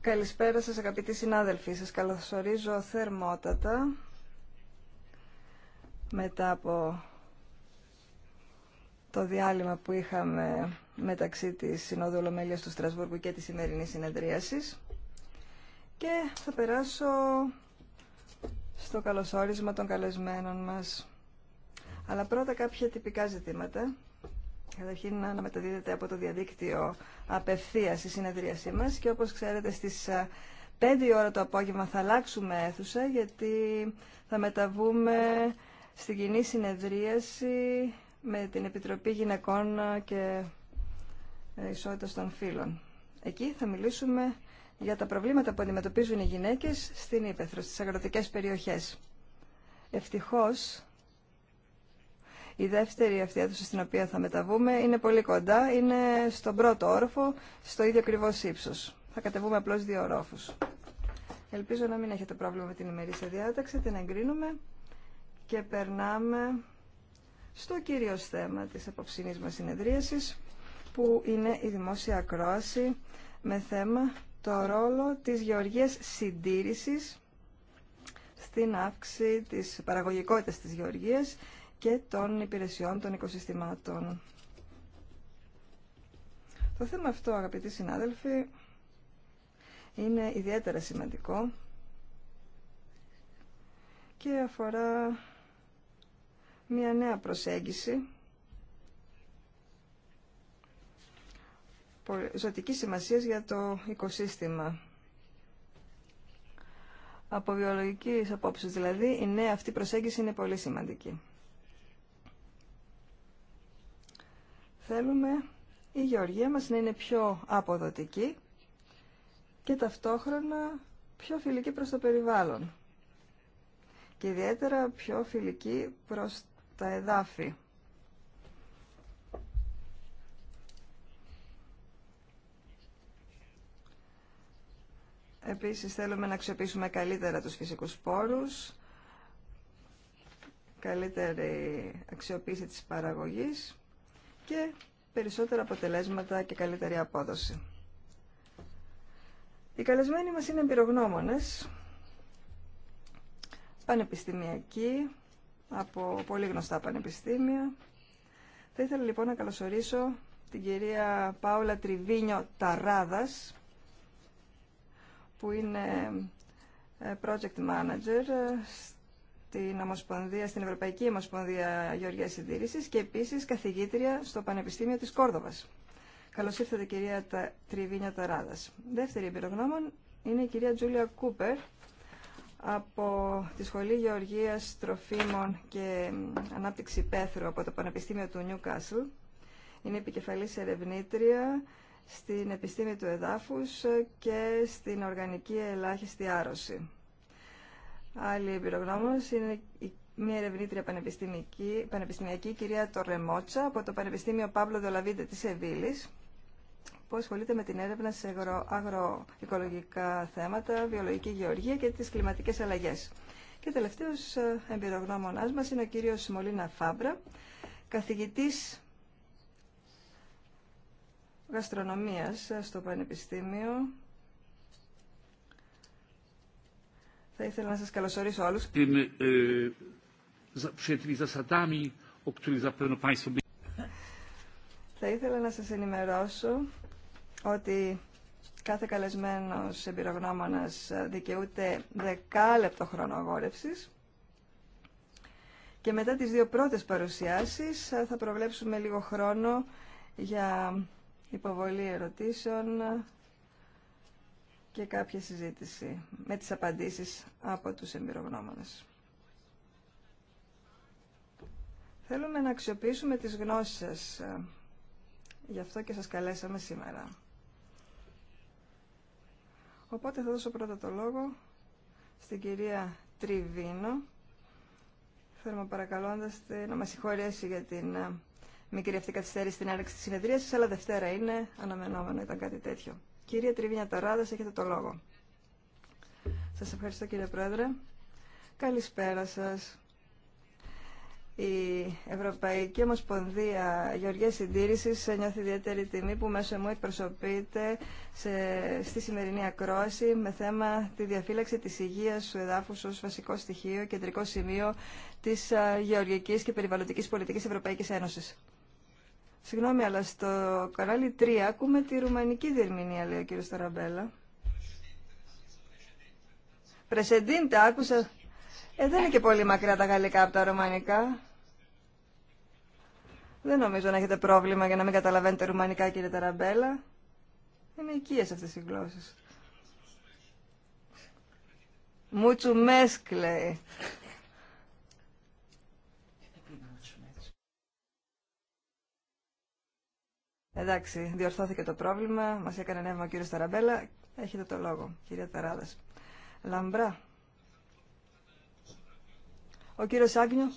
Καλησπέρα σας αγαπητοί συνάδελφοι. Σας καλωσορίζω θερμότατα μετά από το διάλειμμα που είχαμε μεταξύ της Συνόδου Ολομέλειας του Στρασβούργου και της σημερινής συνεδρίασης και θα περάσω στο καλωσόρισμα των καλεσμένων μας. Αλλά πρώτα κάποια τυπικά ζητήματα. Καταρχήν να μεταδίδεται από το διαδίκτυο απευθείας η συνεδρίασή μας και όπως ξέρετε στις 5 ε, ώρα το απόγευμα θα αλλάξουμε αίθουσα γιατί θα μεταβούμε στην κοινή συνεδρίαση με την Επιτροπή Γυναικών και ε, Ισότητας των Φίλων. Εκεί θα μιλήσουμε για τα προβλήματα που αντιμετωπίζουν οι γυναίκες στην Ήπεθρο, στις αγροτικές περιοχές. Ευτυχώς η δεύτερη αυτή αίθουσα στην οποία θα μεταβούμε είναι πολύ κοντά, είναι στον πρώτο όροφο, στο ίδιο ακριβώ ύψο. Θα κατεβούμε απλώ δύο ορόφου. Ελπίζω να μην έχετε πρόβλημα με την ημερήσια διάταξη, την εγκρίνουμε και περνάμε στο κύριο θέμα της απόψινής μας συνεδρίασης που είναι η δημόσια ακρόαση με θέμα το ρόλο της γεωργίας συντήρησης στην αύξηση της παραγωγικότητας της γεωργίας και των υπηρεσιών των οικοσυστημάτων. Το θέμα αυτό, αγαπητοί συνάδελφοι, είναι ιδιαίτερα σημαντικό και αφορά μια νέα προσέγγιση ζωτική σημασίας για το οικοσύστημα. Από βιολογικής απόψης δηλαδή, η νέα αυτή προσέγγιση είναι πολύ σημαντική. Θέλουμε η γεωργία μας να είναι πιο αποδοτική και ταυτόχρονα πιο φιλική προς το περιβάλλον και ιδιαίτερα πιο φιλική προς τα εδάφη. Επίσης θέλουμε να αξιοποιήσουμε καλύτερα τους φυσικούς πόρους, καλύτερη αξιοποίηση της παραγωγής και περισσότερα αποτελέσματα και καλύτερη απόδοση. Οι καλεσμένοι μας είναι εμπειρογνώμονες, πανεπιστημιακοί, από πολύ γνωστά πανεπιστήμια. Θα ήθελα λοιπόν να καλωσορίσω την κυρία Πάολα Τριβίνιο Ταράδας, που είναι ε, project manager ε, Ομοσπονδία, στην Ευρωπαϊκή Ομοσπονδία Γεωργίας Συντήρηση και επίσης καθηγήτρια στο Πανεπιστήμιο της Κόρδοβας. Καλώ ήρθατε κυρία Τριβίνια Ταράδας. Δεύτερη εμπειρογνώμων είναι η κυρία Τζούλια Κούπερ από τη Σχολή Γεωργίας Τροφίμων και Ανάπτυξη Πέθρου από το Πανεπιστήμιο του Νιου Κάσλ. Είναι επικεφαλής ερευνήτρια στην επιστήμη του εδάφους και στην οργανική ελάχιστη άρρωση. Άλλη εμπειρογνώμη είναι μια ερευνήτρια πανεπιστημιακή, πανεπιστημιακή, κυρία Τορεμότσα, από το Πανεπιστήμιο Παύλο Δολαβίντε της Εβίλη, που ασχολείται με την έρευνα σε αγροοικολογικά θέματα, βιολογική γεωργία και τις κλιματικές αλλαγές. Και τελευταίος ε, εμπειρογνώμονα μα είναι ο κύριος Μολίνα Φάμπρα, Καθηγητή γαστρονομίας ε, στο Πανεπιστήμιο Θα ήθελα να σας καλωσορίσω όλους. Ε, θα ήθελα να σας ενημερώσω ότι κάθε καλεσμένος εμπειρογνώμονας δικαιούται δεκάλεπτο χρόνο και μετά τις δύο πρώτες παρουσιάσεις θα προβλέψουμε λίγο χρόνο για υποβολή ερωτήσεων και κάποια συζήτηση με τις απαντήσεις από τους εμπειρογνώμονες. Θέλουμε να αξιοποιήσουμε τις γνώσεις σας. Ε, γι' αυτό και σας καλέσαμε σήμερα. Οπότε θα δώσω πρώτα το λόγο στην κυρία Τριβίνο. Θέλουμε παρακαλώντας να μας συγχωρέσει για την ε, μικρή αυτή καθυστέρηση στην άρεξη της συνεδρίας αλλά Δευτέρα είναι αναμενόμενο ήταν κάτι τέτοιο. Κυρία Τριβίνια Ταράδας, έχετε το λόγο. Σας ευχαριστώ κύριε Πρόεδρε. Καλησπέρα σας. Η Ευρωπαϊκή Ομοσπονδία Γεωργία Συντήρηση νιώθει ιδιαίτερη τιμή που μέσω μου εκπροσωπείται σε, στη σημερινή ακρόαση με θέμα τη διαφύλαξη της υγεία του εδάφους ως βασικό στοιχείο, κεντρικό σημείο της ε, γεωργικής και περιβαλλοντικής πολιτικής Ευρωπαϊκής Ένωσης. Συγγνώμη, αλλά στο κανάλι 3 ακούμε τη ρουμανική διερμηνία, λέει ο κύριος Ταραμπέλα. Πρεσεντίντα, άκουσα. Ε, δεν είναι και πολύ μακριά τα γαλλικά από τα ρουμανικά. Δεν νομίζω να έχετε πρόβλημα για να μην καταλαβαίνετε ρουμανικά, κύριε Ταραμπέλα. Είναι οικίες αυτές οι γλώσσες. Μουτσουμέσκ, λέει. Εντάξει, διορθώθηκε το πρόβλημα, Μα έκανε νεύμα ο κύριο Ταραμπέλα. Έχετε το λόγο, κυρία Ταράδα. Λαμπρά. Ο κύριο Άγνιο.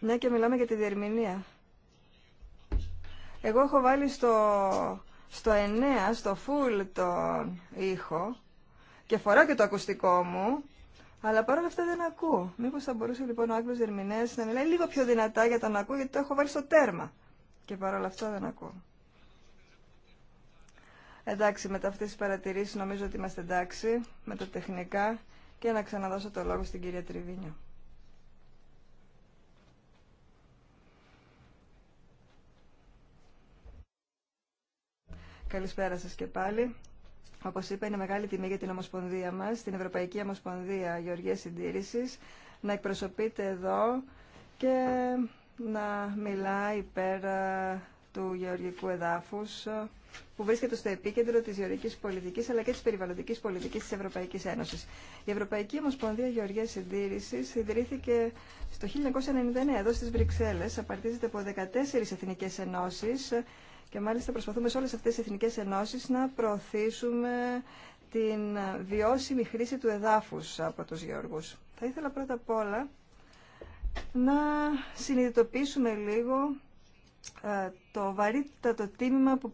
Ναι, και μιλάμε για τη διερμηνία. Εγώ έχω βάλει στο, στο 9, στο full τον ήχο και φοράω και το ακουστικό μου, αλλά παρόλα αυτά δεν ακούω. Μήπως θα μπορούσε λοιπόν ο Άγγλος Δερμηνέας να μιλάει λίγο πιο δυνατά για τον ακούω, γιατί το έχω βάλει στο τέρμα. Και παρόλα αυτά δεν ακούω. Εντάξει, μετά αυτές τις παρατηρήσεις νομίζω ότι είμαστε εντάξει με τα τεχνικά και να ξαναδώσω το λόγο στην κυρία Τριβίνιο. Καλησπέρα σας και πάλι. Όπως είπα, είναι μεγάλη τιμή για την Ομοσπονδία μας, την Ευρωπαϊκή Ομοσπονδία Γεωργία Συντήρησης, να εκπροσωπείτε εδώ και να μιλά υπέρ ε, του γεωργικού εδάφους ε, που βρίσκεται στο επίκεντρο της γεωργικής πολιτικής αλλά και της περιβαλλοντικής πολιτικής της Ευρωπαϊκής Ένωσης. Η Ευρωπαϊκή Ομοσπονδία Γεωργίας Συντήρησης ιδρύθηκε στο 1999 εδώ στις Βρυξέλλες, απαρτίζεται από 14 εθνικές ενώσεις ε, και μάλιστα προσπαθούμε σε όλες αυτές τις εθνικές ενώσεις να προωθήσουμε την βιώσιμη χρήση του εδάφους από τους γεωργούς. Θα ήθελα πρώτα απ' όλα να συνειδητοποιήσουμε λίγο ε, το βαρύτατο τίμημα που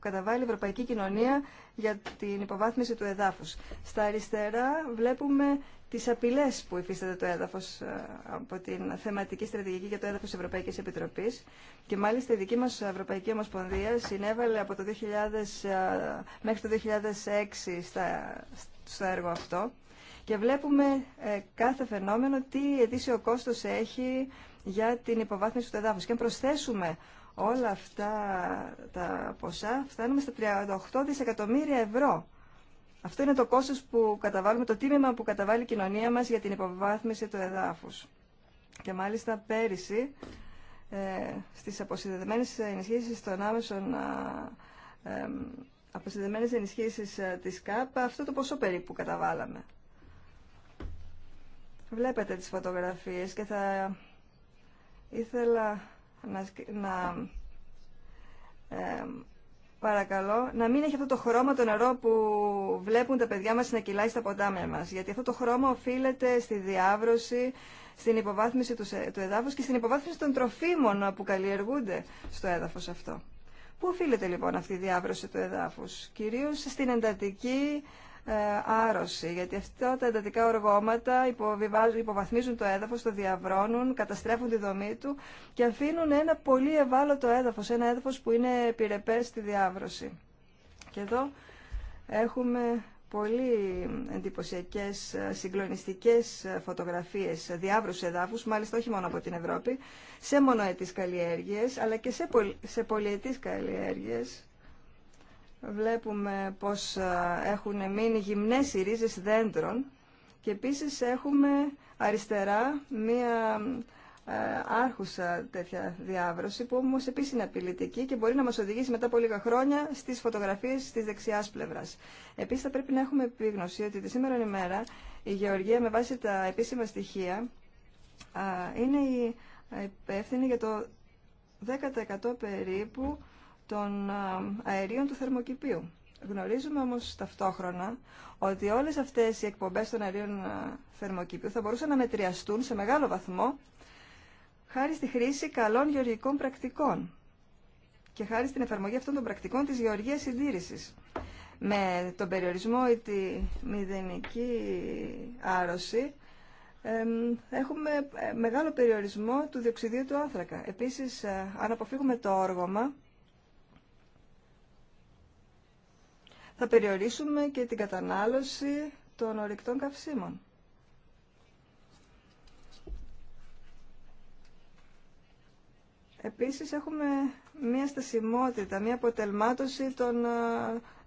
καταβάλει η Ευρωπαϊκή Κοινωνία για την υποβάθμιση του εδάφους. Στα αριστερά βλέπουμε τις απειλές που υφίσταται το έδαφος ε, από την θεματική στρατηγική για το έδαφος Ευρωπαϊκής Επιτροπής και μάλιστα η δική μας Ευρωπαϊκή Ομοσπονδία συνέβαλε από το ε, μέχρι το 2006 στο έργο αυτό και βλέπουμε ε, κάθε φαινόμενο τι ετήσιο κόστος έχει για την υποβάθμιση του εδάφους. Και αν προσθέσουμε όλα αυτά τα ποσά, φτάνουμε στα 38 δισεκατομμύρια ευρώ. Αυτό είναι το κόστος που καταβάλουμε, το τίμημα που καταβάλει η κοινωνία μας για την υποβάθμιση του εδάφους. Και μάλιστα πέρυσι ε, στις αποσυνδεδεμένες ενισχύσεις των άμεσων ε, αποσυνδεδεμένες ενισχύσεις ε, της ΚΑΠ αυτό το ποσό περίπου καταβάλαμε. Βλέπετε τις φωτογραφίες και θα ήθελα να, να παρακαλώ να μην έχει αυτό το χρώμα το νερό που βλέπουν τα παιδιά μας να κυλάει στα ποτάμια μας. Γιατί αυτό το χρώμα οφείλεται στη διάβρωση, στην υποβάθμιση του, του εδάφους και στην υποβάθμιση των τροφίμων που καλλιεργούνται στο έδαφος αυτό. Πού οφείλεται λοιπόν αυτή η διάβρωση του εδάφους, κυρίως στην εντατική ε, άρρωση, γιατί αυτά τα εντατικά οργώματα υποβαθμίζουν το έδαφος, το διαβρώνουν, καταστρέφουν τη δομή του και αφήνουν ένα πολύ ευάλωτο έδαφος, ένα έδαφος που είναι επιρρεπέ στη διάβρωση. Και εδώ έχουμε πολύ εντυπωσιακέ ε, συγκλονιστικέ ε, φωτογραφίες διάβρου εδάφους, μάλιστα όχι μόνο από την Ευρώπη, σε μονοετή καλλιέργειε, αλλά και σε, πολυ... σε βλέπουμε πως ε, έχουν μείνει γυμνές οι ρίζες δέντρων και επίσης έχουμε αριστερά μία ε, άρχουσα τέτοια διάβρωση που όμως επίσης είναι απειλητική και μπορεί να μας οδηγήσει μετά από λίγα χρόνια στις φωτογραφίες της δεξιάς πλευράς. Επίσης θα πρέπει να έχουμε επίγνωση ότι τη σήμερα ημέρα η Γεωργία με βάση τα επίσημα στοιχεία είναι η ε, υπεύθυνη για το 10% περίπου των αερίων του θερμοκηπίου. Γνωρίζουμε όμως ταυτόχρονα ότι όλες αυτές οι εκπομπές των αερίων θερμοκηπίου θα μπορούσαν να μετριαστούν σε μεγάλο βαθμό χάρη στη χρήση καλών γεωργικών πρακτικών και χάρη στην εφαρμογή αυτών των πρακτικών της γεωργίας συντήρησης. Με τον περιορισμό ή τη μηδενική άρρωση έχουμε ε, μεγάλο περιορισμό του διοξιδίου του άνθρακα. Επίσης, ε, αν αποφύγουμε το όργωμα, θα περιορίσουμε και την κατανάλωση των ορυκτών καυσίμων. Επίσης έχουμε μία στασιμότητα, μία αποτελμάτωση των ε,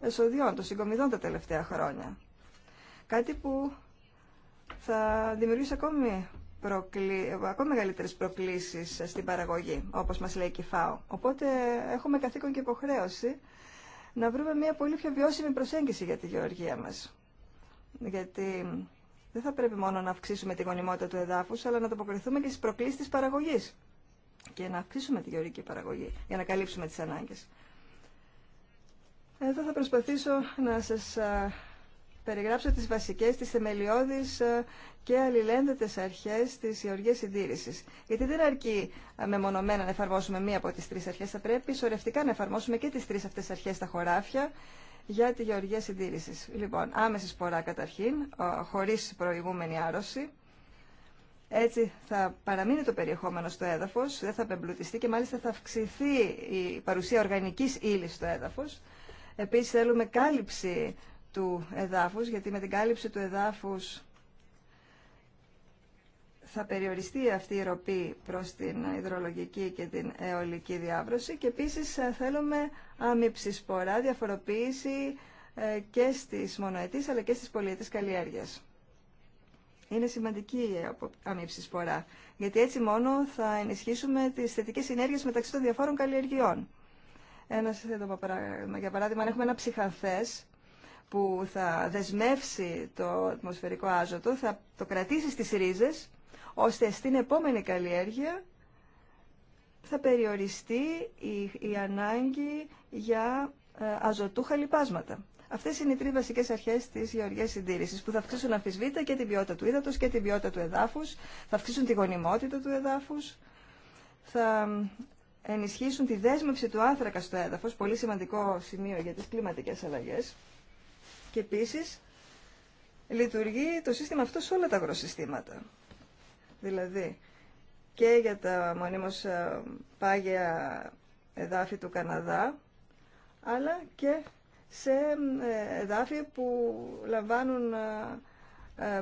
εσοδιών, των συγκομιδών τα τελευταία χρόνια. Κάτι που θα δημιουργήσει ακόμη, προκλή, ακόμη μεγαλύτερες προκλήσεις στην παραγωγή, όπως μας λέει η ΚΙΦΑΟ. Οπότε έχουμε καθήκον και υποχρέωση να βρούμε μια πολύ πιο βιώσιμη προσέγγιση για τη γεωργία μας. Γιατί δεν θα πρέπει μόνο να αυξήσουμε τη γονιμότητα του εδάφους, αλλά να τοποκριθούμε και στις προκλήσεις της παραγωγής και να αυξήσουμε τη γεωργική παραγωγή για να καλύψουμε τις ανάγκες. Εδώ θα προσπαθήσω να σας περιγράψω τις βασικές, τις θεμελιώδεις ε, και αλληλένδετες αρχές της γεωργίας συντήρησης. Γιατί δεν αρκεί ε, μεμονωμένα να εφαρμόσουμε μία από τις τρεις αρχές, θα πρέπει σωρευτικά να εφαρμόσουμε και τις τρεις αυτές αρχές στα χωράφια για τη γεωργία συντήρησης. Λοιπόν, άμεση σπορά καταρχήν, χωρίς προηγούμενη άρρωση. Έτσι θα παραμείνει το περιεχόμενο στο έδαφος, δεν θα απεμπλουτιστεί και μάλιστα θα αυξηθεί η παρουσία οργανικής ύλης στο έδαφος. Επίσης θέλουμε κάλυψη του εδάφους, γιατί με την κάλυψη του εδάφους θα περιοριστεί αυτή η ροπή προς την υδρολογική και την αιωλική διάβρωση και επίσης ε, θέλουμε άμυψη σπορά, διαφοροποίηση ε, και στις μονοετής αλλά και στις πολιετές καλλιέργειες. Είναι σημαντική η αμύψη σπορά, γιατί έτσι μόνο θα ενισχύσουμε τις θετικές συνέργειες μεταξύ των διαφόρων καλλιεργειών. Ένα για παράδειγμα, έχουμε ένα ψυχανθές, που θα δεσμεύσει το ατμοσφαιρικό άζωτο, θα το κρατήσει στις ρίζες, ώστε στην επόμενη καλλιέργεια θα περιοριστεί η, ανάγκη για ε, αζωτούχα λιπάσματα. Αυτέ είναι οι τρει βασικέ αρχέ τη γεωργία συντήρησης που θα αυξήσουν αμφισβήτα και την ποιότητα του ύδατος και την ποιότητα του εδάφου, θα αυξήσουν τη γονιμότητα του εδάφους θα ενισχύσουν τη δέσμευση του άνθρακα στο έδαφος πολύ σημαντικό σημείο για τις κλιματικέ αλλαγέ, και επίσης λειτουργεί το σύστημα αυτό σε όλα τα αγροσυστήματα. Δηλαδή και για τα μονίμως ε, πάγια εδάφη του Καναδά, αλλά και σε ε, εδάφη που λαμβάνουν ε,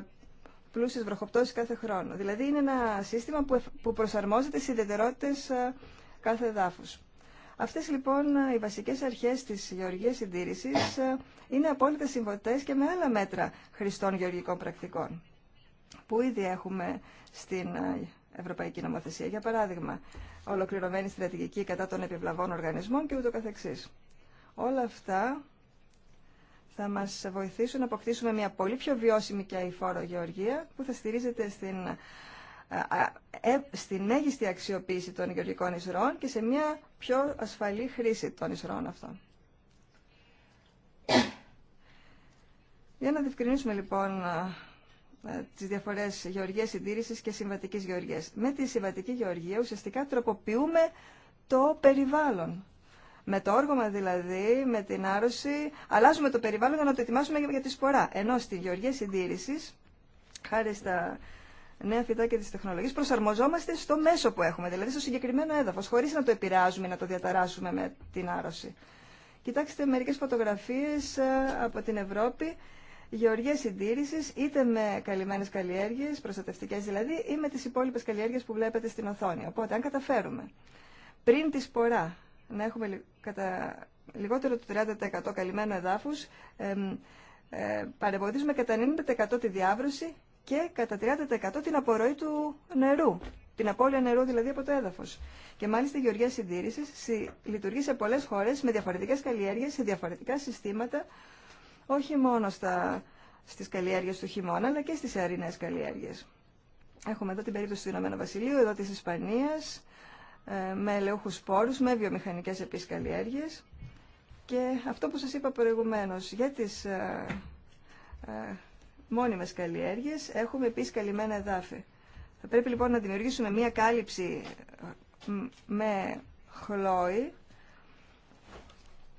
πλούσιες βροχοπτώσεις κάθε χρόνο. Δηλαδή είναι ένα σύστημα που προσαρμόζεται στις ιδιαιτερότητες κάθε εδάφους. Αυτές λοιπόν οι βασικές αρχές της γεωργίας συντήρησης ε, είναι απόλυτα συμβατές και με άλλα μέτρα χρηστών γεωργικών πρακτικών που ήδη έχουμε στην ε, Ευρωπαϊκή Νομοθεσία. Για παράδειγμα, ολοκληρωμένη στρατηγική κατά των επιβλαβών οργανισμών και ούτω καθεξής. Όλα αυτά θα μας βοηθήσουν να αποκτήσουμε μια πολύ πιο βιώσιμη και αηφόρο γεωργία που θα στηρίζεται στην ε, ε, στην μέγιστη αξιοποίηση των γεωργικών ισρών και σε μια πιο ασφαλή χρήση των ισρών αυτών. Για να διευκρινίσουμε λοιπόν ε, τις διαφορές γεωργίας συντήρησης και συμβατικής γεωργίας. Με τη συμβατική γεωργία ουσιαστικά τροποποιούμε το περιβάλλον. Με το όργωμα δηλαδή, με την άρρωση, αλλάζουμε το περιβάλλον για να το ετοιμάσουμε για τη σπορά. Ενώ στη γεωργία συντήρησης, χάρη στα νέα φυτά και τεχνολογία, προσαρμοζόμαστε στο μέσο που έχουμε, δηλαδή στο συγκεκριμένο έδαφο, χωρί να το επηρεάζουμε να το διαταράσουμε με την άρρωση. Κοιτάξτε μερικέ φωτογραφίε ε, από την Ευρώπη, Γεωργία συντήρηση, είτε με καλυμμένε καλλιέργειε, προστατευτικέ δηλαδή, ή με τις υπόλοιπε καλλιέργειε που βλέπετε στην οθόνη. Οπότε, αν καταφέρουμε πριν τη σπορά να έχουμε κατά λιγότερο του 30% καλυμμένο εδάφου, ε, ε, παρεμποδίζουμε κατά 90% τη διάβρωση και κατά 30% την απορροή του νερού. Την απώλεια νερού δηλαδή από το έδαφο. Και μάλιστα η γεωργία συντήρηση λειτουργεί σε πολλέ χώρε με διαφορετικέ καλλιέργειε, σε διαφορετικά συστήματα, όχι μόνο στα, στις καλλιέργειες του χειμώνα, αλλά και στι αερινέ καλλιέργειες. Έχουμε εδώ την περίπτωση του Ηνωμένου Βασιλείου, εδώ τη Ισπανία, ε, με ελαιούχους σπόρους, με βιομηχανικέ επίση καλλιέργειε. Και αυτό που σα είπα προηγουμένω για τι. Ε, ε, μόνιμες καλλιέργειες, έχουμε επίση καλυμμένα εδάφη. Θα πρέπει λοιπόν να δημιουργήσουμε μία κάλυψη ε, με χλώη,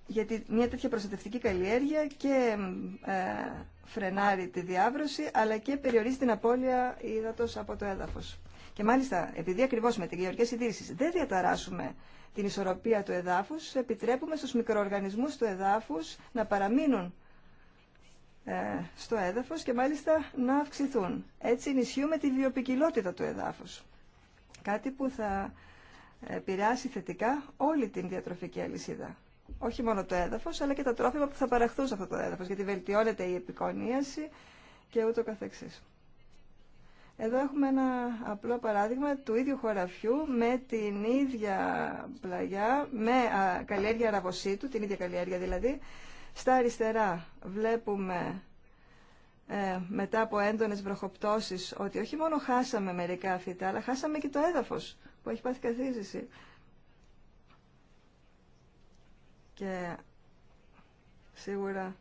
γιατί μια τέτοια προστατευτική καλλιέργεια και ε, φρενάρει τη διάβρωση, αλλά και περιορίζει την απώλεια ύδατος από το έδαφος. Και μάλιστα, επειδή ακριβώ με την γεωργία συντήρηση δεν διαταράσουμε την ισορροπία του εδάφου, επιτρέπουμε στου μικροοργανισμού του εδάφου να παραμείνουν ε, στο έδαφος και μάλιστα να αυξηθούν. Έτσι ενισχύουμε τη βιοπικιλότητα του εδάφους. Κάτι που θα ε, επηρεάσει θετικά όλη την διατροφική αλυσίδα. Όχι μόνο το έδαφος, αλλά και τα τρόφιμα που θα παραχθούν σε αυτό το έδαφος, γιατί βελτιώνεται η επικονίαση και ούτω καθεξής. Εδώ έχουμε ένα απλό παράδειγμα του ίδιου χωραφιού με την ίδια πλαγιά, με καλλιέργεια αραβοσίτου, την ίδια καλλιέργεια δηλαδή, στα αριστερά βλέπουμε ε, μετά από έντονες βροχοπτώσεις ότι όχι μόνο χάσαμε μερικά φυτά, αλλά χάσαμε και το έδαφος που έχει πάθει καθίζηση. Και σίγουρα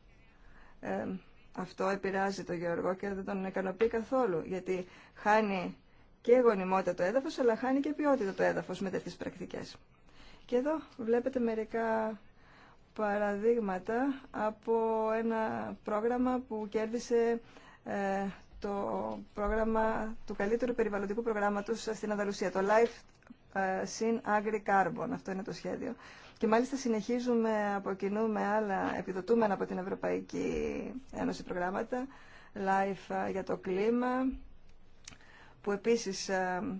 ε, αυτό επηρεάζει τον Γεωργό και δεν τον ικανοποιεί καθόλου, γιατί χάνει και γονιμότητα το έδαφος, αλλά χάνει και ποιότητα το έδαφος με τέτοιες πρακτικές. Και εδώ βλέπετε μερικά παραδείγματα από ένα πρόγραμμα που κέρδισε ε, το πρόγραμμα του καλύτερου περιβαλλοντικού προγράμματος στην Ανταλουσία, το Life ε, Sin Agri Carbon. Αυτό είναι το σχέδιο. Και μάλιστα συνεχίζουμε από κοινού με άλλα επιδοτούμενα από την Ευρωπαϊκή Ένωση προγράμματα, Life ε, για το κλίμα, που επίσης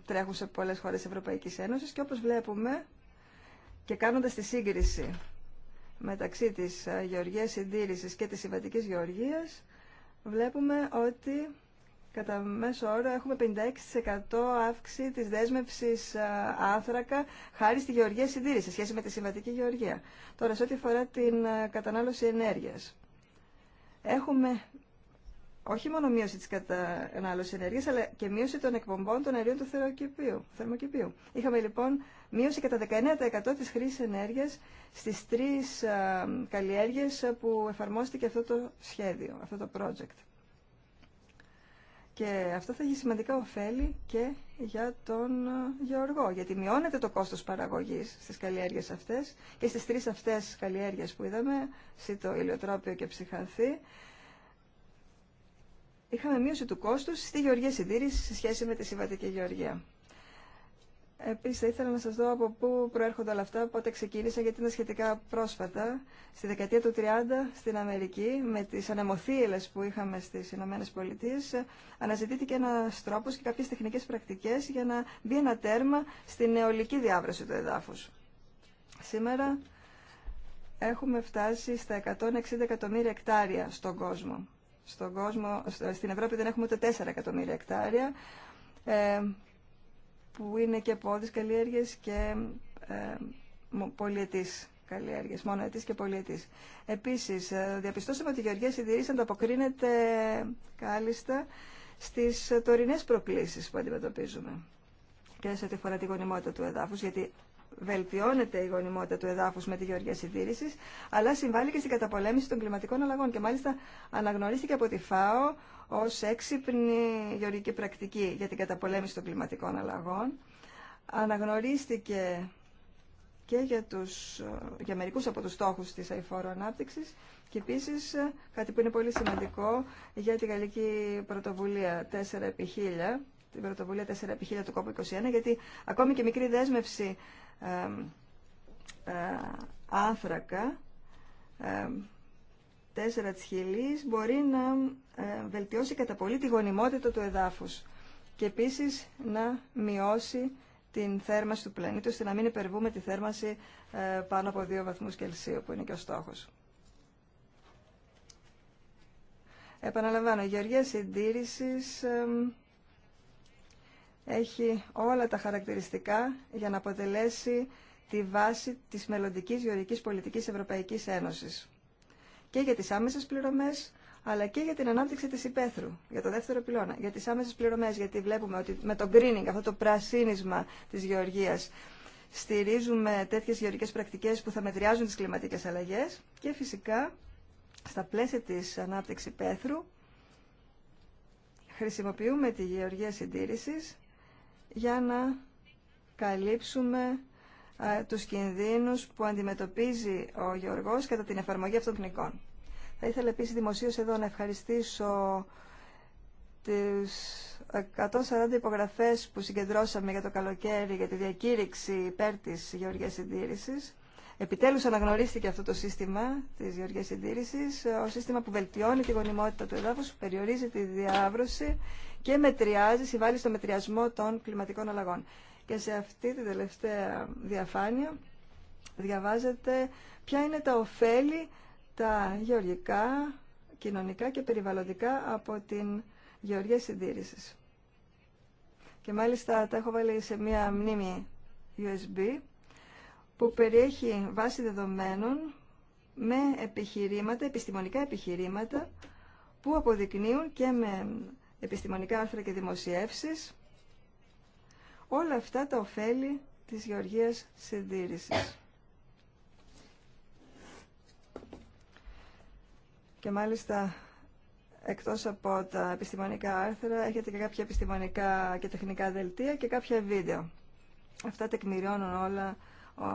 τρέχουν σε πολλές χώρες Ευρωπαϊκής Ένωσης και όπως βλέπουμε και κάνοντας τη σύγκριση μεταξύ της ε, γεωργίας συντήρησης και της συμβατικής γεωργίας βλέπουμε ότι κατά μέσο όρο έχουμε 56% αύξηση της δέσμευσης ε, άνθρακα χάρη στη γεωργία συντήρηση σε σχέση με τη συμβατική γεωργία. Τώρα σε ό,τι αφορά την ε, κατανάλωση ενέργειας. Έχουμε όχι μόνο μείωση τη κατανάλωση ενέργεια, αλλά και μείωση των εκπομπών των αερίων του θερμοκηπίου. Είχαμε λοιπόν μείωση κατά 19% τη χρήση ενέργειας στις τρεις ε, καλλιέργειε που εφαρμόστηκε αυτό το σχέδιο, αυτό το project. Και αυτό θα έχει σημαντικά ωφέλη και για τον ε, γεωργό, γιατί μειώνεται το κόστος παραγωγής στις καλλιέργειες αυτές και στις τρεις αυτές καλλιέργειες που είδαμε, «Σύτο», ηλιοτρόπιο και ψυχανθή, είχαμε μείωση του κόστου στη γεωργία συντήρηση σε σχέση με τη συμβατική γεωργία. Επίση θα ήθελα να σα δω από πού προέρχονται όλα αυτά, πότε ξεκίνησα, γιατί είναι σχετικά πρόσφατα, στη δεκαετία του 30 στην Αμερική, με τι ανεμοθύελες που είχαμε στι Ηνωμένε Πολιτείε, αναζητήθηκε ένα τρόπο και κάποιε τεχνικέ πρακτικέ για να μπει ένα τέρμα στην νεολική διάβρωση του εδάφου. Σήμερα έχουμε φτάσει στα 160 εκατομμύρια εκτάρια στον κόσμο στον κόσμο, στην Ευρώπη δεν έχουμε ούτε 4 εκατομμύρια εκτάρια, ε, που είναι και πόδις καλλιέργειες και ε, πολιετής καλλιέργειες, ετής και πολιετής. Επίσης, ε, διαπιστώσαμε ότι η Γεωργία Σιδηρής ανταποκρίνεται κάλλιστα στις τωρινές προκλήσεις που αντιμετωπίζουμε και σε ό,τι αφορά τη γονιμότητα του εδάφους, βελτιώνεται η γονιμότητα του εδάφους με τη γεωργία συντήρηση, αλλά συμβάλλει και στην καταπολέμηση των κλιματικών αλλαγών και μάλιστα αναγνωρίστηκε από τη ΦΑΟ ως έξυπνη γεωργική πρακτική για την καταπολέμηση των κλιματικών αλλαγών. Αναγνωρίστηκε και για, τους, για μερικούς από τους στόχους της αηφόρου ανάπτυξης και επίσης ε, κάτι που είναι πολύ σημαντικό για τη γαλλική πρωτοβουλία 4 επί 1000, την πρωτοβουλία 4 επί 1000 του κόπου 21 γιατί ακόμη και μικρή δέσμευση ε, άνθρακα, τέσσερα της μπορεί να ε, βελτιώσει κατά πολύ τη γονιμότητα του εδάφους και επίσης να μειώσει την θέρμανση του πλανήτη, ώστε να μην υπερβούμε τη θέρμανση ε, πάνω από 2 βαθμούς Κελσίου, που είναι και ο στόχος. Επαναλαμβάνω, η γεωργία συντήρησης έχει όλα τα χαρακτηριστικά για να αποτελέσει τη βάση της μελλοντικής γεωργικής πολιτικής Ευρωπαϊκής Ένωσης. Και για τις άμεσες πληρωμές, αλλά και για την ανάπτυξη της υπαίθρου, για το δεύτερο πυλώνα, για τις άμεσες πληρωμές, γιατί βλέπουμε ότι με το greening, αυτό το πρασίνισμα της γεωργίας, στηρίζουμε τέτοιες γεωργικές πρακτικές που θα μετριάζουν τις κλιματικές αλλαγές και φυσικά στα πλαίσια της ανάπτυξης υπαίθρου χρησιμοποιούμε τη γεωργία συντήρησης για να καλύψουμε τους κινδύνους που αντιμετωπίζει ο Γεωργός κατά την εφαρμογή αυτών των τεχνικών. Θα ήθελα επίσης δημοσίως εδώ να ευχαριστήσω τις 140 υπογραφές που συγκεντρώσαμε για το καλοκαίρι για τη διακήρυξη υπέρ της Γεωργίας Συντήρησης. Επιτέλους αναγνωρίστηκε αυτό το σύστημα της Γεωργίας Συντήρησης, ο σύστημα που βελτιώνει τη γονιμότητα του εδάφους, περιορίζει τη διάβρωση και μετριάζει, συμβάλλει στο μετριασμό των κλιματικών αλλαγών. Και σε αυτή τη τελευταία διαφάνεια διαβάζεται ποια είναι τα ωφέλη τα γεωργικά, κοινωνικά και περιβαλλοντικά από την γεωργία συντήρησης. Και μάλιστα τα έχω βάλει σε μία μνήμη USB που περιέχει βάση δεδομένων με επιχειρήματα, επιστημονικά επιχειρήματα που αποδεικνύουν και με επιστημονικά άρθρα και δημοσιεύσεις, όλα αυτά τα ωφέλη της γεωργίας συντήρησης. Και μάλιστα εκτός από τα επιστημονικά άρθρα έχετε και κάποια επιστημονικά και τεχνικά δελτία και κάποια βίντεο. Αυτά τεκμηριώνουν όλα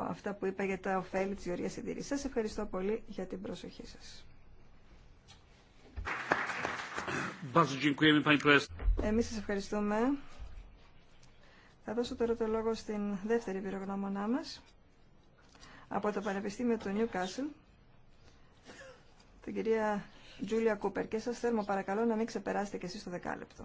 αυτά που είπα για τα ωφέλη της γεωργίας συντήρησης. Σας ευχαριστώ πολύ για την προσοχή σας. Εμείς σας ευχαριστούμε. Θα δώσω τώρα το λόγο στην δεύτερη πυρογνώμονά μας από το Πανεπιστήμιο του Νιου Κάσιλ, την κυρία Τζούλια Κούπερ. Και σας θέλω παρακαλώ να μην ξεπεράσετε και εσείς το δεκάλεπτο.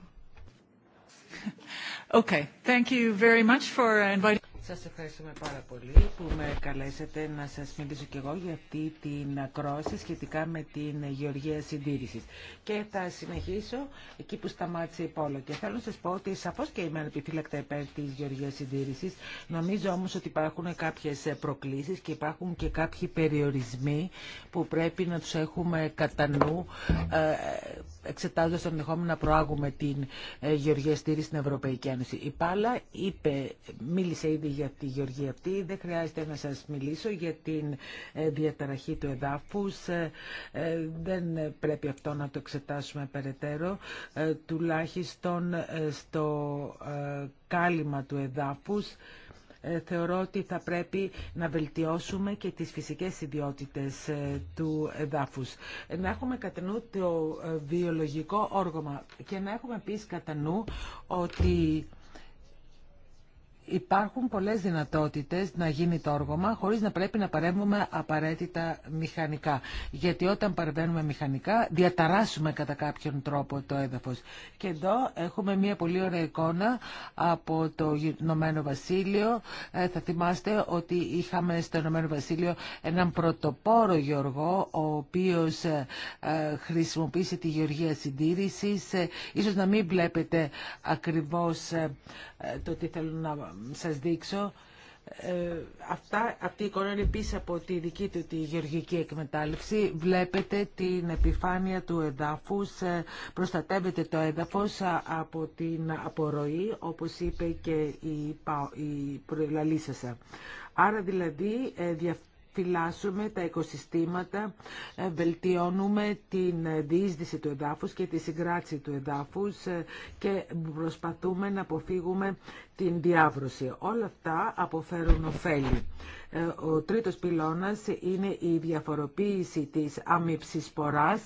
Okay. Thank you very much for inviting... Σας ευχαριστούμε πάρα πολύ που με καλέσατε να σας μιλήσω και εγώ για αυτή την ακρόαση σχετικά με την γεωργία συντήρησης. Και θα συνεχίσω εκεί που σταμάτησε η πόλο. Και θέλω να σας πω ότι σαφώς και είμαι επιφύλακτα υπέρ της γεωργίας συντήρησης. Νομίζω όμως ότι υπάρχουν κάποιες προκλήσεις και υπάρχουν και κάποιοι περιορισμοί που πρέπει να τους έχουμε κατά νου ε, εξετάζοντα τον ενδεχόμενο να προάγουμε την ε, γεωργία στήριξη στην Ευρωπαϊκή Ένωση. Η Πάλα είπε, μίλησε ήδη για τη γεωργία αυτή. Δεν χρειάζεται να σας μιλήσω για την ε, διαταραχή του εδάφους. Ε, ε, δεν πρέπει αυτό να το εξετάσουμε περαιτέρω. Τουλάχιστον στο κάλυμα του εδάφους θεωρώ ότι θα πρέπει να βελτιώσουμε και τις φυσικές ιδιότητες του εδάφους. Να έχουμε κατά νου το βιολογικό όργωμα και να έχουμε επίσης κατά νου ότι Υπάρχουν πολλές δυνατότητες να γίνει το όργωμα χωρίς να πρέπει να παρέμβουμε απαραίτητα μηχανικά. Γιατί όταν παρεμβαίνουμε μηχανικά διαταράσσουμε κατά κάποιον τρόπο το έδαφος. Και εδώ έχουμε μια πολύ ωραία εικόνα από το Ηνωμένο Βασίλειο. Ε, θα θυμάστε ότι είχαμε στο Ηνωμένο Βασίλειο έναν πρωτοπόρο γεωργό ο οποίος ε, ε χρησιμοποίησε τη γεωργία συντήρησης. Ε, ίσως να μην βλέπετε ακριβώς το τι θέλουν να σας δείξω. Ε, αυτά, αυτή η εικόνα είναι πίσω από τη δική του τη γεωργική εκμετάλλευση. Βλέπετε την επιφάνεια του εδάφους, ε, προστατεύεται το έδαφος ε, από την απορροή, όπως είπε και η, η Άρα δηλαδή φυλάσσουμε τα οικοσυστήματα, ε, βελτιώνουμε την διείσδυση του εδάφους και τη συγκράτηση του εδάφους ε, και προσπαθούμε να αποφύγουμε την διάβρωση. Όλα αυτά αποφέρουν ωφέλη. Ε, ο τρίτος πυλώνας είναι η διαφοροποίηση της σποράς.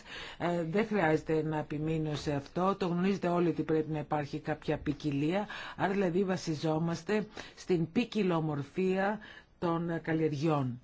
Δεν χρειάζεται να επιμείνω σε αυτό. Το γνωρίζετε όλοι ότι πρέπει να υπάρχει κάποια ποικιλία. Άρα δηλαδή βασιζόμαστε στην ποικιλομορφία των καλλιεργιών.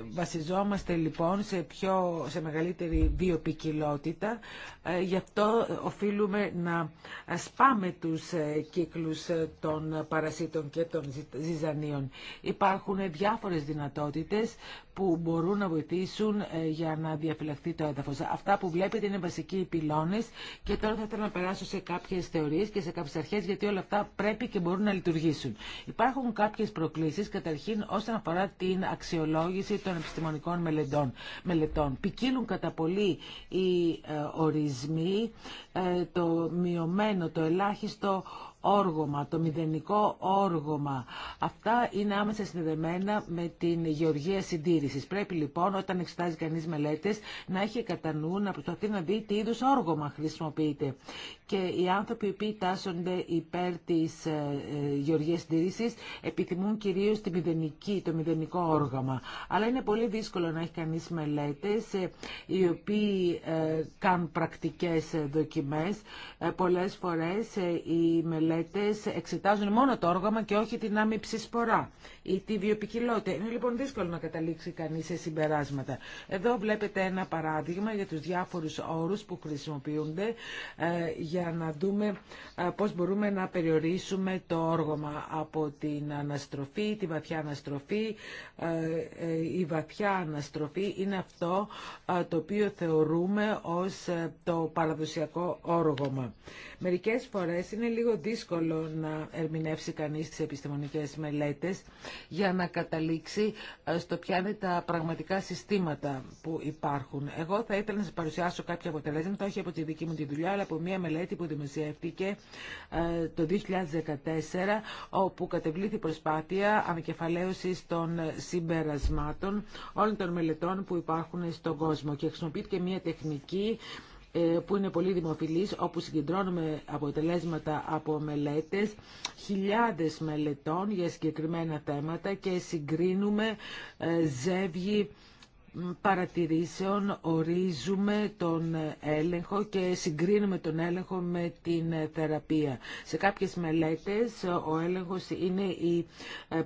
Βασιζόμαστε λοιπόν σε, πιο, σε μεγαλύτερη βιοπικιλότητα, ε, γι' αυτό οφείλουμε να σπάμε τους ε, κύκλους ε, των παρασίτων και των ζυζανίων. Υπάρχουν διάφορες δυνατότητες που μπορούν να βοηθήσουν ε, για να διαφυλαχθεί το έδαφος. Αυτά που βλέπετε είναι βασικοί οι πυλώνες και τώρα θα ήθελα να περάσω σε κάποιες θεωρίες και σε κάποιες αρχές γιατί όλα αυτά πρέπει και μπορούν να λειτουργήσουν. Υπάρχουν κάποιες προκλήσεις καταρχήν όσον αφορά την αξιολόγηση των επιστημονικών μελετών. μελετών. κατά πολύ οι ε, ορισμοί, ε, το μειωμένο, το ελάχιστο όργωμα, το μηδενικό όργωμα. Αυτά είναι άμεσα συνδεδεμένα με την γεωργία συντήρηση. Πρέπει λοιπόν όταν εξετάζει κανεί μελέτε, να έχει κατά νου να προσπαθεί να δει τι είδου όργωμα χρησιμοποιείται. Και οι άνθρωποι που τάσσονται υπέρ τη ε, ε, γεωργία συντήρηση επιθυμούν κυρίως το μηδενικό όργωμα. Αλλά είναι πολύ δύσκολο να έχει κανείς μελέτες ε, οι οποίοι κάνουν πρακτικές δοκιμές. Πολλές φορές οι μελέτε μελέτες εξετάζουν μόνο το όργαμα και όχι την άμυψη σπορά ή τη βιοπικιλότητα. Είναι λοιπόν δύσκολο να καταλήξει κανείς σε συμπεράσματα. Εδώ βλέπετε ένα παράδειγμα για τους διάφορους όρους που χρησιμοποιούνται ε, για να δούμε ε, πώς μπορούμε να περιορίσουμε το όργαμα από την αναστροφή, τη βαθιά αναστροφή. Ε, η βαθιά αναστροφή είναι αυτό το οποίο θεωρούμε ως το παραδοσιακό όργωμα. Μερικές φορές είναι λίγο δύσκολο δύσκολο να ερμηνεύσει κανείς τις επιστημονικές μελέτες για να καταλήξει ε, στο ποια είναι τα πραγματικά συστήματα που υπάρχουν. Εγώ θα ήθελα να σας παρουσιάσω κάποια αποτελέσματα, όχι από τη δική μου τη δουλειά, αλλά από μια μελέτη που δημοσιεύτηκε ε, το 2014, όπου κατεβλήθη προσπάθεια ανακεφαλαίωσης των συμπερασμάτων όλων των μελετών που υπάρχουν στον κόσμο και χρησιμοποιήθηκε μια τεχνική ε, που είναι πολύ δημοφιλής, όπου συγκεντρώνουμε αποτελέσματα από μελέτες, χιλιάδες μελετών για συγκεκριμένα θέματα και συγκρίνουμε ε, ζεύγη παρατηρήσεων ορίζουμε τον έλεγχο και συγκρίνουμε τον έλεγχο με την θεραπεία. Σε κάποιες μελέτες ε, ο έλεγχος είναι η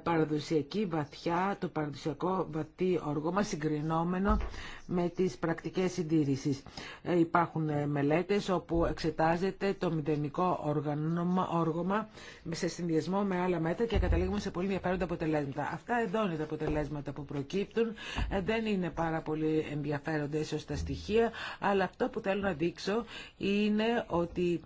παραδοσιακή βαθιά, το παραδοσιακό βαθύ όργωμα συγκρινόμενο με τις πρακτικές συντήρησης. Ε, υπάρχουν ε, μελέτες όπου εξετάζεται το μηδενικό όργωμα σε συνδυασμό με άλλα μέτρα και καταλήγουμε σε πολύ ενδιαφέροντα αποτελέσματα. Αυτά εδώ είναι τα αποτελέσματα που προκύπτουν. Ε, δεν είναι πάρα πολύ ενδιαφέροντα ως τα στοιχεία, αλλά αυτό που θέλω να δείξω είναι ότι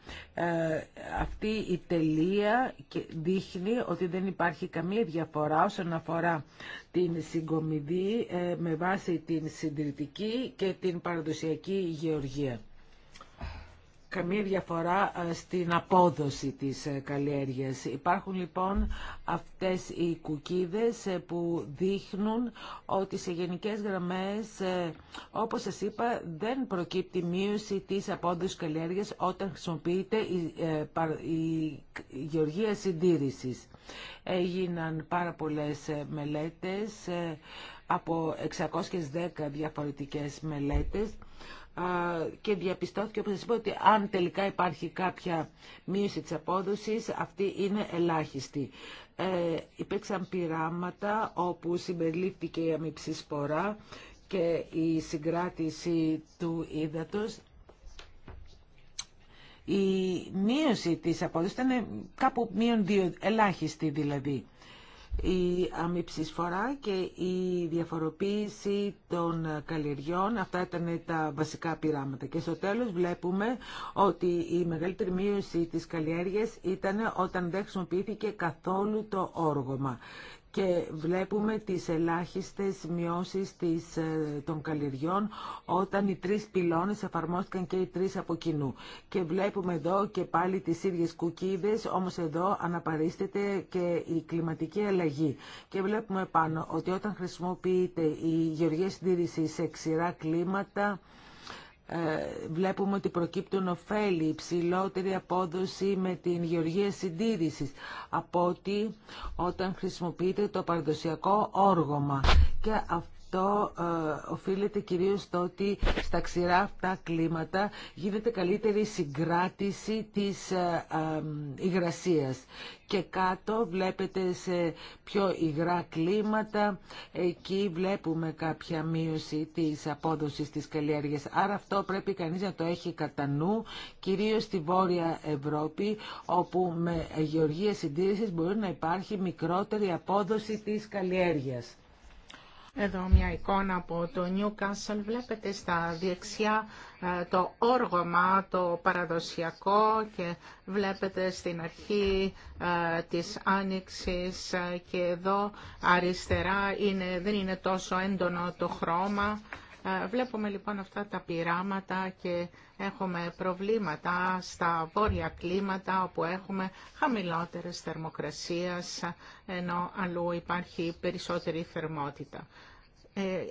αυτή η τελεία δείχνει ότι δεν υπάρχει καμία διαφορά όσον αφορά την συγκομιδή ε, με βάση την συντηρητική και την παραδοσιακή γεωργία. Καμία διαφορά ε, στην απόδοση της ε, καλλιέργειας. Υπάρχουν λοιπόν αυτές οι κουκίδες που δείχνουν ότι σε γενικές γραμμές, όπως σας είπα, δεν προκύπτει μείωση της απόδοσης καλλιέργειας όταν χρησιμοποιείται η γεωργία συντήρησης. Έγιναν πάρα πολλές ε, μελέτες, ε, από 610 διαφορετικές μελέτες και διαπιστώθηκε, όπως σας είπα, ότι αν τελικά υπάρχει κάποια μείωση της απόδοσης, αυτή είναι ελάχιστη. Ε, υπήρξαν πειράματα όπου συμπεριλήφθηκε η αμυψή σπορά και η συγκράτηση του ύδατος η μείωση της απόδοσης ήταν κάπου μείον δύο, ελάχιστη δηλαδή. Η αμυψισφορά και η διαφοροποίηση των καλλιεργιών, αυτά ήταν τα βασικά πειράματα. Και στο τέλος βλέπουμε ότι η μεγαλύτερη μείωση της καλλιέργειας ήταν όταν δεν χρησιμοποιήθηκε καθόλου το όργωμα και βλέπουμε τις ελάχιστες μειώσεις της, ε, των καλλιεργιών όταν οι τρεις πυλώνες εφαρμόστηκαν και οι τρεις από κοινού. Και βλέπουμε εδώ και πάλι τις ίδιες κουκίδες, όμως εδώ αναπαρίσταται και η κλιματική αλλαγή. Και βλέπουμε πάνω ότι όταν χρησιμοποιείται η γεωργία συντήρηση σε ξηρά κλίματα, ε, βλέπουμε ότι προκύπτουν ωφέλη, υψηλότερη απόδοση με την γεωργία συντήρησης από ότι όταν χρησιμοποιείται το παραδοσιακό όργωμα. Και αυτό ε, οφείλεται κυρίως στο ότι στα ξηρά αυτά κλίματα γίνεται καλύτερη συγκράτηση της ε, υγρασίας. Και κάτω βλέπετε σε πιο υγρά κλίματα, εκεί βλέπουμε κάποια μείωση της απόδοσης της καλλιέργειας. Άρα αυτό πρέπει κανείς να το έχει κατά νου, κυρίως στη Βόρεια Ευρώπη, όπου με γεωργία συντήρησης μπορεί να υπάρχει μικρότερη απόδοση της καλλιέργειας. Εδώ μια εικόνα από το Newcastle. Βλέπετε στα δεξιά ε, το όργωμα, το παραδοσιακό και βλέπετε στην αρχή ε, της άνοιξης ε, και εδώ αριστερά είναι, δεν είναι τόσο έντονο το χρώμα ε, βλέπουμε λοιπόν αυτά τα πειράματα και έχουμε προβλήματα στα βόρεια κλίματα όπου έχουμε χαμηλότερες θερμοκρασίες ενώ αλλού υπάρχει περισσότερη θερμότητα. Ε,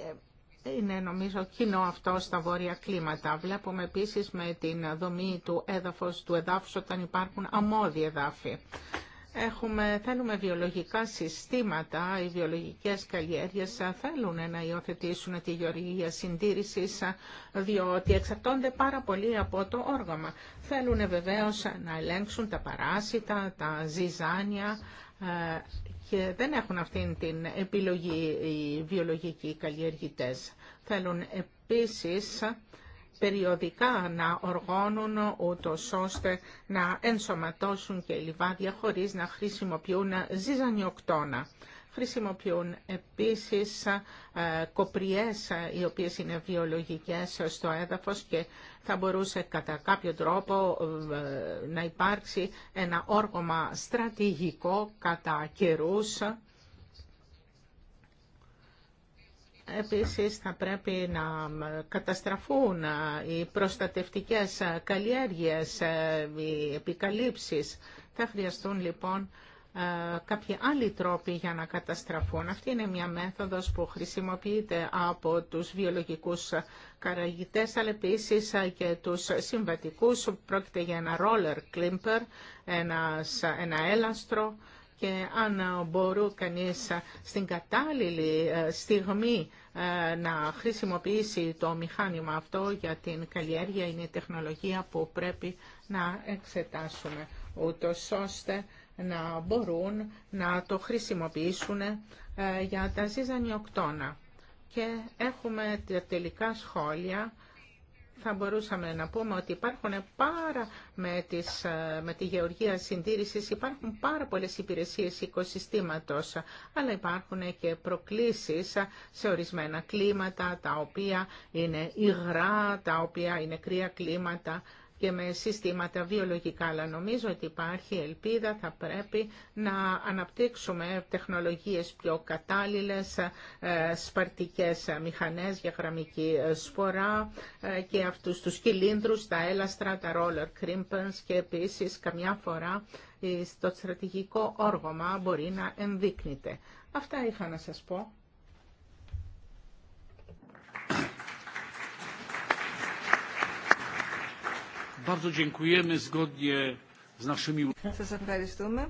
είναι νομίζω κοινό αυτό στα βόρεια κλίματα. Βλέπουμε επίσης με την δομή του έδαφους, του εδάφους όταν υπάρχουν αμμόδιοι εδάφοι. Έχουμε, θέλουμε βιολογικά συστήματα, οι βιολογικές καλλιέργειες θέλουν να υιοθετήσουν τη γεωργία συντήρησης, διότι εξαρτώνται πάρα πολύ από το όργαμα. Θέλουν βεβαίως να ελέγξουν τα παράσιτα, τα ζυζάνια ε, και δεν έχουν αυτήν την επιλογή οι βιολογικοί καλλιεργητές. Θέλουν επίσης περιοδικά να οργώνουν ούτως ώστε να ενσωματώσουν και λιβάδια χωρίς να χρησιμοποιούν ζυζανιοκτώνα. Χρησιμοποιούν επίσης ε, κοπριές ε, οι οποίες είναι βιολογικές στο έδαφος και θα μπορούσε κατά κάποιο τρόπο ε, να υπάρξει ένα όργωμα στρατηγικό κατά καιρούς Επίσης θα πρέπει να καταστραφούν οι προστατευτικές καλλιέργειες, οι επικαλύψεις. Θα χρειαστούν λοιπόν ε, κάποιοι άλλοι τρόποι για να καταστραφούν. Αυτή είναι μια μέθοδος που χρησιμοποιείται από τους βιολογικούς καραγητές, αλλά επίσης και τους συμβατικούς. Πρόκειται για ένα roller climper, ένα έλαστρο, και αν μπορούν κανείς στην κατάλληλη ε, στιγμή ε, να χρησιμοποιήσει το μηχάνημα αυτό για την καλλιέργεια είναι η τεχνολογία που πρέπει να εξετάσουμε ούτως ώστε να μπορούν να το χρησιμοποιήσουν ε, για τα ζυζανιοκτώνα. Και έχουμε τελικά σχόλια θα μπορούσαμε να πούμε ότι υπάρχουν πάρα με, τις, ε, με τη γεωργία συντήρησης υπάρχουν πάρα πολλές υπηρεσίες οικοσυστήματος, αλλά υπάρχουν και προκλήσεις σε ορισμένα κλίματα, τα οποία είναι υγρά, τα οποία είναι κρύα κλίματα, και με συστήματα βιολογικά, αλλά νομίζω ότι υπάρχει ελπίδα, θα πρέπει να αναπτύξουμε τεχνολογίες πιο κατάλληλες, ε, σπαρτικές μηχανές για γραμμική ε, σπορά ε, και αυτούς τους κυλίνδρους, τα έλαστρα, τα roller crimpers και επίσης καμιά φορά στο στρατηγικό όργωμα μπορεί να ενδείκνυται. Αυτά είχα να σας πω. Σας ευχαριστούμε.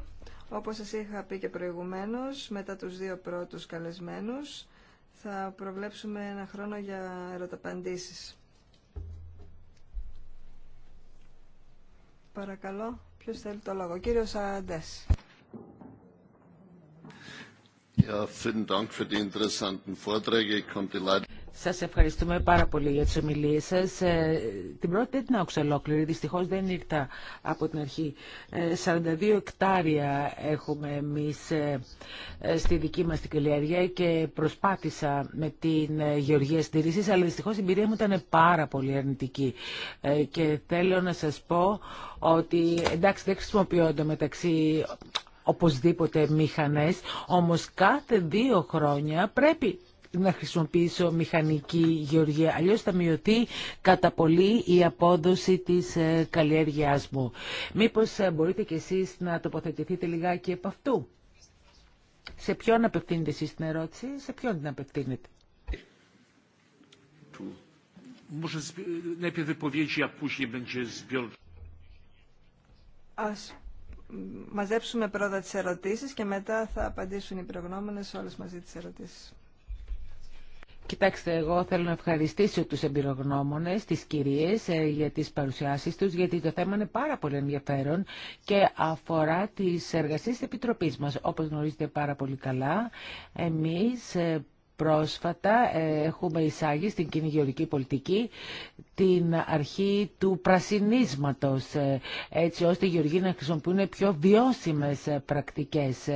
Όπως σας είχα πει και προηγουμένως, μετά τους δύο πρώτους καλεσμένους, θα προβλέψουμε ένα χρόνο για ερωταπαντήσεις. Παρακαλώ, ποιος θέλει το λόγο. Κύριος Αντές. Σας ευχαριστούμε πάρα πολύ για τις ομιλίες σας. Ε, την πρώτη δεν την άκουσα ολόκληρη, δυστυχώς δεν ήρθα από την αρχή. 42 ε, εκτάρια έχουμε εμείς ε, στη δική μας την καλλιέργεια και προσπάθησα με την γεωργία στήριξη, αλλά δυστυχώς η εμπειρία μου ήταν πάρα πολύ αρνητική. και θέλω να σας πω ότι εντάξει δεν χρησιμοποιώ μεταξύ οπωσδήποτε μηχανές, όμως κάθε δύο χρόνια πρέπει να χρησιμοποιήσω μηχανική γεωργία. Αλλιώς θα μειωθεί κατά πολύ η απόδοση της ε, καλλιέργειάς μου. Μήπως ε, μπορείτε κι εσείς να τοποθετηθείτε λιγάκι από αυτού. Σε ποιον απευθύνετε εσείς την ερώτηση, σε ποιον την απευθύνετε. Ας μαζέψουμε πρώτα τις ερωτήσεις και μετά θα απαντήσουν οι προγνώμενες όλες μαζί τις ερωτήσεις. Κοιτάξτε, εγώ θέλω να ευχαριστήσω τους εμπειρογνώμονες, τις κυρίες ε, για τις παρουσιάσεις τους, γιατί το θέμα είναι πάρα πολύ ενδιαφέρον και αφορά τις εργασίες της Επιτροπής μας. Όπως γνωρίζετε πάρα πολύ καλά, εμείς ε, Πρόσφατα ε, έχουμε εισάγει στην κοινή γεωργική πολιτική την αρχή του πρασινίσματος, ε, έτσι ώστε οι γεωργοί να χρησιμοποιούν πιο βιώσιμες ε, πρακτικές.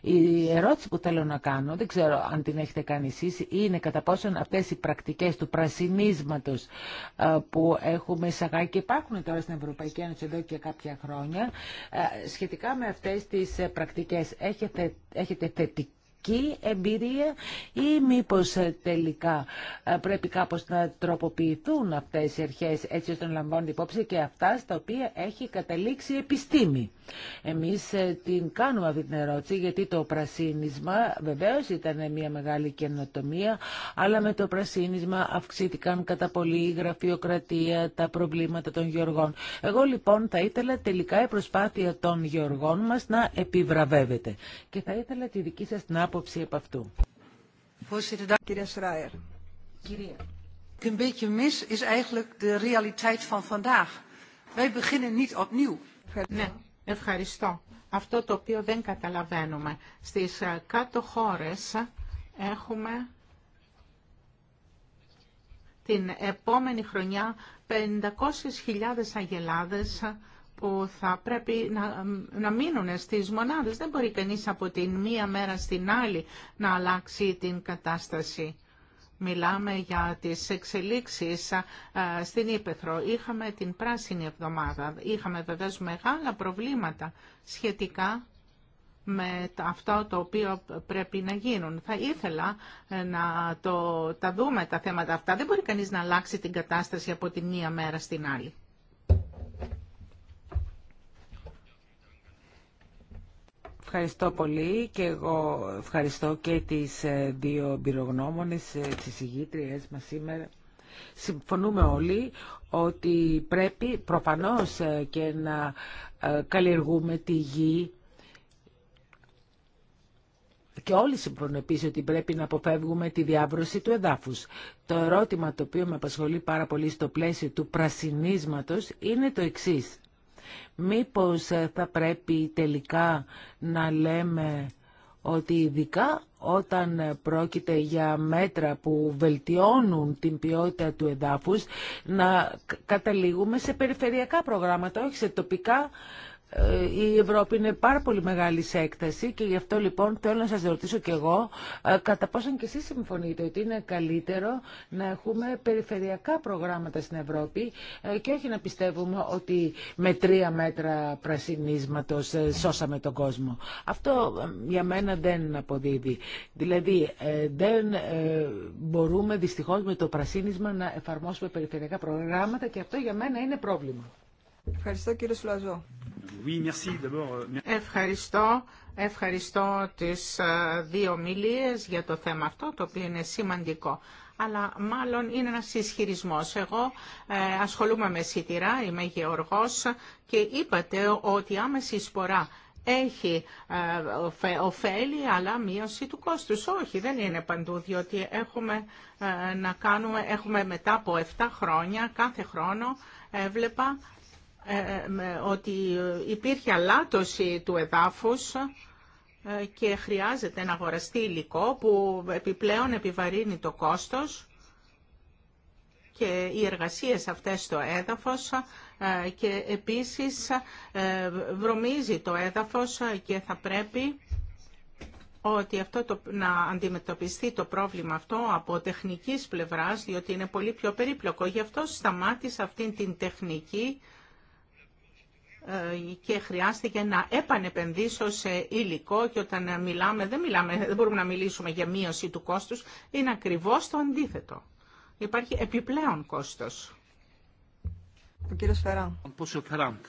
Η ερώτηση που θέλω να κάνω, δεν ξέρω αν την έχετε κάνει εσείς, είναι κατά πόσον αυτές οι πρακτικές του πρασινίσματος που έχουμε εισαγάγει και υπάρχουν τώρα στην Ευρωπαϊκή Ένωση εδώ και κάποια χρόνια, σχετικά με αυτές τις πρακτικές έχετε, έχετε κακή εμπειρία ή μήπως ε, τελικά ε, πρέπει κάπως να τροποποιηθούν αυτές οι αρχές έτσι ώστε να λαμβάνουν υπόψη και αυτά στα οποία έχει καταλήξει η επιστήμη. Εμείς ε, την κάνουμε αυτή την ερώτηση γιατί το πρασίνισμα βεβαίως ήταν μια μεγάλη καινοτομία αλλά με το πρασίνισμα αυξήθηκαν κατά πολύ η γραφειοκρατία, τα προβλήματα των γεωργών. Εγώ λοιπόν θα ήθελα τελικά η προσπάθεια των γεωργών μας να επιβραβεύεται και θα ήθελα τη δική σας την άποψη από αυτού. Κυρία Σράιερ. Κυρία. Een beetje mis is eigenlijk de realiteit van vandaag. Wij beginnen niet opnieuw. Ναι, ευχαριστώ. Αυτό το οποίο δεν καταλαβαίνουμε. Στις ε, κάτω χώρες έχουμε την επόμενη χρονιά 500.000 αγελάδες που θα πρέπει να, μείνουν στις μονάδες. Δεν μπορεί κανείς από την μία μέρα στην άλλη να αλλάξει την κατάσταση. Μιλάμε για τις εξελίξεις στην Ήπεθρο. Είχαμε την πράσινη εβδομάδα. Είχαμε βεβαίως μεγάλα προβλήματα σχετικά με αυτό το οποίο πρέπει να γίνουν. Θα ήθελα ε, να τα δούμε τα θέματα αυτά. Δεν μπορεί κανείς να αλλάξει την κατάσταση από τη μία μέρα στην άλλη. Ευχαριστώ πολύ και εγώ ευχαριστώ και τις ε, δύο πυρογνώμονες, ε, τις συγγήτριές μας σήμερα. Συμφωνούμε όλοι ότι πρέπει προφανώς ε, και να καλλιεργούμε τη γη και όλοι συμφωνούν επίση ότι πρέπει να αποφεύγουμε τη διάβρωση του εδάφου. Το ερώτημα το οποίο με απασχολεί πάρα πολύ στο πλαίσιο του πρασινίσματο είναι το εξή. Μήπως ε, θα πρέπει τελικά να λέμε ότι ειδικά όταν πρόκειται για μέτρα που βελτιώνουν την ποιότητα του εδάφους, να καταλήγουμε σε περιφερειακά προγράμματα, όχι σε τοπικά ε, η Ευρώπη είναι πάρα πολύ μεγάλη σε έκταση και γι' αυτό λοιπόν θέλω να σας ρωτήσω και εγώ ε, κατά πόσον και εσείς συμφωνείτε ότι είναι καλύτερο να έχουμε περιφερειακά προγράμματα στην Ευρώπη ε, και όχι να πιστεύουμε ότι με τρία μέτρα πρασινίσματος σώσαμε τον κόσμο. Αυτό για μένα δεν αποδίδει. Δηλαδή δεν μπορούμε δυστυχώς με το πρασίνισμα να εφαρμόσουμε περιφερειακά προγράμματα και αυτό για μένα είναι πρόβλημα. Ευχαριστώ κύριε Σουλαζό. Euh, Ευχαριστώ. Ευχαριστώ τις ε, δύο μιλίες για το θέμα αυτό, το οποίο είναι σημαντικό. Αλλά μάλλον είναι ένας ισχυρισμό. Εγώ ε, ασχολούμαι με σιτηρά, είμαι γεωργός και είπατε ότι άμεση σπορά έχει ε, ωφέλη αλλά μείωση του κόστους. Όχι, δεν είναι παντού, διότι έχουμε ε, να κάνουμε, έχουμε μετά από 7 χρόνια, κάθε χρόνο έβλεπα ε, ε, ότι υπήρχε αλάτωση του εδάφους ε, και χρειάζεται να αγοραστεί υλικό που επιπλέον επιβαρύνει το κόστος και οι εργασίες αυτές στο έδαφος και επίσης βρωμίζει το έδαφος και θα πρέπει ότι αυτό το, να αντιμετωπιστεί το πρόβλημα αυτό από τεχνικής πλευράς, διότι είναι πολύ πιο περίπλοκο. Γι' αυτό σταμάτησα αυτήν την τεχνική και χρειάστηκε να επανεπενδύσω σε υλικό και όταν μιλάμε, δεν, μιλάμε, δεν μπορούμε να μιλήσουμε για μείωση του κόστους, είναι ακριβώς το αντίθετο. Υπάρχει επιπλέον κόστος. Ο κύριος Φεράν.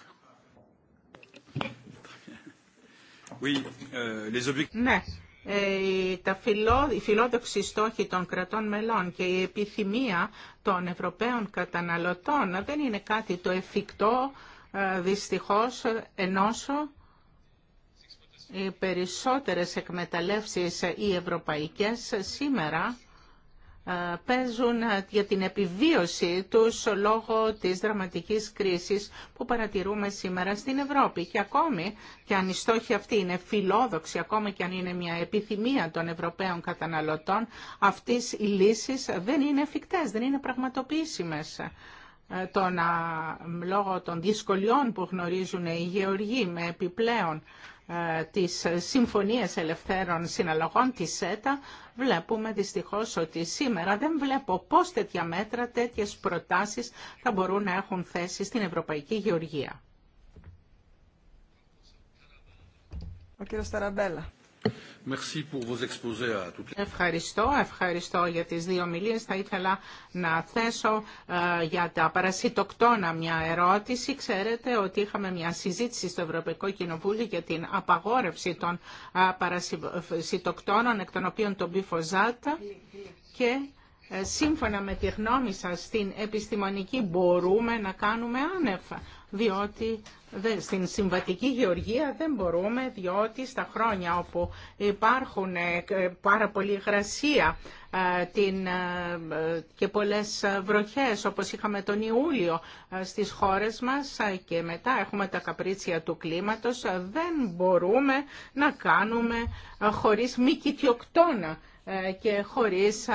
Euh, ναι, ε, τα φιλό, οι φιλόδοξοι στόχοι των κρατών μελών και η επιθυμία των Ευρωπαίων καταναλωτών δεν είναι κάτι το εφικτό ε, δυστυχώς ενώσω οι περισσότερες εκμεταλλεύσεις ε, οι ευρωπαϊκές ε, σήμερα παίζουν για την επιβίωση τους λόγω της δραματικής κρίσης που παρατηρούμε σήμερα στην Ευρώπη. Και ακόμη και αν η στόχη αυτή είναι φιλόδοξη, ακόμη και αν είναι μια επιθυμία των Ευρωπαίων καταναλωτών, αυτές οι λύσεις δεν είναι εφικτές, δεν είναι πραγματοποιήσιμες. Ε, των, λόγω των δυσκολιών που γνωρίζουν οι γεωργοί με επιπλέον ε, της σύμφωνίας ελευθέρων συναλλαγών της ΣΕΤΑ, βλέπουμε δυστυχώς ότι σήμερα δεν βλέπω πώς τέτοια μέτρα, τέτοιες προτάσεις θα μπορούν να έχουν θέση στην Ευρωπαϊκή Γεωργία. Ο κύριος Ευχαριστώ, ευχαριστώ για τις δύο μιλίες. Θα ήθελα να θέσω ε, για τα παρασιτοκτόνα μια ερώτηση. Ξέρετε ότι είχαμε μια συζήτηση στο Ευρωπαϊκό Κοινοβούλιο για την απαγόρευση των ε, παρασιτοκτόνων, εκ των οποίων το μπιφοζάτα και ε, σύμφωνα με τη γνώμη σας στην επιστημονική μπορούμε να κάνουμε άνευ, διότι στην συμβατική γεωργία δεν μπορούμε διότι στα χρόνια όπου υπάρχουν ε, ε, πάρα πολλή γρασία ε, και πολλές βροχές όπως είχαμε τον Ιούλιο στις χώρες μας και μετά έχουμε τα καπρίτσια του κλίματος δεν μπορούμε να κάνουμε χωρίς μη κοιτιοκτώνα και χωρίς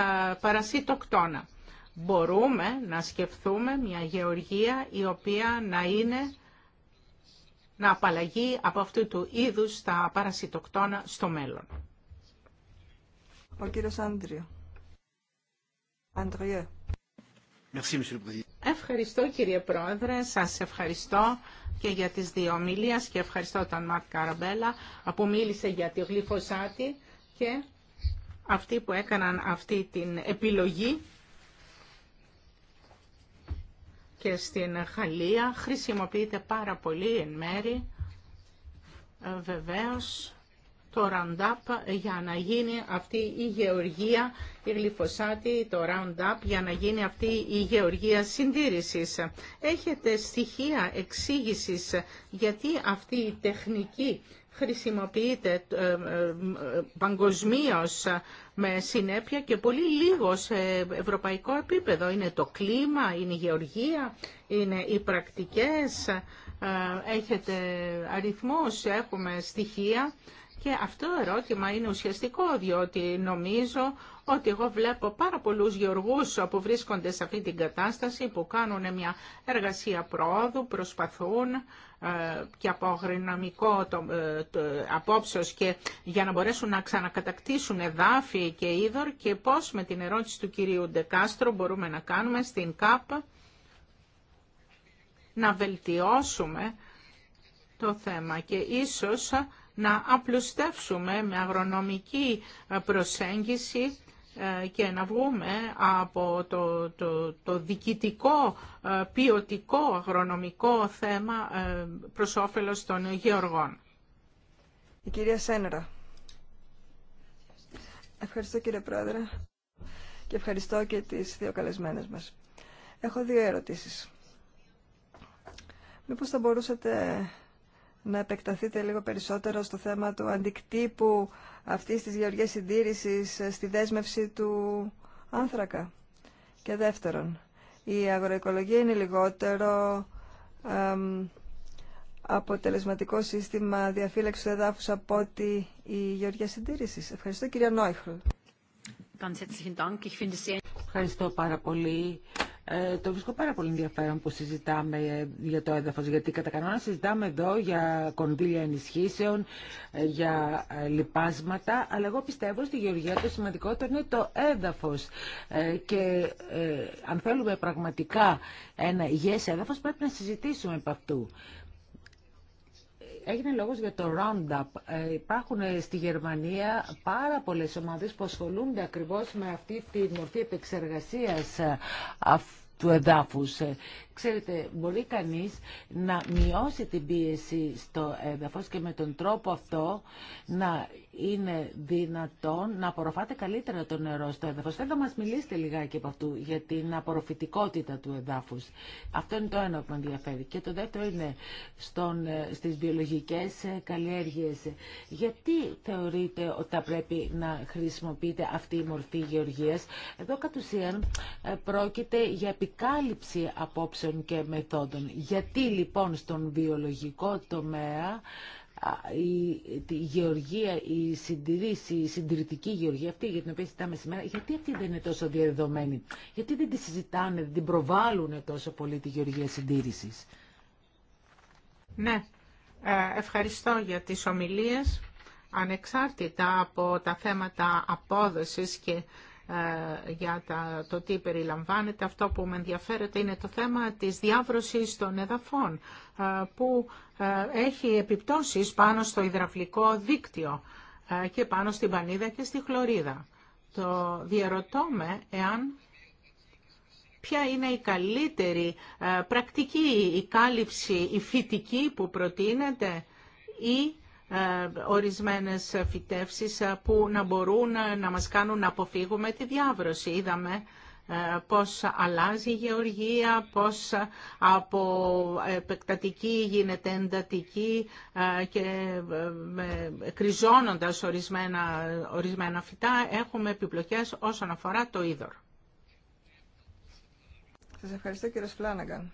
παρασύτοκτώνα. Μπορούμε να σκεφτούμε μια γεωργία η οποία να είναι να απαλλαγεί από αυτού του είδους τα παρασιτοκτόνα στο μέλλον. Ο Άντριο. Ευχαριστώ κύριε Πρόεδρε, σας ευχαριστώ και για τις δύο ομιλίε και ευχαριστώ τον Μαρκ Καραμπέλα που μίλησε για τη γλυφοσάτη και αυτοί που έκαναν αυτή την επιλογή και στην Γαλλία. Χρησιμοποιείται πάρα πολύ εν μέρη. Ε, βεβαίως, το Roundup για να γίνει αυτή η γεωργία, η γλυφοσάτη, το Roundup για να γίνει αυτή η γεωργία συντήρησης. Έχετε στοιχεία εξήγησης γιατί αυτή η τεχνική χρησιμοποιείται ε, ε, ε, παγκοσμίω με συνέπεια και πολύ λίγο σε ευρωπαϊκό επίπεδο. Είναι το κλίμα, είναι η γεωργία, είναι οι πρακτικές, έχετε αριθμούς, έχουμε στοιχεία. Και αυτό το ερώτημα είναι ουσιαστικό, διότι νομίζω ότι εγώ βλέπω πάρα πολλούς γεωργούς που βρίσκονται σε αυτή την κατάσταση, που κάνουν μια εργασία πρόοδου, προσπαθούν ε, και από αγρονομικό ε, το, απόψεως και για να μπορέσουν να ξανακατακτήσουν εδάφη και είδωρ και πώς με την ερώτηση του κυρίου Ντεκάστρο μπορούμε να κάνουμε στην ΚΑΠ να βελτιώσουμε το θέμα και ίσως να απλουστεύσουμε με αγρονομική προσέγγιση ε, και να βγούμε από το, το, το διοικητικό, ε, ποιοτικό, αγρονομικό θέμα ε, προς όφελος των γεωργών. Η κυρία Σένερα. Ευχαριστώ κύριε Πρόεδρε και ευχαριστώ και τις δύο καλεσμένες μας. Έχω δύο ερωτήσεις. Μήπως θα μπορούσατε να επεκταθείτε λίγο περισσότερο στο θέμα του αντικτύπου αυτής της γεωργίας συντήρησης ε, στη δέσμευση του άνθρακα. Και δεύτερον, η αγροοικολογία είναι λιγότερο αποτελεσματικό σύστημα διαφύλαξης του εδάφους από ότι η γεωργία συντήρησης. Ευχαριστώ κυρία Νόιχλ. Ευχαριστώ πάρα πολύ. Ε, το βρίσκω πάρα πολύ ενδιαφέρον που συζητάμε για το έδαφος, γιατί κατά κανόνα συζητάμε εδώ για κονδύλια ενισχύσεων, ε, για ε, λοιπάσματα, αλλά εγώ πιστεύω στη Γεωργία το σημαντικότερο είναι το έδαφος. και αν θέλουμε πραγματικά ένα υγιές έδαφος πρέπει να συζητήσουμε επ' αυτού έγινε λόγος για το Roundup. Ε, υπάρχουν ε, στη Γερμανία πάρα πολλές ομάδες που ασχολούνται ακριβώς με αυτή τη μορφή επεξεργασίας ε, του εδάφους. Ξέρετε, μπορεί κανείς να μειώσει την πίεση στο έδαφος και με τον τρόπο αυτό να είναι δυνατόν να απορροφάτε καλύτερα το νερό στο έδαφος. Θέλω να μα μιλήσετε λιγάκι από αυτού για την απορροφητικότητα του εδάφους. Αυτό είναι το ένα που με ενδιαφέρει. Και το δεύτερο είναι στι ε, στις βιολογικές ε, Γιατί θεωρείτε ότι θα πρέπει να χρησιμοποιείτε αυτή η μορφή γεωργία Εδώ κατ' ουσίαν ε, πρόκειται για επικάλυψη απόψεων και μεθόδων. Γιατί λοιπόν στον βιολογικό τομέα η, γεωργία, η, συντηρητική γεωργία αυτή για την οποία συζητάμε σήμερα, γιατί αυτή δεν είναι τόσο διαδεδομένη. Γιατί δεν τη συζητάνε, δεν την προβάλλουν τόσο πολύ τη γεωργία συντήρησης. Ναι, ε, ευχαριστώ για τις ομιλίες. Ανεξάρτητα από τα θέματα απόδοσης και ε, για το τι περιλαμβάνεται. Αυτό που με ενδιαφέρεται είναι το θέμα της διάβρωσης των εδαφών ε, που ε, έχει επιπτώσεις πάνω στο υδραυλικό δίκτυο και πάνω στην Πανίδα και στη Χλωρίδα. Το διαρωτώ με εάν ποια είναι η καλύτερη πρακτική, η κάλυψη, η φυτική που προτείνεται ή ε, ορισμένες φυτεύσεις ε, που να μπορούν ε, να μας κάνουν να αποφύγουμε τη διάβρωση. Είδαμε πώς αλλάζει η γεωργία, πώς από επεκτατική γίνεται εντατική και κρυζώνοντας ορισμένα, ορισμένα φυτά έχουμε επιπλοκές όσον αφορά το είδωρο. Σας ευχαριστώ κύριε Φλάναγκαν.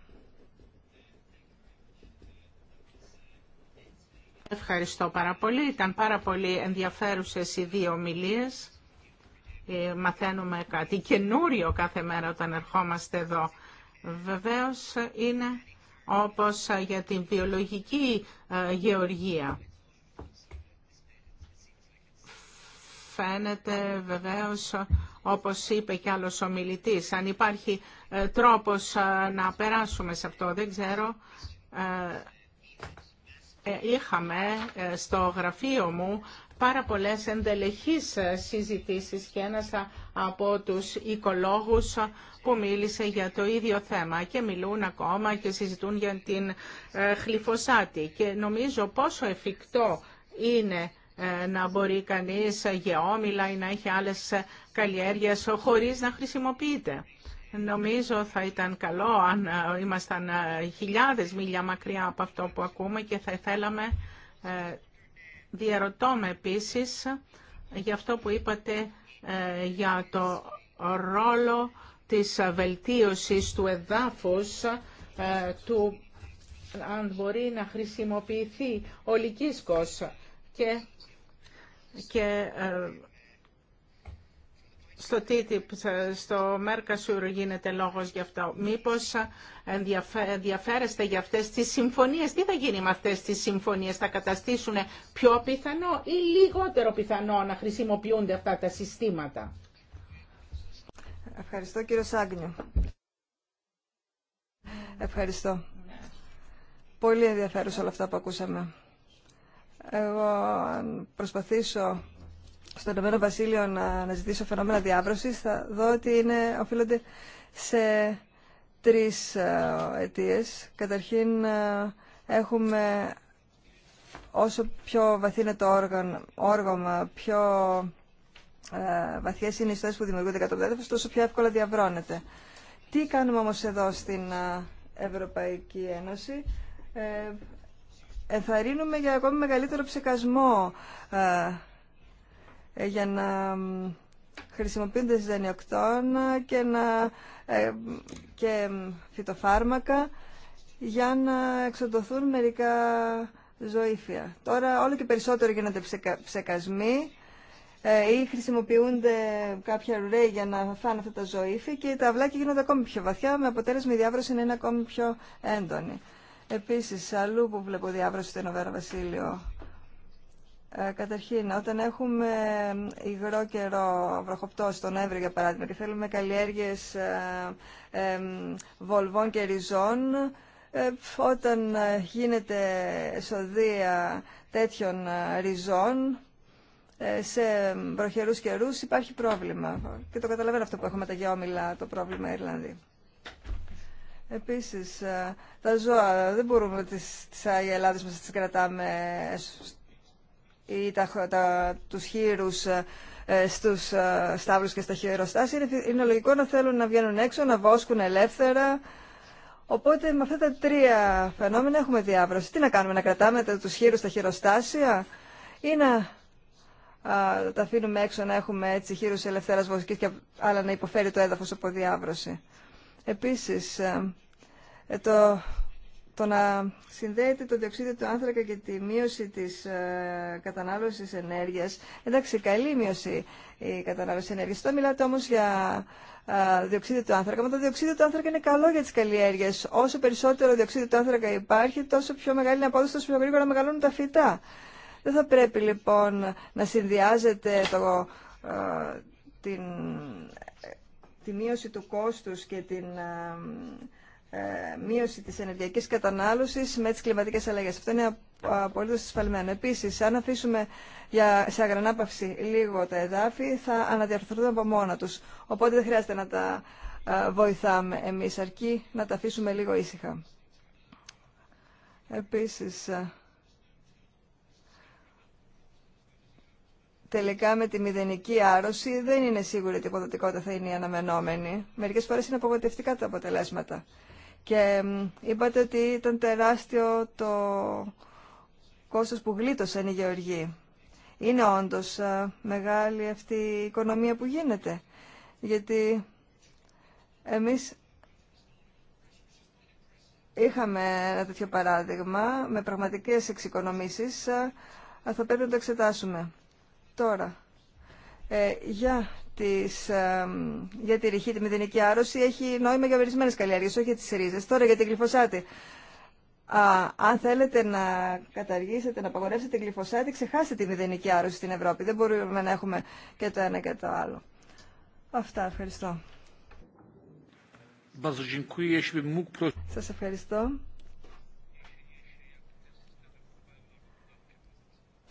Ευχαριστώ πάρα πολύ. Ήταν πάρα πολύ ενδιαφέρουσες οι δύο ομιλίες. Ε, μαθαίνουμε κάτι καινούριο κάθε μέρα όταν ερχόμαστε εδώ. Βεβαίως είναι όπως για την βιολογική ε, γεωργία. Φαίνεται βεβαίως, όπως είπε κι άλλος ομιλητής, αν υπάρχει ε, τρόπος να περάσουμε σε αυτό, δεν ξέρω ε, είχαμε ε, στο γραφείο μου πάρα πολλές εντελεχείς ε, συζητήσεις και ένας από τους οικολόγους που μίλησε για το ίδιο θέμα και μιλούν ακόμα και συζητούν για την χλυφοσάτη. Και νομίζω πόσο εφικτό είναι να μπορεί κανείς γεώμηλα ή να έχει άλλες καλλιέργειες χωρίς να χρησιμοποιείται. Νομίζω θα ήταν καλό αν ε, ήμασταν ε, χιλιάδες μίλια μακριά από αυτό που ακούμε και θα θέλαμε, ε, διαρωτώ με επίσης, για αυτό που είπατε για το ρόλο της βελτίωσης του εδάφους του αν μπορεί να χρησιμοποιηθεί ο και, και στο TTIP, στο Mercosur γίνεται λόγος γι' αυτό. Μήπως ενδιαφέρεστε για αυτές τις συμφωνίες. Τι θα γίνει με αυτές τις συμφωνίες. Θα καταστήσουν πιο πιθανό ή λιγότερο πιθανό να χρησιμοποιούνται αυτά τα συστήματα. Ευχαριστώ κύριο Σάγνιο. Ευχαριστώ. Πολύ ενδιαφέρουσα όλα αυτά που ακούσαμε. Εγώ προσπαθήσω στον Ηνωμένο Βασίλειο να ζητήσω φαινόμενα διάβρωσης, θα δω ότι είναι, οφείλονται σε τρεις ε, αιτίε. Καταρχήν ε, έχουμε όσο πιο βαθύ είναι το όργαν, όργωμα, πιο βαθίε βαθιές είναι οι που δημιουργούνται κατά το τόσο πιο εύκολα διαβρώνεται. Τι κάνουμε όμως εδώ στην ε, Ευρωπαϊκή Ένωση. Ε, ενθαρρύνουμε για ακόμη μεγαλύτερο ψεκασμό ε, για να χρησιμοποιούνται ζενιοκτώνα και, να, ε, και φυτοφάρμακα για να εξοντωθούν μερικά ζωήφια. Τώρα όλο και περισσότερο γίνονται ψεκασμοί ε, ή χρησιμοποιούνται κάποια ρουρέ για να φάνε αυτά τα ζωήφια και τα αυλάκια γίνονται ακόμη πιο βαθιά με αποτέλεσμα η διάβρωση να είναι ακόμη πιο έντονη. Επίσης, αλλού που βλέπω διάβρωση στο Ενωβέρα Βασίλειο ε, καταρχήν, όταν έχουμε υγρό καιρό, βροχοπτώσει τον Εύρη για παράδειγμα, και θέλουμε καλλιέργειες ε, ε, βολβών και ριζών, όταν γίνεται εσοδεία τέτοιων ριζών σε βροχερούς καιρούς υπάρχει πρόβλημα. Και το καταλαβαίνω αυτό που έχουμε τα γεώμηλα, το πρόβλημα Ιρλανδί. Επίσης, τα ζώα δεν μπορούμε τις, τις Άγια Ελλάδες μας τις κρατάμε ή τα, τα, τους χείρους ε, στους ε, σταύρους και στα χειροστάσια, είναι, είναι λογικό να θέλουν να βγαίνουν έξω, να βόσκουν ελεύθερα. Οπότε με αυτά τα τρία φαινόμενα έχουμε διάβρωση. Τι να κάνουμε, να κρατάμε τους χείρους στα χειροστάσια ή να τα αφήνουμε έξω να έχουμε έτσι χείρους ελευθέρας βοσκής και άλλα να υποφέρει το έδαφος από διάβρωση. Επίσης, ε, το το να συνδέεται το διοξείδιο του άνθρακα και τη μείωση της ε, κατανάλωσης ενέργειας. Εντάξει, καλή μείωση η κατανάλωση ενέργειας. Τώρα μιλάτε όμως για ε, διοξείδιο του άνθρακα. Μα το διοξείδιο του άνθρακα είναι καλό για τις καλλιέργειες. Όσο περισσότερο διοξείδιο του άνθρακα υπάρχει, τόσο πιο μεγάλη είναι απόδοση, τόσο πιο γρήγορα μεγαλώνουν τα φυτά. Δεν θα πρέπει λοιπόν να συνδυάζεται το, ε, την, τη μείωση του κόστους και την... Ε, μείωση της ενεργειακής κατανάλωσης με τις κλιματικές αλλαγές. Αυτό είναι απολύτω ασφαλμένο. Επίσης, αν αφήσουμε για, σε αγρανάπαυση λίγο τα εδάφη, θα αναδιαρθρωθούν από μόνα τους. Οπότε δεν χρειάζεται να τα ε, βοηθάμε εμείς, αρκεί να τα αφήσουμε λίγο ήσυχα. Επίσης, ε, τελικά με τη μηδενική άρρωση δεν είναι σίγουρη ότι η υποδοτικότητα θα είναι η αναμενόμενη. Μερικές φορές είναι απογοητευτικά τα αποτελέσματα. Και είπατε ότι ήταν τεράστιο το κόστος που γλίτωσαν οι γεωργοί. Είναι όντως ε, μεγάλη αυτή η οικονομία που γίνεται. Γιατί εμείς είχαμε ένα τέτοιο παράδειγμα με πραγματικές εξοικονομήσεις. Ε, θα πρέπει να το εξετάσουμε. Τώρα, ε, για της, για τη ρηχή, τη μηδενική άρρωση έχει νόημα για ορισμένε καλλιέργειες, όχι για τις ρίζες. Τώρα για την κλειφωσάτη. αν θέλετε να καταργήσετε, να απαγορεύσετε την γλυφοσάτη, ξεχάσετε τη μηδενική άρρωση στην Ευρώπη. Δεν μπορούμε να έχουμε και το ένα και το άλλο. Αυτά, ευχαριστώ. Σας ευχαριστώ.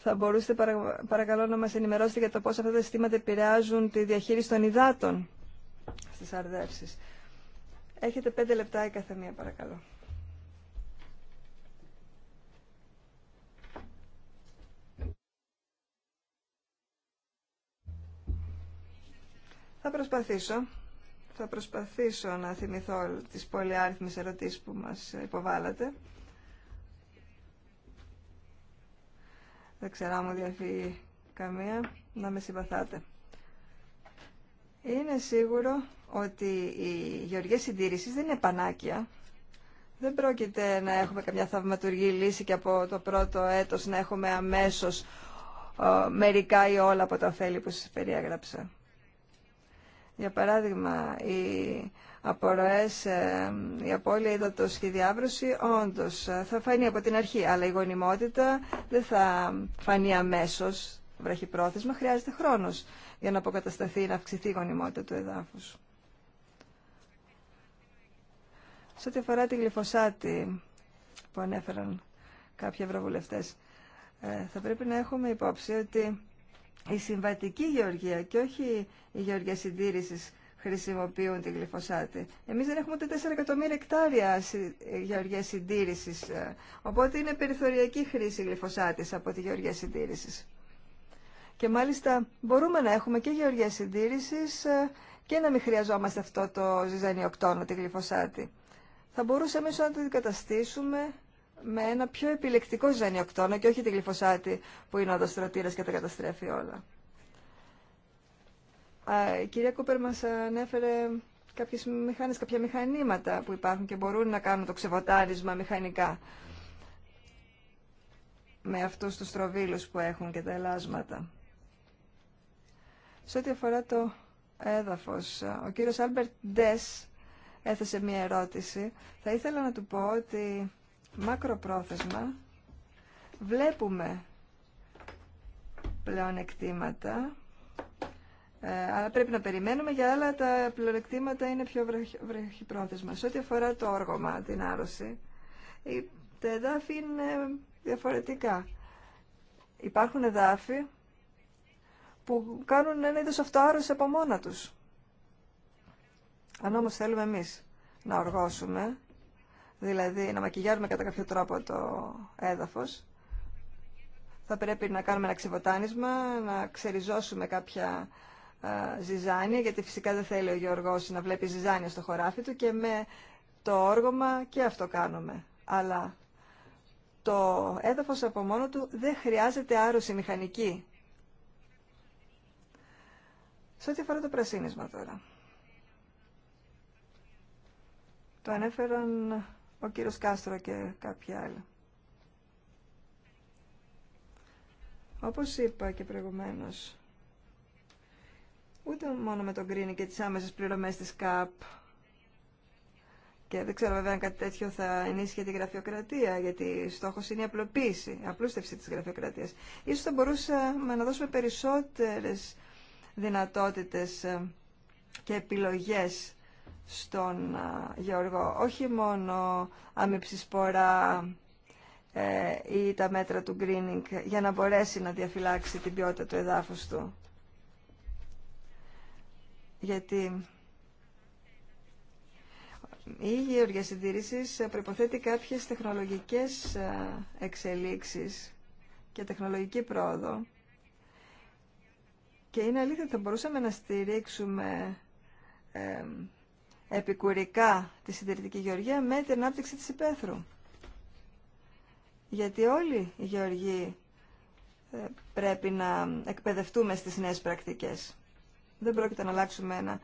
Θα μπορούσατε παρακαλώ να μας ενημερώσετε για το πώς αυτά τα συστήματα επηρεάζουν τη διαχείριση των υδάτων στις αρδεύσεις. Έχετε πέντε λεπτά η καθεμία παρακαλώ. Θα προσπαθήσω. Θα προσπαθήσω να θυμηθώ τις πολυάριθμες ερωτήσεις που μας υποβάλλατε. Δεν ξέρω αν μου διαφύγει καμία να με συμπαθάτε. Είναι σίγουρο ότι οι γεωργίες συντήρησης δεν είναι πανάκια. Δεν πρόκειται να έχουμε καμιά θαυματουργή λύση και από το πρώτο έτος να έχουμε αμέσως ε, μερικά ή όλα από τα ωφέλη που σας περιέγραψα. Για παράδειγμα, η απορροές, ε, η απώλεια ύδατος και η διάβρωση, όντως ε, θα φανεί από την αρχή, αλλά η γονιμότητα δεν θα φανεί αμέσως βραχυπρόθεσμα, χρειάζεται χρόνος για να αποκατασταθεί, να αυξηθεί η γονιμότητα του εδάφους. Σε ό,τι αφορά τη γλυφοσάτη που ανέφεραν κάποιοι ευρωβουλευτές, ε, θα πρέπει να έχουμε υπόψη ότι η συμβατική γεωργία και όχι η γεωργία συντήρησης χρησιμοποιούν τη γλυφοσάτη. Εμείς δεν έχουμε ούτε 4 εκατομμύρια εκτάρια γεωργία συντήρησης, ε. οπότε είναι περιθωριακή χρήση γλυφοσάτης από τη γεωργία συντήρησης. Και μάλιστα μπορούμε να έχουμε και γεωργία συντήρησης ε, και να μην χρειαζόμαστε αυτό το ζυζανιοκτόνο, τη γλυφοσάτη. Θα μπορούσαμε ίσως να το αντικαταστήσουμε με ένα πιο επιλεκτικό ζυζανιοκτόνο και όχι τη γλυφοσάτη που είναι ο και τα καταστρέφει όλα. Η κυρία Κούπερ μας ανέφερε κάποιες μηχανές, κάποια μηχανήματα που υπάρχουν και μπορούν να κάνουν το ξεβοτάρισμα μηχανικά με αυτούς τους τροβίλους που έχουν και τα ελάσματα. Σε ό,τι αφορά το έδαφος, ο κύριος Άλμπερτ Ντες έθεσε μία ερώτηση. Θα ήθελα να του πω ότι μακροπρόθεσμα βλέπουμε πλέον ε, αλλά πρέπει να περιμένουμε για άλλα τα πλεονεκτήματα είναι πιο βραχυπρόθεσμα. Σε ό,τι αφορά το όργωμα, την άρρωση, τα εδάφη είναι διαφορετικά. Υπάρχουν εδάφη που κάνουν ένα είδος αυτοάρρωση από μόνα τους. Αν όμως θέλουμε εμείς να οργώσουμε, δηλαδή να μακιγιάρουμε κατά κάποιο τρόπο το έδαφος, θα πρέπει να κάνουμε ένα ξεβοτάνισμα, να ξεριζώσουμε κάποια ζυζάνια, γιατί φυσικά δεν θέλει ο Γιώργος να βλέπει ζυζάνια στο χωράφι του και με το όργωμα και αυτό κάνουμε. Αλλά το έδαφος από μόνο του δεν χρειάζεται άρρωση μηχανική. Σε ό,τι αφορά το πρασίνισμα τώρα. Το ανέφεραν ο κύριος Κάστρο και κάποιοι άλλοι. Όπως είπα και προηγουμένως, ούτε μόνο με τον Greening και τις άμεσες πληρωμές της ΚΑΠ και δεν ξέρω βέβαια αν κάτι τέτοιο θα ενίσχυε τη γραφειοκρατία, γιατί στόχος είναι η απλοποίηση, η απλούστευση της γραφειοκρατίας. Ίσως θα μπορούσαμε να δώσουμε περισσότερες δυνατότητες ε, και επιλογές στον ε, Γεωργό. Όχι μόνο άμυψη σπορά ε, ή τα μέτρα του greening για να μπορέσει να διαφυλάξει την ποιότητα του εδάφους του γιατί η γεωργία συντήρησης προποθέτει κάποιες τεχνολογικές ε, εξελίξεις και τεχνολογική πρόοδο και είναι αλήθεια ότι θα μπορούσαμε να στηρίξουμε ε, επικουρικά τη συντηρητική γεωργία με την ανάπτυξη της υπαίθρου. Γιατί όλοι οι γεωργοί ε, πρέπει να εκπαιδευτούμε στις νέες πρακτικές. Δεν πρόκειται να αλλάξουμε ένα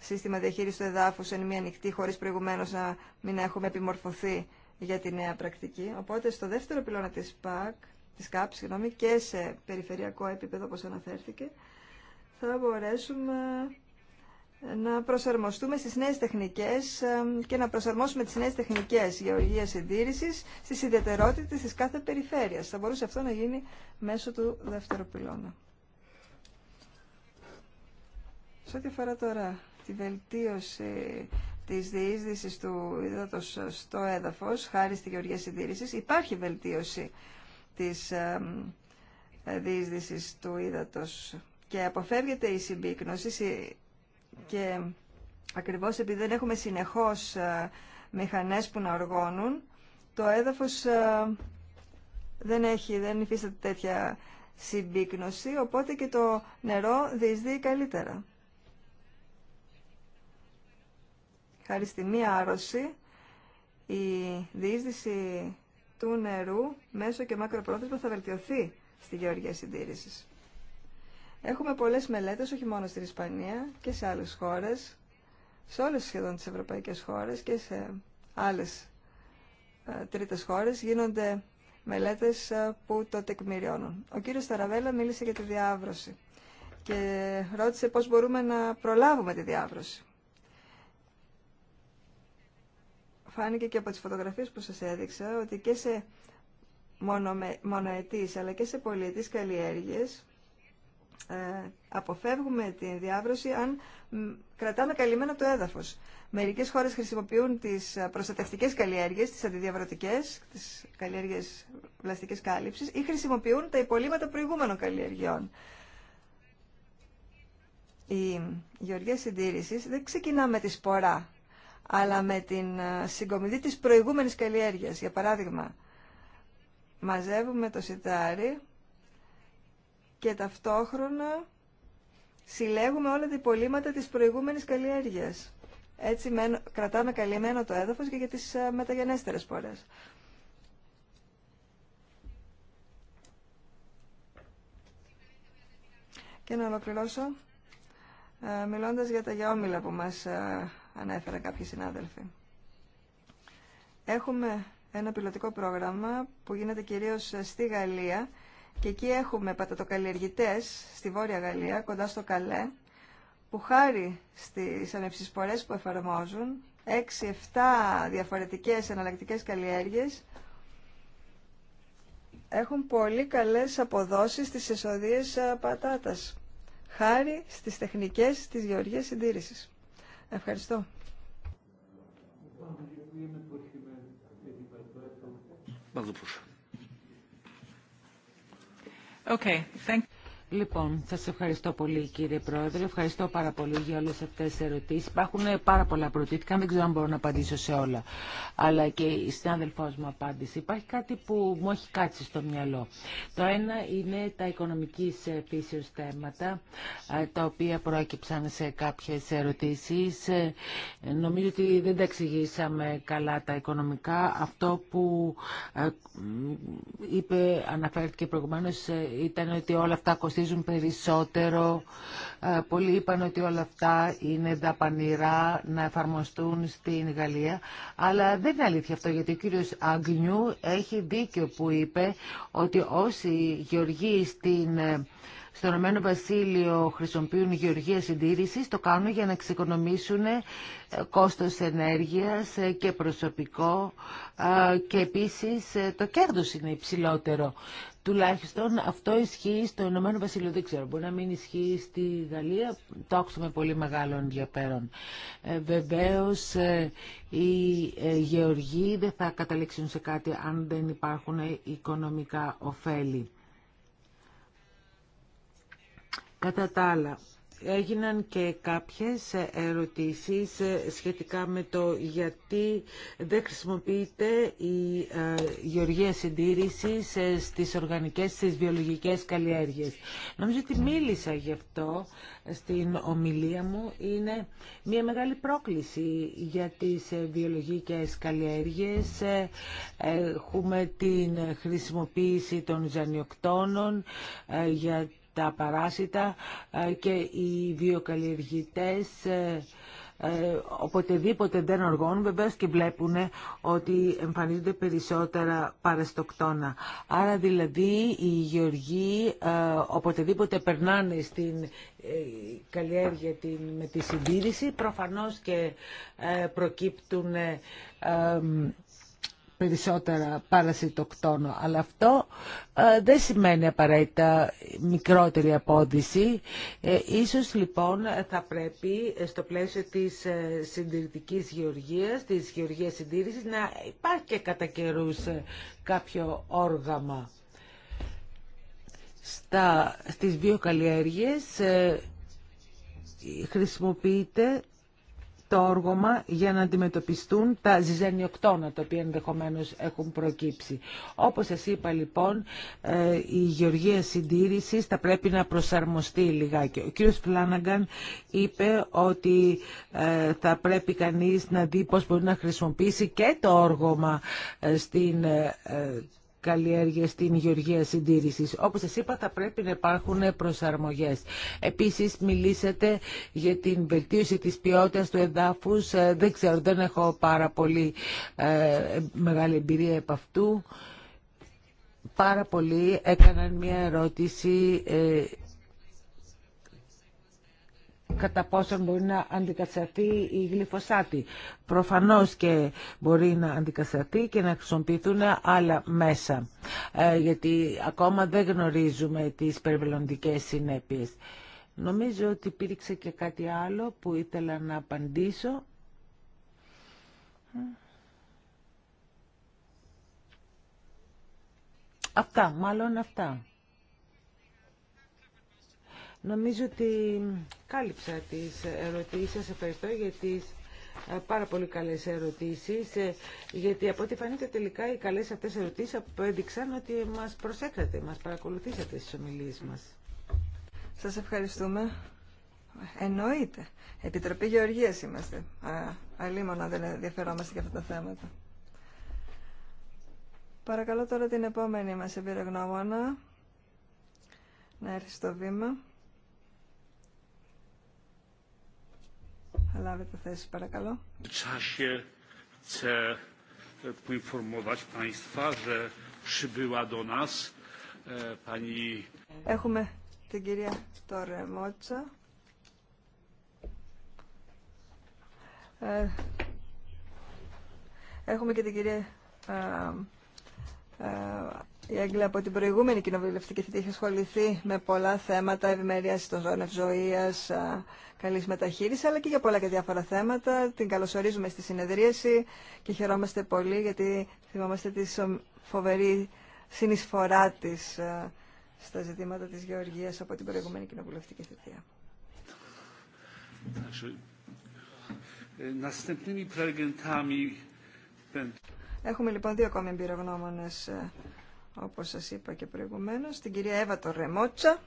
σύστημα διαχείριση του εδάφου εν μία νυχτή, χωρί προηγουμένω να μην έχουμε επιμορφωθεί για τη νέα πρακτική. Οπότε στο δεύτερο πυλώνα τη ΠΑΚ, τη ΚΑΠ, συγγνώμη, και σε περιφερειακό επίπεδο, όπω αναφέρθηκε, θα μπορέσουμε να προσαρμοστούμε στις νέες τεχνικές και να προσαρμόσουμε τις νέες τεχνικές γεωργία συντήρησης στις ιδιαιτερότητες της κάθε περιφέρειας. Θα μπορούσε αυτό να γίνει μέσω του δεύτερου πυλώνα. Σε ό,τι αφορά τώρα τη βελτίωση της διείσδυσης του ύδατος στο έδαφος, χάρη στη γεωργία συντήρησης, υπάρχει βελτίωση της ε, διείσδυσης του ύδατος και αποφεύγεται η συμπίκνωση και ακριβώς επειδή δεν έχουμε συνεχώς ε, μηχανές που να οργώνουν, το έδαφος ε, δεν, έχει, δεν υφίσταται τέτοια συμπίκνωση, οπότε και το νερό διεισδύει καλύτερα. χάρη στη μία άρρωση, η διείσδυση του νερού μέσω και μακροπρόθεσμα θα βελτιωθεί στη γεωργία συντήρηση. Έχουμε πολλές μελέτες, όχι μόνο στην Ισπανία και σε άλλες χώρες, σε όλες σχεδόν τις ευρωπαϊκές χώρες και σε άλλες ε, τρίτες χώρες γίνονται μελέτες ε, που το τεκμηριώνουν. Ο κύριος Ταραβέλα μίλησε για τη διάβρωση και ρώτησε πώς μπορούμε να προλάβουμε τη διάβρωση. Φάνηκε και από τις φωτογραφίες που σας έδειξα ότι και σε μονοετής αλλά και σε πολιετής καλλιέργειες ε, αποφεύγουμε την διάβρωση αν κρατάμε καλυμμένο το έδαφος. Μερικές χώρες χρησιμοποιούν τις προστατευτικές καλλιέργειες, τις αντιδιαβρωτικές, τις καλλιέργειες βλαστικής κάλυψης ή χρησιμοποιούν τα υπολείμματα προηγούμενων καλλιεργειών. Η γεωργία συντήρησης δεν ξεκινά με τη σπορά αλλά με την ε, συγκομιδή της προηγούμενης καλλιέργειας. Για παράδειγμα, μαζεύουμε το σιτάρι και ταυτόχρονα συλλέγουμε όλα τα υπολείμματα της προηγούμενης καλλιέργειας. Έτσι κρατάμε καλυμμένο το έδαφος και για τις ε, μεταγενέστερες πόρες. Και να ολοκληρώσω ε, μιλώντας για τα γιόμιλα που μας ανέφεραν κάποιοι συνάδελφοι. Έχουμε ένα πιλωτικό πρόγραμμα που γίνεται κυρίως στη Γαλλία και εκεί έχουμε πατατοκαλλιεργητές στη Βόρεια Γαλλία, κοντά στο Καλέ, που χάρη στις ανεψισπορές που εφαρμόζουν, 6-7 διαφορετικές εναλλακτικέ καλλιέργειες, έχουν πολύ καλές αποδόσεις στις εσοδίες ε, πατάτας, χάρη στις τεχνικές της γεωργίας συντήρησης. Ευχαριστώ. Okay, thank you. Λοιπόν, σας ευχαριστώ πολύ κύριε Πρόεδρε. Ευχαριστώ πάρα πολύ για όλες αυτές τις ερωτήσεις. Υπάρχουν πάρα πολλά πρωτήτικα, δεν ξέρω αν μπορώ να απαντήσω σε όλα. Αλλά και η συνάδελφός μου απάντησε. Υπάρχει κάτι που μου έχει κάτσει στο μυαλό. Το ένα είναι τα οικονομικής φύσεως θέματα, τα οποία προέκυψαν σε κάποιες ερωτήσεις. Ε, νομίζω ότι δεν τα εξηγήσαμε καλά τα οικονομικά. Αυτό που ε, είπε, αναφέρθηκε προηγουμένως, ε, ήταν ότι όλα αυτά κοστίζουν περισσότερο. Ε, πολλοί είπαν ότι όλα αυτά είναι δαπανηρά να εφαρμοστούν στην Γαλλία. Αλλά δεν είναι αλήθεια αυτό, γιατί ο κύριος Αγγνιού έχει δίκιο που είπε ότι όσοι γεωργοί στην ε, στο Ηνωμένο Βασίλειο χρησιμοποιούν γεωργία συντήρησης, το κάνουν για να εξοικονομήσουν ε, κόστος ενέργειας και προσωπικό και επίσης το κέρδος είναι υψηλότερο. Τουλάχιστον αυτό ισχύει στο Ηνωμένο Βασίλειο. Δεν ξέρω, μπορεί να μην ισχύει στη Γαλλία. Το άκουσα με πολύ μεγάλο ενδιαφέρον. Ε, Βεβαίω, ε, οι ε, γεωργοί δεν θα καταλήξουν σε κάτι αν δεν υπάρχουν οικονομικά ωφέλη. Κατά τα άλλα, έγιναν και κάποιες ερωτήσεις σχετικά με το γιατί δεν χρησιμοποιείται η ε, γεωργία συντήρησης στις οργανικές, στις βιολογικές καλλιέργειες. Νομίζω ότι μίλησα γι' αυτό στην ομιλία μου. Είναι μια μεγάλη πρόκληση για τις ε, βιολογικές καλλιέργειες. Ε, έχουμε την χρησιμοποίηση των ζανιοκτώνων για τα παράσιτα ε, και οι βιοκαλλιεργητές ε, ε, οποτεδήποτε δεν οργώνουν βεβαίως και βλέπουν ότι εμφανίζονται περισσότερα παραστοκτόνα. Άρα δηλαδή οι γεωργοί οποτεδήποτε περνάνε στην καλλιέργεια την, με τη συντήρηση προφανώς και προκύπτουν περισσότερα παρασιτοκτόνο. Αλλά αυτό ε, δεν σημαίνει απαραίτητα μικρότερη απόδυση. Ε, ίσως λοιπόν θα πρέπει ε, στο πλαίσιο της συντηρητικής γεωργίας, της γεωργίας συντήρησης, να υπάρχει και κατά κάποιο όργαμα. Στα, στις βιοκαλλιέργειες χρησιμοποιείται το όργωμα για να αντιμετωπιστούν τα ζυζενιοκτώνα, τα οποία ενδεχομένως έχουν προκύψει. Όπως σας είπα λοιπόν, ε, η γεωργία συντήρησης θα πρέπει να προσαρμοστεί λιγάκι. Ο κύριος Φλάναγκαν είπε ότι ε, θα πρέπει κανείς να δει πώς μπορεί να χρησιμοποιήσει και το όργωμα ε, στην καλλιέργεια στην υγειοργία συντήρησης. Όπως σας είπα θα πρέπει να υπάρχουν προσαρμογές. Επίσης μιλήσατε για την βελτίωση της ποιότητας του εδάφους. Ε, δεν ξέρω, δεν έχω πάρα πολύ ε, μεγάλη εμπειρία από αυτού. Πάρα πολλοί έκαναν μια ερώτηση ε, κατά πόσον μπορεί να αντικατασταθεί η γλυφοσάτη. Προφανώς και μπορεί να αντικατασταθεί και να χρησιμοποιηθούν άλλα μέσα, ε, γιατί ακόμα δεν γνωρίζουμε τις περιβαλλοντικές συνέπειες. Νομίζω ότι υπήρξε και κάτι άλλο που ήθελα να απαντήσω. Αυτά, μάλλον αυτά. Νομίζω ότι κάλυψα τις ερωτήσεις σας. Ευχαριστώ για τις ε, πάρα πολύ καλές ερωτήσεις, ε, γιατί από ό,τι φανείται τελικά οι καλές αυτές ερωτήσεις έδειξαν ότι μας προσέξατε, μας παρακολουθήσατε στις ομιλίες μας. Σας ευχαριστούμε. Εννοείται. Επιτροπή Γεωργίας είμαστε. Αλλήμωνα δεν ενδιαφερόμαστε για αυτά τα θέματα. Παρακαλώ τώρα την επόμενη μας εμπειρογνώμονα να έρθει στο βήμα. θα λάβετε θέση, παρακαλώ. E, e, έχουμε την κυρία Μότσα. Ε, έχουμε και την κυρία ε, ε, η Αγγλία από την προηγούμενη κοινοβουλευτική θητή έχει ασχοληθεί με πολλά θέματα ευημερία των ζώνων ευζοία, καλής μεταχείρισης, αλλά και για πολλά και διάφορα θέματα. Την καλωσορίζουμε στη συνεδρίαση και χαιρόμαστε πολύ γιατί θυμόμαστε τη φοβερή συνεισφορά της ε, στα ζητήματα της Γεωργίας από την προηγούμενη κοινοβουλευτική θητεία. Ε, Έχουμε λοιπόν δύο ακόμη εμπειρογνώμονες, ε, όπως σας είπα και προηγουμένως, την κυρία Εύα Ρεμότσα.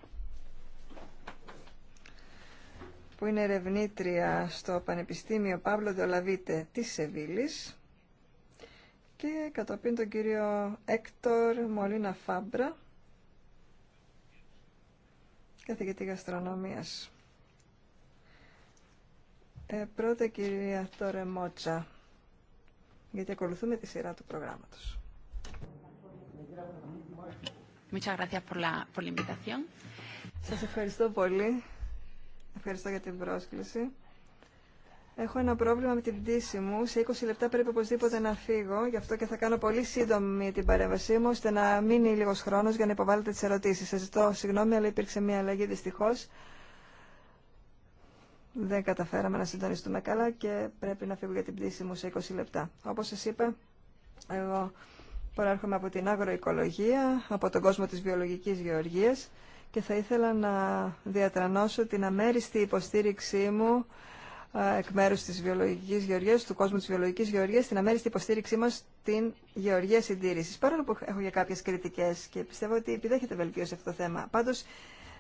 που είναι ερευνήτρια στο Πανεπιστήμιο Παύλο Δολαβίτε της Σεβίλης και κατόπιν τον κύριο Έκτορ Μολίνα Φάμπρα, καθηγητή γαστρονομίας. Ε, πρώτα κυρία Τόρε Μότσα, γιατί ακολουθούμε τη σειρά του προγράμματος. Muchas Σας ευχαριστώ πολύ Ευχαριστώ για την πρόσκληση. Έχω ένα πρόβλημα με την πτήση μου. Σε 20 λεπτά πρέπει οπωσδήποτε να φύγω. Γι' αυτό και θα κάνω πολύ σύντομη την παρέμβασή μου, ώστε να μείνει λίγο χρόνο για να υποβάλλετε τι ερωτήσει. Σα ζητώ συγγνώμη, αλλά υπήρξε μια αλλαγή δυστυχώ. Δεν καταφέραμε να συντονιστούμε καλά και πρέπει να φύγω για την πτήση μου σε 20 λεπτά. Όπω σα είπα, εγώ προέρχομαι από την αγροοικολογία, από τον κόσμο τη βιολογική γεωργία και θα ήθελα να διατρανώσω την αμέριστη υποστήριξή μου ε, εκ μέρου τη βιολογική γεωργία, του κόσμου τη βιολογική γεωργία, την αμέριστη υποστήριξή μα στην γεωργία συντήρηση. Παρόλο που έχω για κάποιε κριτικέ και πιστεύω ότι επιδέχεται βελτίωση αυτό το θέμα. Πάντω,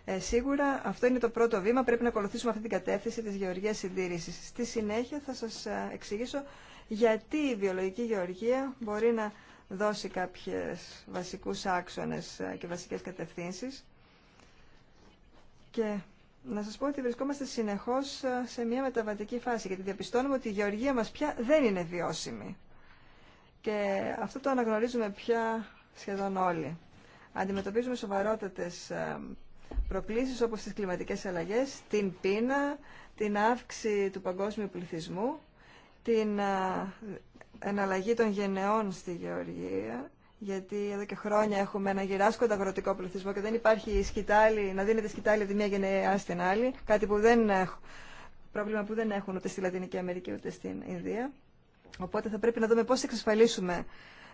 ε, σίγουρα αυτό είναι το πρώτο βήμα. Πρέπει να ακολουθήσουμε αυτή την κατεύθυνση τη γεωργία συντήρηση. Στη συνέχεια θα σα ε, εξηγήσω γιατί η βιολογική γεωργία μπορεί να δώσει κάποιες βασικούς άξονες και βασικές κατευθύνσεις και να σας πω ότι βρισκόμαστε συνεχώς ε, σε μια μεταβατική φάση, γιατί διαπιστώνουμε ότι η γεωργία μας πια δεν είναι βιώσιμη. Και αυτό το αναγνωρίζουμε πια σχεδόν όλοι. Αντιμετωπίζουμε σοβαρότατες ε, προκλήσεις όπως τις κλιματικές αλλαγές, την πείνα, την αύξηση του παγκόσμιου πληθυσμού, την ε, εναλλαγή των γενεών στη γεωργία γιατί εδώ και χρόνια έχουμε ένα γυράσκοντα αγροτικό πληθυσμό και δεν υπάρχει σκητάλη, να δίνεται σκητάλη από τη μία γενεά στην άλλη, κάτι που δεν πρόβλημα που δεν έχουν ούτε στη Λατινική Αμερική ούτε στην Ινδία. Οπότε θα πρέπει να δούμε πώς θα εξασφαλίσουμε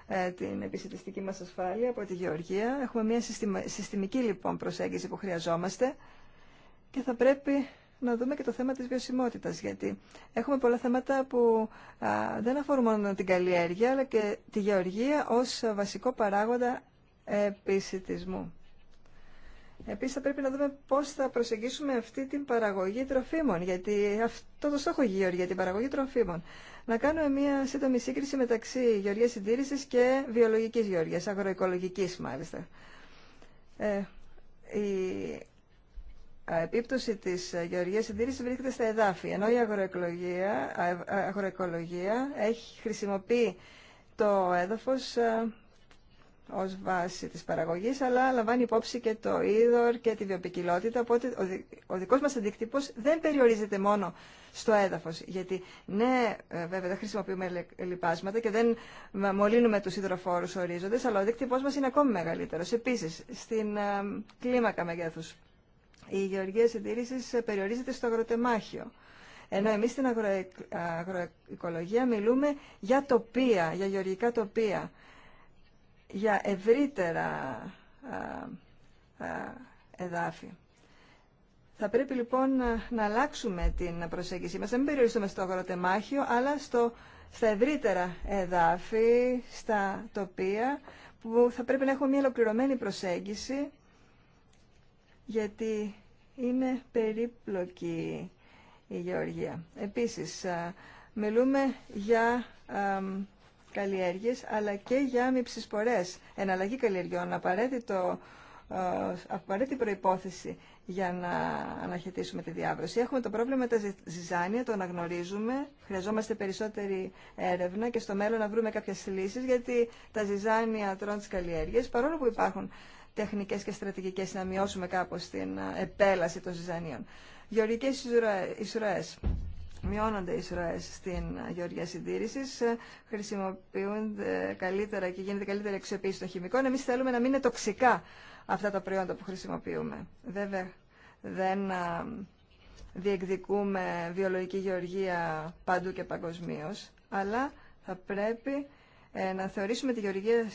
ε, την επισητιστική μας ασφάλεια από τη Γεωργία. Έχουμε μια συστημική λοιπόν προσέγγιση που χρειαζόμαστε και θα πρέπει να δούμε και το θέμα της βιωσιμότητας, γιατί έχουμε πολλά θέματα που δεν αφορούν μόνο την καλλιέργεια, αλλά και τη γεωργία ως βασικό παράγοντα επισητισμού. Επίσης θα πρέπει να δούμε πώς θα προσεγγίσουμε αυτή την παραγωγή τροφίμων, γιατί αυτό το στόχο γεωργία, την παραγωγή τροφίμων. Να κάνουμε μια σύντομη σύγκριση μεταξύ γεωργίας συντήρησης και βιολογικής γεωργίας, αγροοικολογικής μάλιστα. Ε, επίπτωση τη γεωργία συντήρηση βρίσκεται στα εδάφη, ενώ η ε, ε, αγροεκολογία, έχει χρησιμοποιεί το έδαφο ε, ω βάση τη παραγωγή, αλλά λαμβάνει υπόψη και το είδωρ και τη βιοπικιλότητα, οπότε ο δικό μα αντίκτυπο δεν περιορίζεται μόνο στο έδαφο. γιατί ναι, βέβαια δεν χρησιμοποιούμε λιπάσματα και δεν μολύνουμε του υδροφόρους ορίζοντες, αλλά ο αντίκτυπό μα είναι ακόμη μεγαλύτερο. Επίση, στην κλίμακα μεγέθου η γεωργία συντήρηση περιορίζεται στο αγροτεμάχιο. Ενώ εμείς στην αγροοικολογία μιλούμε για τοπία, για γεωργικά τοπία, για ευρύτερα εδάφη. Θα πρέπει λοιπόν να αλλάξουμε την προσέγγιση μας, να μην περιοριστούμε στο αγροτεμάχιο, αλλά στο, στα ευρύτερα εδάφη, στα τοπία, που θα πρέπει να έχουμε μια ολοκληρωμένη προσέγγιση γιατί είναι περίπλοκη η γεωργία. Επίσης, μιλούμε για καλλιέργειες αλλά και για μυψισπορές. Εναλλαγή καλλιεργειών απαραίτητο, απαραίτητη προϋπόθεση για να αναχαιτήσουμε τη διάβρωση. Έχουμε το πρόβλημα με τα ζυζάνια, το αναγνωρίζουμε. Χρειαζόμαστε περισσότερη έρευνα και στο μέλλον να βρούμε κάποιες λύσεις γιατί τα ζυζάνια τρώνε τις καλλιέργειες παρόλο που υπάρχουν τεχνικές και στρατηγικές να μειώσουμε κάπως την επέλαση των ζυζανίων. Γεωργικές ισουραές. Μειώνονται οι ισουραές στην γεωργία συντήρηση, ε, χρησιμοποιούνται καλύτερα και γίνεται καλύτερη εξοπλίση των χημικών. Εμείς θέλουμε να μην είναι τοξικά αυτά τα προϊόντα που χρησιμοποιούμε. Βέβαια, δεν διεκδικούμε βιολογική γεωργία παντού και παγκοσμίω, αλλά θα πρέπει ε, να θεωρήσουμε τη γεωργία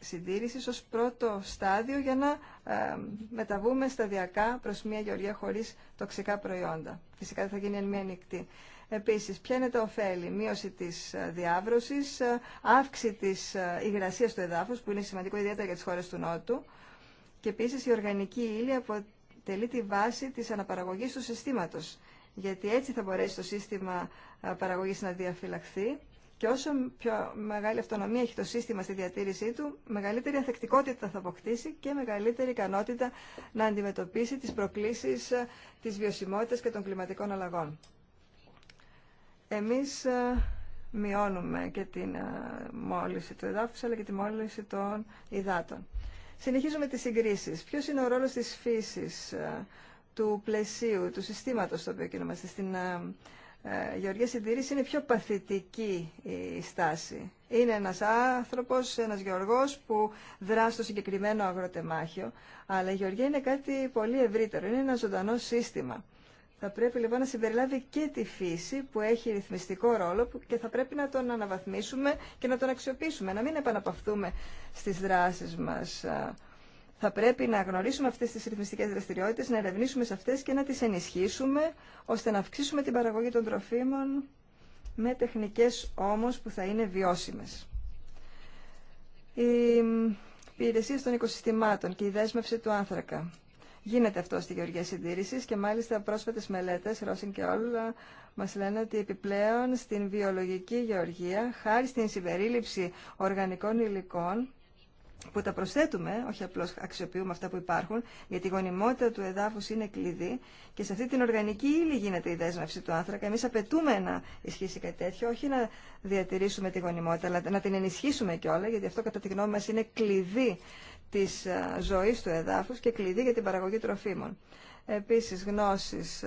συντήρησης ως πρώτο στάδιο για να ε, μεταβούμε σταδιακά προς μια γεωργία χωρίς τοξικά προϊόντα. Φυσικά θα γίνει εν μία νυχτή. Επίσης, ποια είναι τα ωφέλη, μείωση της ε, διάβρωσης, ε, αύξηση της ε, υγρασίας του εδάφους, που είναι σημαντικό ιδιαίτερα για τις χώρες του Νότου, και επίσης η οργανική ύλη αποτελεί τη βάση της αναπαραγωγής του συστήματος, γιατί έτσι θα μπορέσει το σύστημα παραγωγής να διαφυλαχθεί και όσο πιο μεγάλη αυτονομία έχει το σύστημα στη διατήρησή του, μεγαλύτερη ανθεκτικότητα θα αποκτήσει και μεγαλύτερη ικανότητα να αντιμετωπίσει τις προκλήσεις ε, της βιωσιμότητας και των κλιματικών αλλαγών. Εμείς ε, μειώνουμε και την ε, μόλυση του εδάφους, αλλά και τη μόλυση των υδάτων. Συνεχίζουμε τις συγκρίσεις. Ποιος είναι ο ρόλος της φύσης, του πλαισίου, του συστήματος στο οποίο κινούμαστε, στην ε, γεωργία Συντηρής είναι πιο παθητική η στάση. Είναι ένας άνθρωπος, ένας γεωργός που δρά στο συγκεκριμένο αγροτεμάχιο, αλλά η γεωργία είναι κάτι πολύ ευρύτερο, είναι ένα ζωντανό σύστημα. Θα πρέπει λοιπόν να συμπεριλάβει και τη φύση που έχει ρυθμιστικό ρόλο και θα πρέπει να τον αναβαθμίσουμε και να τον αξιοποιήσουμε, να μην επαναπαυτούμε στις δράσεις μας θα πρέπει να γνωρίσουμε αυτέ τι ρυθμιστικέ δραστηριότητε, να ερευνήσουμε σε αυτέ και να τι ενισχύσουμε ώστε να αυξήσουμε την παραγωγή των τροφίμων με τεχνικέ όμω που θα είναι βιώσιμε. Η υπηρεσία των οικοσυστημάτων και η δέσμευση του άνθρακα. Γίνεται αυτό στη Γεωργία Συντήρηση και μάλιστα πρόσφατε μελέτε, Ρώσιν και όλα, μα λένε ότι επιπλέον στην βιολογική γεωργία, χάρη στην συμπερίληψη οργανικών υλικών, που τα προσθέτουμε, όχι απλώς αξιοποιούμε αυτά που υπάρχουν, γιατί η γονιμότητα του εδάφους είναι κλειδί και σε αυτή την οργανική ύλη γίνεται η δέσμευση του άνθρακα. Εμείς απαιτούμε να ισχύσει κάτι τέτοιο, όχι να διατηρήσουμε τη γονιμότητα, αλλά να την ενισχύσουμε κιόλα, γιατί αυτό κατά τη γνώμη μας είναι κλειδί της ζωής του εδάφους και κλειδί για την παραγωγή τροφίμων. Επίσης γνώσεις,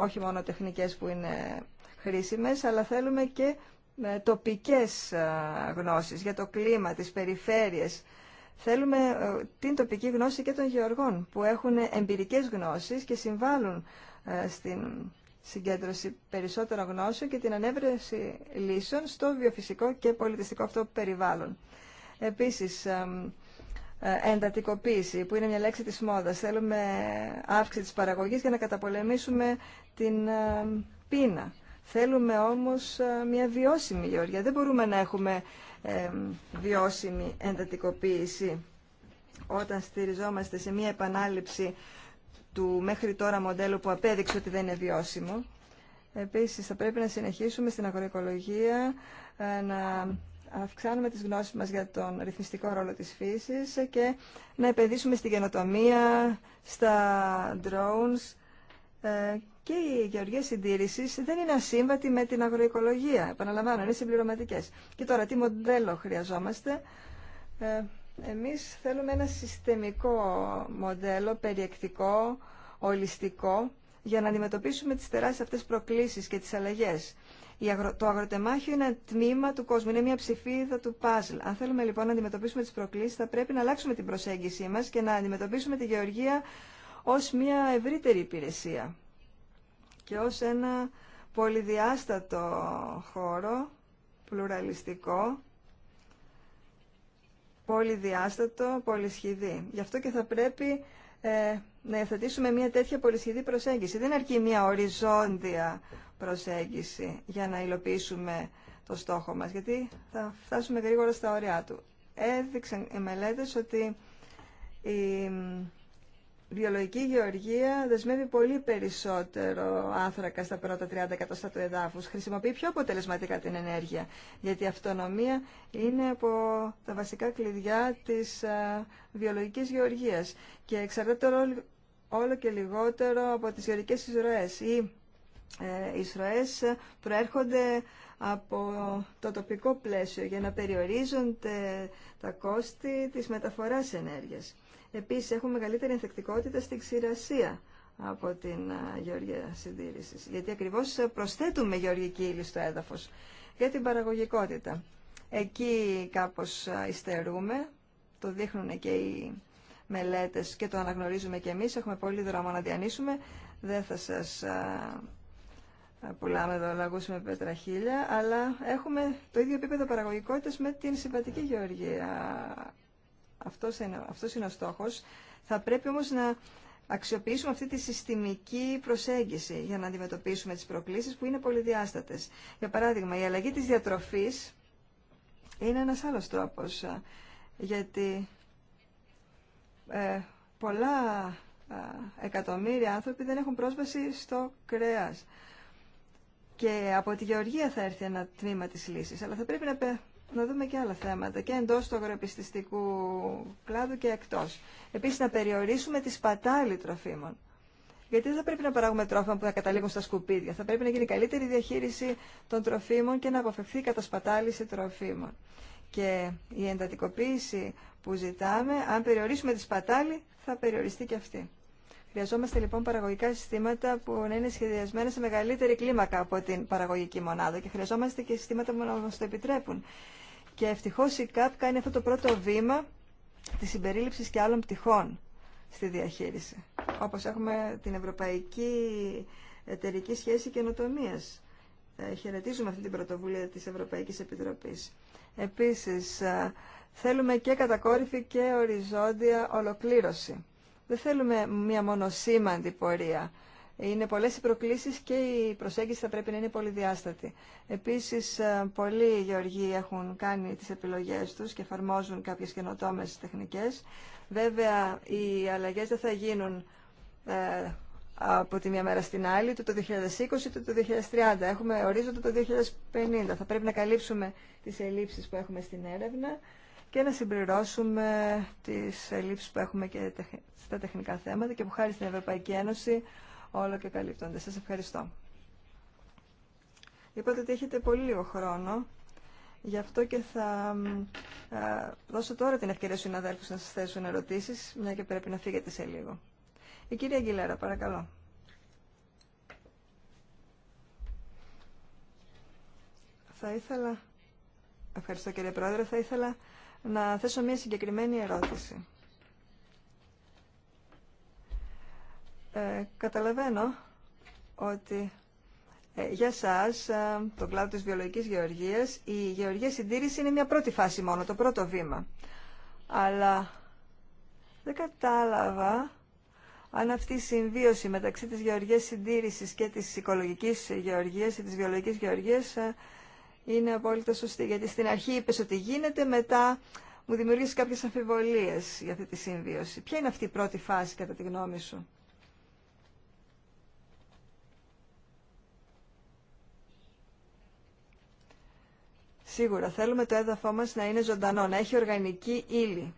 όχι μόνο τεχνικές που είναι χρήσιμες, αλλά θέλουμε και ε, τοπικές γνώσεις για το κλίμα, τις περιφέρειες, Θέλουμε ε, την τοπική γνώση και των γεωργών που έχουν εμπειρικές γνώσεις και συμβάλλουν ε, στην συγκέντρωση περισσότερων γνώσεων και την ανέβρεση λύσεων στο βιοφυσικό και πολιτιστικό αυτό περιβάλλον. Επίσης, ε, εντατικοποίηση, που είναι μια λέξη της μόδας. Θέλουμε αύξηση της παραγωγής για να καταπολεμήσουμε την πείνα. Θέλουμε όμως μια βιώσιμη γεωργία. Δεν μπορούμε να έχουμε βιώσιμη εντατικοποίηση όταν στηριζόμαστε σε μια επανάληψη του μέχρι τώρα μοντέλου που απέδειξε ότι δεν είναι βιώσιμο. Επίσης, θα πρέπει να συνεχίσουμε στην αγροοικολογία ε, να αυξάνουμε τις γνώσεις μας για τον ρυθμιστικό ρόλο της φύσης και να επενδύσουμε στην καινοτομία, στα drones ε, και οι γεωργίες συντήρηση δεν είναι ασύμβατη με την αγροοικολογία. Επαναλαμβάνω, είναι συμπληρωματικέ. Και τώρα τι μοντέλο χρειαζόμαστε. Ε, εμείς θέλουμε ένα συστημικό μοντέλο, περιεκτικό, ολιστικό, για να αντιμετωπίσουμε τις τεράστιες αυτές προκλήσεις και τις αλλαγές. Το αγροτεμάχιο είναι ένα τμήμα του κόσμου, είναι μια ψηφίδα του παζλ. Αν θέλουμε λοιπόν να αντιμετωπίσουμε τις προκλήσεις, θα πρέπει να αλλάξουμε την προσέγγιση μας και να αντιμετωπίσουμε τη γεωργία ως μια ευρύτερη υπηρεσία και ως ένα πολυδιάστατο χώρο, πλουραλιστικό, πολυδιάστατο, πολυσχηδή. Γι' αυτό και θα πρέπει ε, να υιοθετήσουμε μια τέτοια πολυσχηδή προσέγγιση. Δεν αρκεί μια οριζόντια προσέγγιση για να υλοποιήσουμε το στόχο μας, γιατί θα φτάσουμε γρήγορα στα ωριά του. Έδειξαν οι μελέτες ότι η βιολογική γεωργία δεσμεύει πολύ περισσότερο άνθρακα στα πρώτα 30 εκατοστά του εδάφους. Χρησιμοποιεί πιο αποτελεσματικά την ενέργεια, γιατί η αυτονομία είναι από τα βασικά κλειδιά της ε, βιολογικής γεωργίας και εξαρτάται όλο και λιγότερο από τις γεωργικές εισρωές. Οι ε, εισρωές προέρχονται από το τοπικό πλαίσιο για να περιορίζονται τα κόστη της μεταφοράς ενέργειας. Επίσης έχουν μεγαλύτερη ενθεκτικότητα στην ξηρασία από την γεωργία συντήρησης. Γιατί ακριβώς προσθέτουμε γεωργική ύλη στο έδαφος για την παραγωγικότητα. Εκεί κάπως υστερούμε, το δείχνουν και οι μελέτες και το αναγνωρίζουμε και εμείς. Έχουμε πολύ δρόμο να διανύσουμε. Δεν θα σας πουλάμε εδώ λαγούς με πετραχίλια, αλλά έχουμε το ίδιο επίπεδο παραγωγικότητας με την συμβατική γεωργία αυτός είναι, αυτός είναι ο στόχος. Θα πρέπει όμως να αξιοποιήσουμε αυτή τη συστημική προσέγγιση για να αντιμετωπίσουμε τις προκλήσεις που είναι πολυδιάστατες. Για παράδειγμα, η αλλαγή της διατροφής είναι ένας άλλος τρόπος, γιατί ε, πολλά εκατομμύρια άνθρωποι δεν έχουν πρόσβαση στο κρέας. Και από τη γεωργία θα έρθει ένα τμήμα της λύσης, αλλά θα πρέπει να να δούμε και άλλα θέματα και εντός του αγροεπιστηστικού κλάδου και εκτός. Επίσης να περιορίσουμε τη σπατάλη τροφίμων. Γιατί δεν θα πρέπει να παράγουμε τρόφιμα που θα καταλήγουν στα σκουπίδια. Θα πρέπει να γίνει καλύτερη διαχείριση των τροφίμων και να αποφευθεί η κατασπατάληση τροφίμων. Και η εντατικοποίηση που ζητάμε, αν περιορίσουμε τη σπατάλη, θα περιοριστεί και αυτή. Χρειαζόμαστε λοιπόν παραγωγικά συστήματα που να είναι σχεδιασμένα σε μεγαλύτερη κλίμακα από την παραγωγική μονάδα και χρειαζόμαστε και συστήματα που να μα το επιτρέπουν. Και ευτυχώ η ΚΑΠ κάνει αυτό το πρώτο βήμα τη συμπερίληψη και άλλων πτυχών στη διαχείριση. Όπω έχουμε την Ευρωπαϊκή Εταιρική Σχέση Καινοτομία. Ε, χαιρετίζουμε αυτή την πρωτοβουλία τη Ευρωπαϊκή Επιτροπή. Επίση, ε, θέλουμε και κατακόρυφη και οριζόντια ολοκλήρωση δεν θέλουμε μία μονοσήμαντη πορεία. Είναι πολλές οι προκλήσεις και η προσέγγιση θα πρέπει να είναι πολυδιάστατη. Επίσης, ε, πολλοί γεωργοί έχουν κάνει τις επιλογές τους και εφαρμόζουν κάποιες καινοτόμες τεχνικές. Βέβαια, οι αλλαγές δεν θα γίνουν ε, από τη μία μέρα στην άλλη, το 2020, το 2030. Έχουμε ορίζοντα το 2050. Θα πρέπει να καλύψουμε τις ελλείψει που έχουμε στην έρευνα και να συμπληρώσουμε τις ελλείψεις που έχουμε και στα τεχνικά θέματα και που χάρη στην Ευρωπαϊκή Ένωση όλο και καλύπτονται. Σας ευχαριστώ. Είπατε ότι έχετε πολύ λίγο χρόνο, γι' αυτό και θα δώσω τώρα την ευκαιρία στους συναδέλφους να σας θέσουν ερωτήσεις, μια και πρέπει να φύγετε σε λίγο. Η κυρία Αγγιλέρα, παρακαλώ. Θα ήθελα... Ευχαριστώ κύριε Πρόεδρε. Θα ήθελα να θέσω μια συγκεκριμένη ερώτηση. Ε, καταλαβαίνω ότι ε, για σας, ε, τον κλάδο της βιολογικής γεωργίας, η γεωργία συντήρηση είναι μια πρώτη φάση μόνο, το πρώτο βήμα. Αλλά δεν κατάλαβα αν αυτή η συμβίωση μεταξύ της γεωργίας συντήρησης και της οικολογικής γεωργίας ή της βιολογικής γεωργίας ε, είναι απόλυτα σωστή. Γιατί στην αρχή είπε ότι γίνεται, μετά μου δημιουργήσει κάποιε αμφιβολίε για αυτή τη συμβίωση. Ποια είναι αυτή η πρώτη φάση, κατά τη γνώμη σου. Σίγουρα θέλουμε το έδαφο μας να είναι ζωντανό, να έχει οργανική ύλη.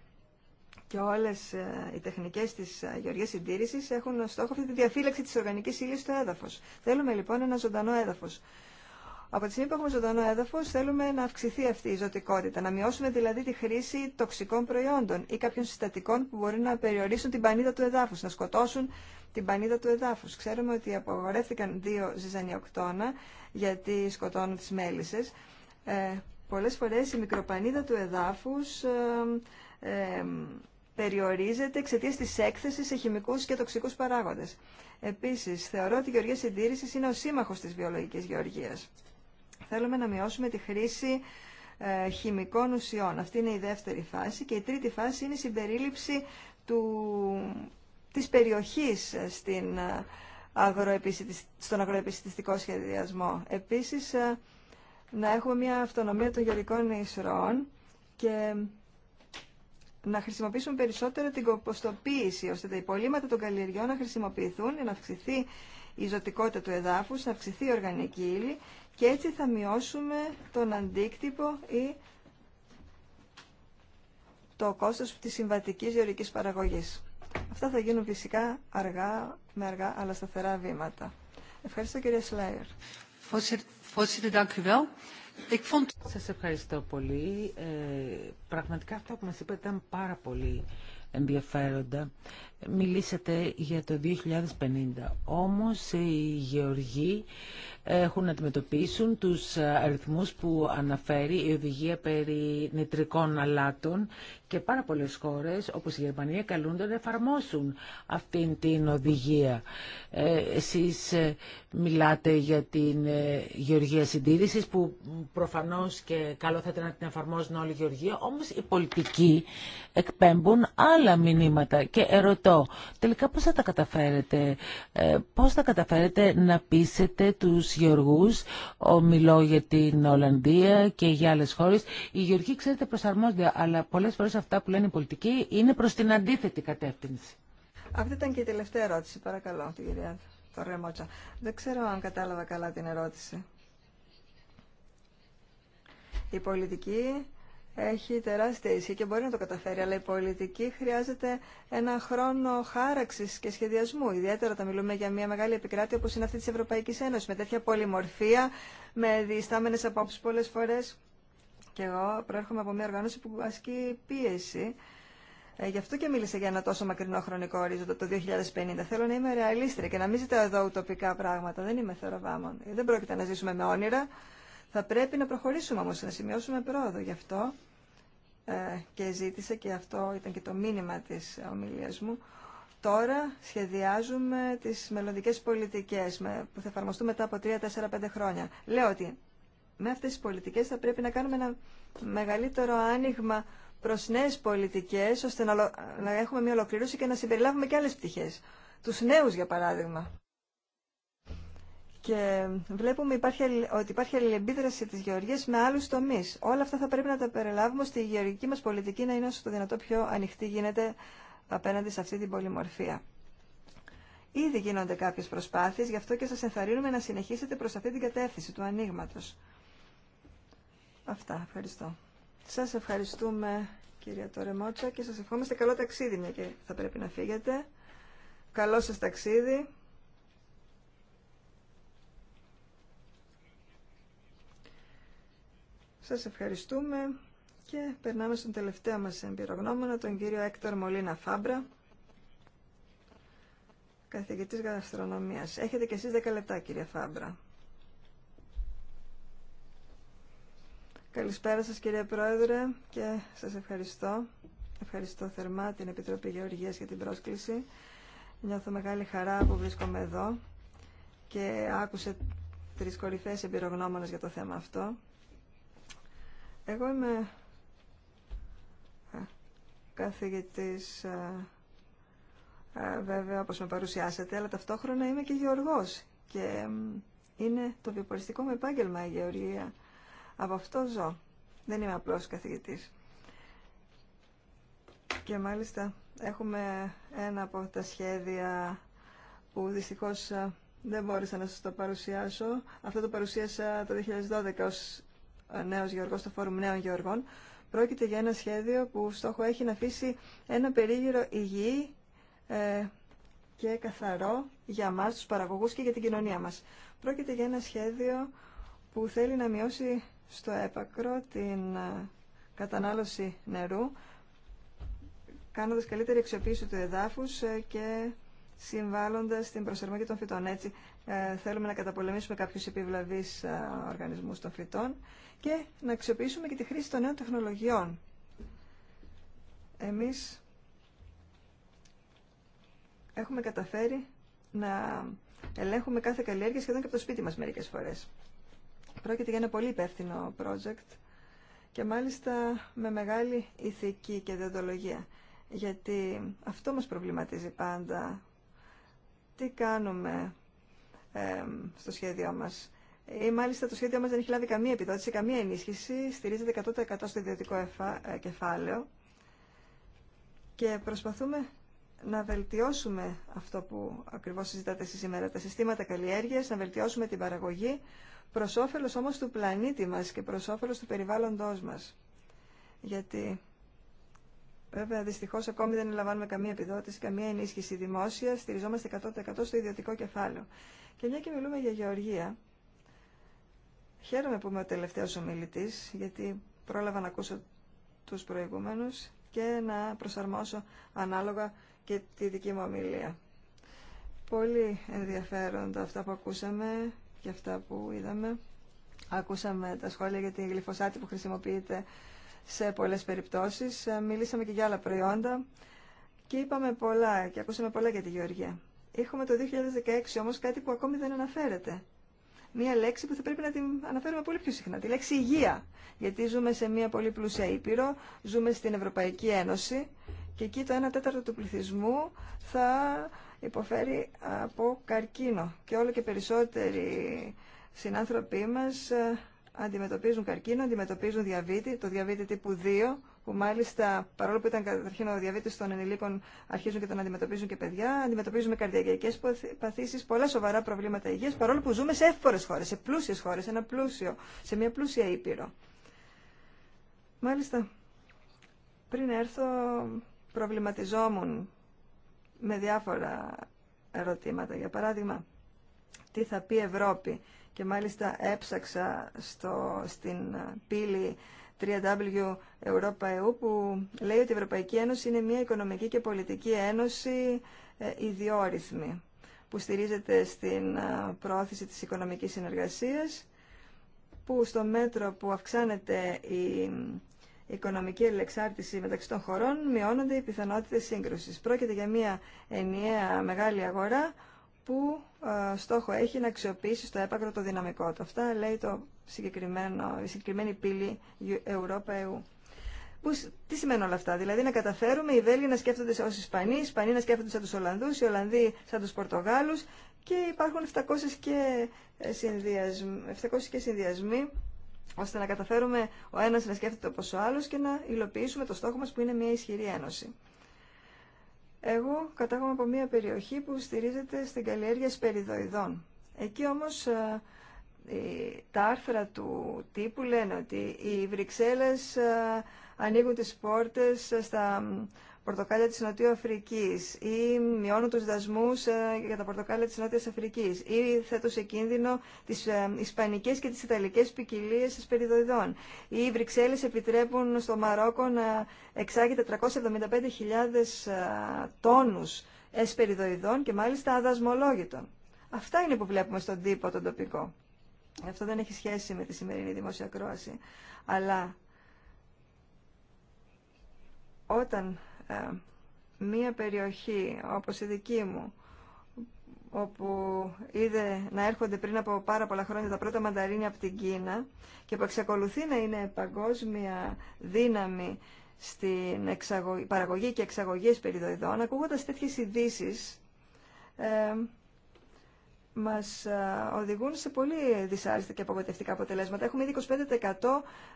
Και όλες ε, οι τεχνικές της ε, γεωργία συντήρηση έχουν στόχο αυτή τη διαφύλαξη τη οργανική ύλη στο έδαφο. Θέλουμε λοιπόν ένα ζωντανό έδαφο. Από τη στιγμή που έχουμε ζωντανό έδαφο, θέλουμε να αυξηθεί αυτή η ζωτικότητα, να μειώσουμε δηλαδή τη χρήση τοξικών προϊόντων ή κάποιων συστατικών που μπορεί να περιορίσουν την πανίδα του εδάφου, να σκοτώσουν την πανίδα του εδάφου. Ξέρουμε ότι απαγορεύτηκαν δύο ζυζανιοκτώνα γιατί σκοτώνουν τι μέλισσε. Ε, Πολλέ φορέ η μικροπανίδα του εδάφου ε, περιορίζεται εξαιτία τη έκθεση σε χημικού και τοξικού παράγοντε. Επίση, θεωρώ ότι η γεωργία συντήρηση είναι ο σύμμαχο τη βιολογική γεωργία. Θέλουμε να μειώσουμε τη χρήση ε, χημικών ουσιών. Αυτή είναι η δεύτερη φάση και η τρίτη φάση είναι η συμπερίληψη του, της περιοχής στην, ε, στον αγροεπιστητικό σχεδιασμό. Επίσης, ε, να έχουμε μια αυτονομία των γεωρικών ισρών και να χρησιμοποιήσουμε περισσότερο την κομποστοποίηση, ώστε τα υπολείμματα των καλλιεργιών να χρησιμοποιηθούν, να αυξηθεί η ζωτικότητα του εδάφους, να αυξηθεί η οργανική ύλη και έτσι θα μειώσουμε τον αντίκτυπο ή το κόστος της συμβατικής γεωρικής παραγωγής. Αυτά θα γίνουν φυσικά αργά, με αργά αλλά σταθερά βήματα. Ευχαριστώ κυρία Σλάιερ. Σας ευχαριστώ πολύ. Ε, πραγματικά αυτά που μας είπατε ήταν πάρα πολύ ενδιαφέροντα μιλήσατε για το 2050. Όμως οι γεωργοί έχουν να αντιμετωπίσουν τους αριθμούς που αναφέρει η οδηγία περί νητρικών αλάτων και πάρα πολλές χώρες όπως η Γερμανία καλούνται να εφαρμόσουν αυτήν την οδηγία. Ε, εσείς ε, μιλάτε για την ε, γεωργία συντήρησης που προφανώς και καλό θα ήταν να την εφαρμόσουν όλη η γεωργία, όμως οι πολιτικοί εκπέμπουν άλλα μηνύματα και ερωτώ Τελικά πώς θα τα καταφέρετε, ε, πώς θα καταφέρετε να πείσετε τους γεωργούς, μιλώ για την Ολλανδία και για άλλες χώρες. Οι γεωργοί ξέρετε προσαρμόζονται, αλλά πολλές φορές αυτά που λένε οι πολιτικοί είναι προς την αντίθετη κατεύθυνση. Αυτή ήταν και η τελευταία ερώτηση, παρακαλώ, την κυρία Ρεμότσα. Δεν ξέρω αν κατάλαβα καλά την ερώτηση. Η πολιτική έχει τεράστια ισχύ και μπορεί να το καταφέρει, αλλά η πολιτική χρειάζεται ένα χρόνο χάραξη και σχεδιασμού. Ιδιαίτερα όταν μιλούμε για μια μεγάλη επικράτεια όπω είναι αυτή τη Ευρωπαϊκή Ένωση, με τέτοια πολυμορφία, με διστάμενε απόψει πολλέ φορέ. Και εγώ προέρχομαι από μια οργάνωση που ασκεί πίεση. Ε, γι' αυτό και μίλησα για ένα τόσο μακρινό χρονικό ορίζοντα το 2050. Θέλω να είμαι ρεαλίστρια και να μην ζητάω εδώ ουτοπικά πράγματα. Δεν είμαι θεροβάμων. Δεν πρόκειται να ζήσουμε με όνειρα. Θα πρέπει να προχωρήσουμε όμως, να σημειώσουμε πρόοδο. Γι' αυτό ε, και ζήτησα και αυτό ήταν και το μήνυμα της ομιλίας μου. Τώρα σχεδιάζουμε τις μελλοντικές πολιτικές που θα εφαρμοστούν μετά από 3, 4, 5 χρόνια. Λέω ότι με αυτές τις πολιτικές θα πρέπει να κάνουμε ένα μεγαλύτερο άνοιγμα προς νέες πολιτικές ώστε να έχουμε μια ολοκληρώση και να συμπεριλάβουμε και άλλες πτυχές. του νέους για παράδειγμα. Και βλέπουμε υπάρχει, ότι υπάρχει αλληλεμπίδραση τη γεωργία με άλλου τομεί. Όλα αυτά θα πρέπει να τα περιλάβουμε στη γεωργική μα πολιτική να είναι όσο το δυνατό πιο ανοιχτή γίνεται απέναντι σε αυτή την πολυμορφία. Ήδη γίνονται κάποιε προσπάθειες, γι' αυτό και σα ενθαρρύνουμε να συνεχίσετε προ αυτή την κατεύθυνση του ανοίγματο. Αυτά, ευχαριστώ. Σα ευχαριστούμε κυρία Τορεμότσα και σα ευχόμαστε καλό ταξίδι μια και θα πρέπει να φύγετε. Καλό σα ταξίδι. Σας ευχαριστούμε και περνάμε στον τελευταίο μας εμπειρογνώμονα, τον κύριο Έκτορ Μολίνα Φάμπρα, καθηγητής γαστρονομίας. Έχετε και εσείς 10 λεπτά, κύριε Φάμπρα. Καλησπέρα σας, κύριε Πρόεδρε, και σας ευχαριστώ. Ευχαριστώ θερμά την Επιτροπή Γεωργίας για την πρόσκληση. Νιώθω μεγάλη χαρά που βρίσκομαι εδώ και άκουσε τρεις κορυφαίες εμπειρογνώμονες για το θέμα αυτό. Εγώ είμαι καθηγητής βέβαια όπως με παρουσιάσατε, αλλά ταυτόχρονα είμαι και γεωργός και είναι το βιοποριστικό μου επάγγελμα η γεωργία. Από αυτό ζω. Δεν είμαι απλός καθηγητής. Και μάλιστα έχουμε ένα από τα σχέδια που δυστυχώς δεν μπόρεσα να σας το παρουσιάσω. Αυτό το παρουσίασα το 2012 νέο Γεωργό στο Φόρουμ Νέων Γεωργών, πρόκειται για ένα σχέδιο που στόχο έχει να αφήσει ένα περίγυρο υγιή ε, και καθαρό για εμά, του παραγωγούς και για την κοινωνία μας. Πρόκειται για ένα σχέδιο που θέλει να μειώσει στο έπακρο την ε, κατανάλωση νερού, κάνοντας καλύτερη αξιοποίηση του εδάφους ε, και συμβάλλοντας στην προσαρμογή των φυτών. Έτσι, ε, θέλουμε να καταπολεμήσουμε κάποιους επιβλαβείς ε, οργανισμούς των φυτών και να αξιοποιήσουμε και τη χρήση των νέων τεχνολογιών. Εμείς έχουμε καταφέρει να ελέγχουμε κάθε καλλιέργεια σχεδόν και από το σπίτι μας μερικές φορές. Πρόκειται για ένα πολύ υπεύθυνο project και μάλιστα με μεγάλη ηθική και διοντολογία. Γιατί αυτό μας προβληματίζει πάντα. Τι κάνουμε στο σχέδιό μας. Ή ε, μάλιστα το σχέδιό μας δεν έχει λάβει καμία επιδότηση, καμία ενίσχυση, στηρίζεται 100% στο ιδιωτικό ε, κεφάλαιο και προσπαθούμε να βελτιώσουμε αυτό που ακριβώς συζητάτε εσείς σήμερα, τα συστήματα καλλιέργειας, να βελτιώσουμε την παραγωγή, προς όφελος όμως του πλανήτη μας και προς όφελος του περιβάλλοντός μας. Γιατί Βέβαια, δυστυχώ ακόμη δεν λαμβάνουμε καμία επιδότηση, καμία ενίσχυση δημόσια. Στηριζόμαστε 100% στο ιδιωτικό κεφάλαιο. Και μια και μιλούμε για γεωργία, χαίρομαι που είμαι ο τελευταίο ομιλητή, γιατί πρόλαβα να ακούσω του προηγούμενου και να προσαρμόσω ανάλογα και τη δική μου ομιλία. Πολύ ενδιαφέροντα αυτά που ακούσαμε και αυτά που είδαμε. Ακούσαμε τα σχόλια για την γλυφωσάτη που χρησιμοποιείται σε πολλές περιπτώσεις. Ε, μιλήσαμε και για άλλα προϊόντα και είπαμε πολλά και ακούσαμε πολλά για τη Γεωργία. Έχουμε το 2016 όμως κάτι που ακόμη δεν αναφέρεται. Μία λέξη που θα πρέπει να την αναφέρουμε πολύ πιο συχνά, τη λέξη υγεία. Γιατί ζούμε σε μία πολύ πλούσια ήπειρο, ζούμε στην Ευρωπαϊκή Ένωση και εκεί το 1 τέταρτο του πληθυσμού θα υποφέρει από καρκίνο. Και όλο και περισσότεροι συνάνθρωποι μας ε, αντιμετωπίζουν καρκίνο, αντιμετωπίζουν διαβήτη, το διαβήτη τύπου 2, που μάλιστα παρόλο που ήταν καταρχήν ο διαβήτη των ενηλίκων, αρχίζουν και τον αντιμετωπίζουν και παιδιά. Αντιμετωπίζουμε καρδιακέ παθήσει, πολλά σοβαρά προβλήματα υγεία, παρόλο που ζούμε σε εύπορε χώρε, σε πλούσιε χώρε, σε, ένα πλούσιο, σε μια πλούσια ήπειρο. Μάλιστα, πριν έρθω, προβληματιζόμουν με διάφορα ερωτήματα. Για παράδειγμα, τι θα πει Ευρώπη και μάλιστα έψαξα στο, στην πύλη 3 3W www.europa.eu που λέει ότι η Ευρωπαϊκή Ένωση είναι μια οικονομική και πολιτική ένωση ε, ιδιόρυθμη που στηρίζεται στην ε, πρόθεση της οικονομικής συνεργασίας που στο μέτρο που αυξάνεται η οικονομική ελεξάρτηση μεταξύ των χωρών μειώνονται οι πιθανότητες σύγκρουσης. Πρόκειται για μια ενιαία μεγάλη αγορά που ε, στόχο έχει να αξιοποιήσει στο έπακρο το δυναμικό του. Αυτά λέει το συγκεκριμένο, η συγκεκριμένη πύλη Ευρώπα ΕΟΥ. Που, τι σημαίνουν όλα αυτά, δηλαδή να καταφέρουμε οι Βέλγοι να σκέφτονται ως Ισπανοί, οι Ισπανοί να σκέφτονται σαν τους Ολλανδούς, οι Ολλανδοί σαν τους Πορτογάλους και υπάρχουν 700 και ε, συνδυασμοί, 700 και συνδυασμοί ώστε να καταφέρουμε ο ένας να σκέφτεται όπως ο άλλος και να υλοποιήσουμε το στόχο μας που είναι μια ισχυρή ένωση. Εγώ κατάγομαι από μια περιοχή που στηρίζεται στην καλλιέργεια σπεριδοειδών. Εκεί όμως ε, τα άρθρα του τύπου λένε ότι οι Βρυξέλλες ε, ανοίγουν τις πόρτες ε, στα πορτοκάλια της Νοτιού Αφρικής ή μειώνουν τους δασμούς ε, για τα πορτοκάλια της Νότιας Αφρικής ή θέτουν σε κίνδυνο τις ε, ισπανικές και τις ιταλικές ποικιλίε σπεριδοειδών ή οι Βρυξέλλες επιτρέπουν στο Μαρόκο να εξάγει 475.000 ε, τόνους εσπεριδοειδών και μάλιστα αδασμολόγητων. Αυτά είναι που βλέπουμε στον τύπο τον τοπικό. Αυτό δεν έχει σχέση με τη σημερινή δημόσια κρόαση. Αλλά όταν ε, μία περιοχή όπως η δική μου όπου είδε να έρχονται πριν από πάρα πολλά χρόνια τα πρώτα μανταρίνια από την Κίνα και που εξακολουθεί να είναι παγκόσμια δύναμη στην παραγωγή και εξαγωγή περιδοειδών, ακούγοντας τέτοιες ειδήσει. Ε, μας ε, οδηγούν σε πολύ δυσάρεστα και απογοητευτικά αποτελέσματα. Έχουμε ήδη 25%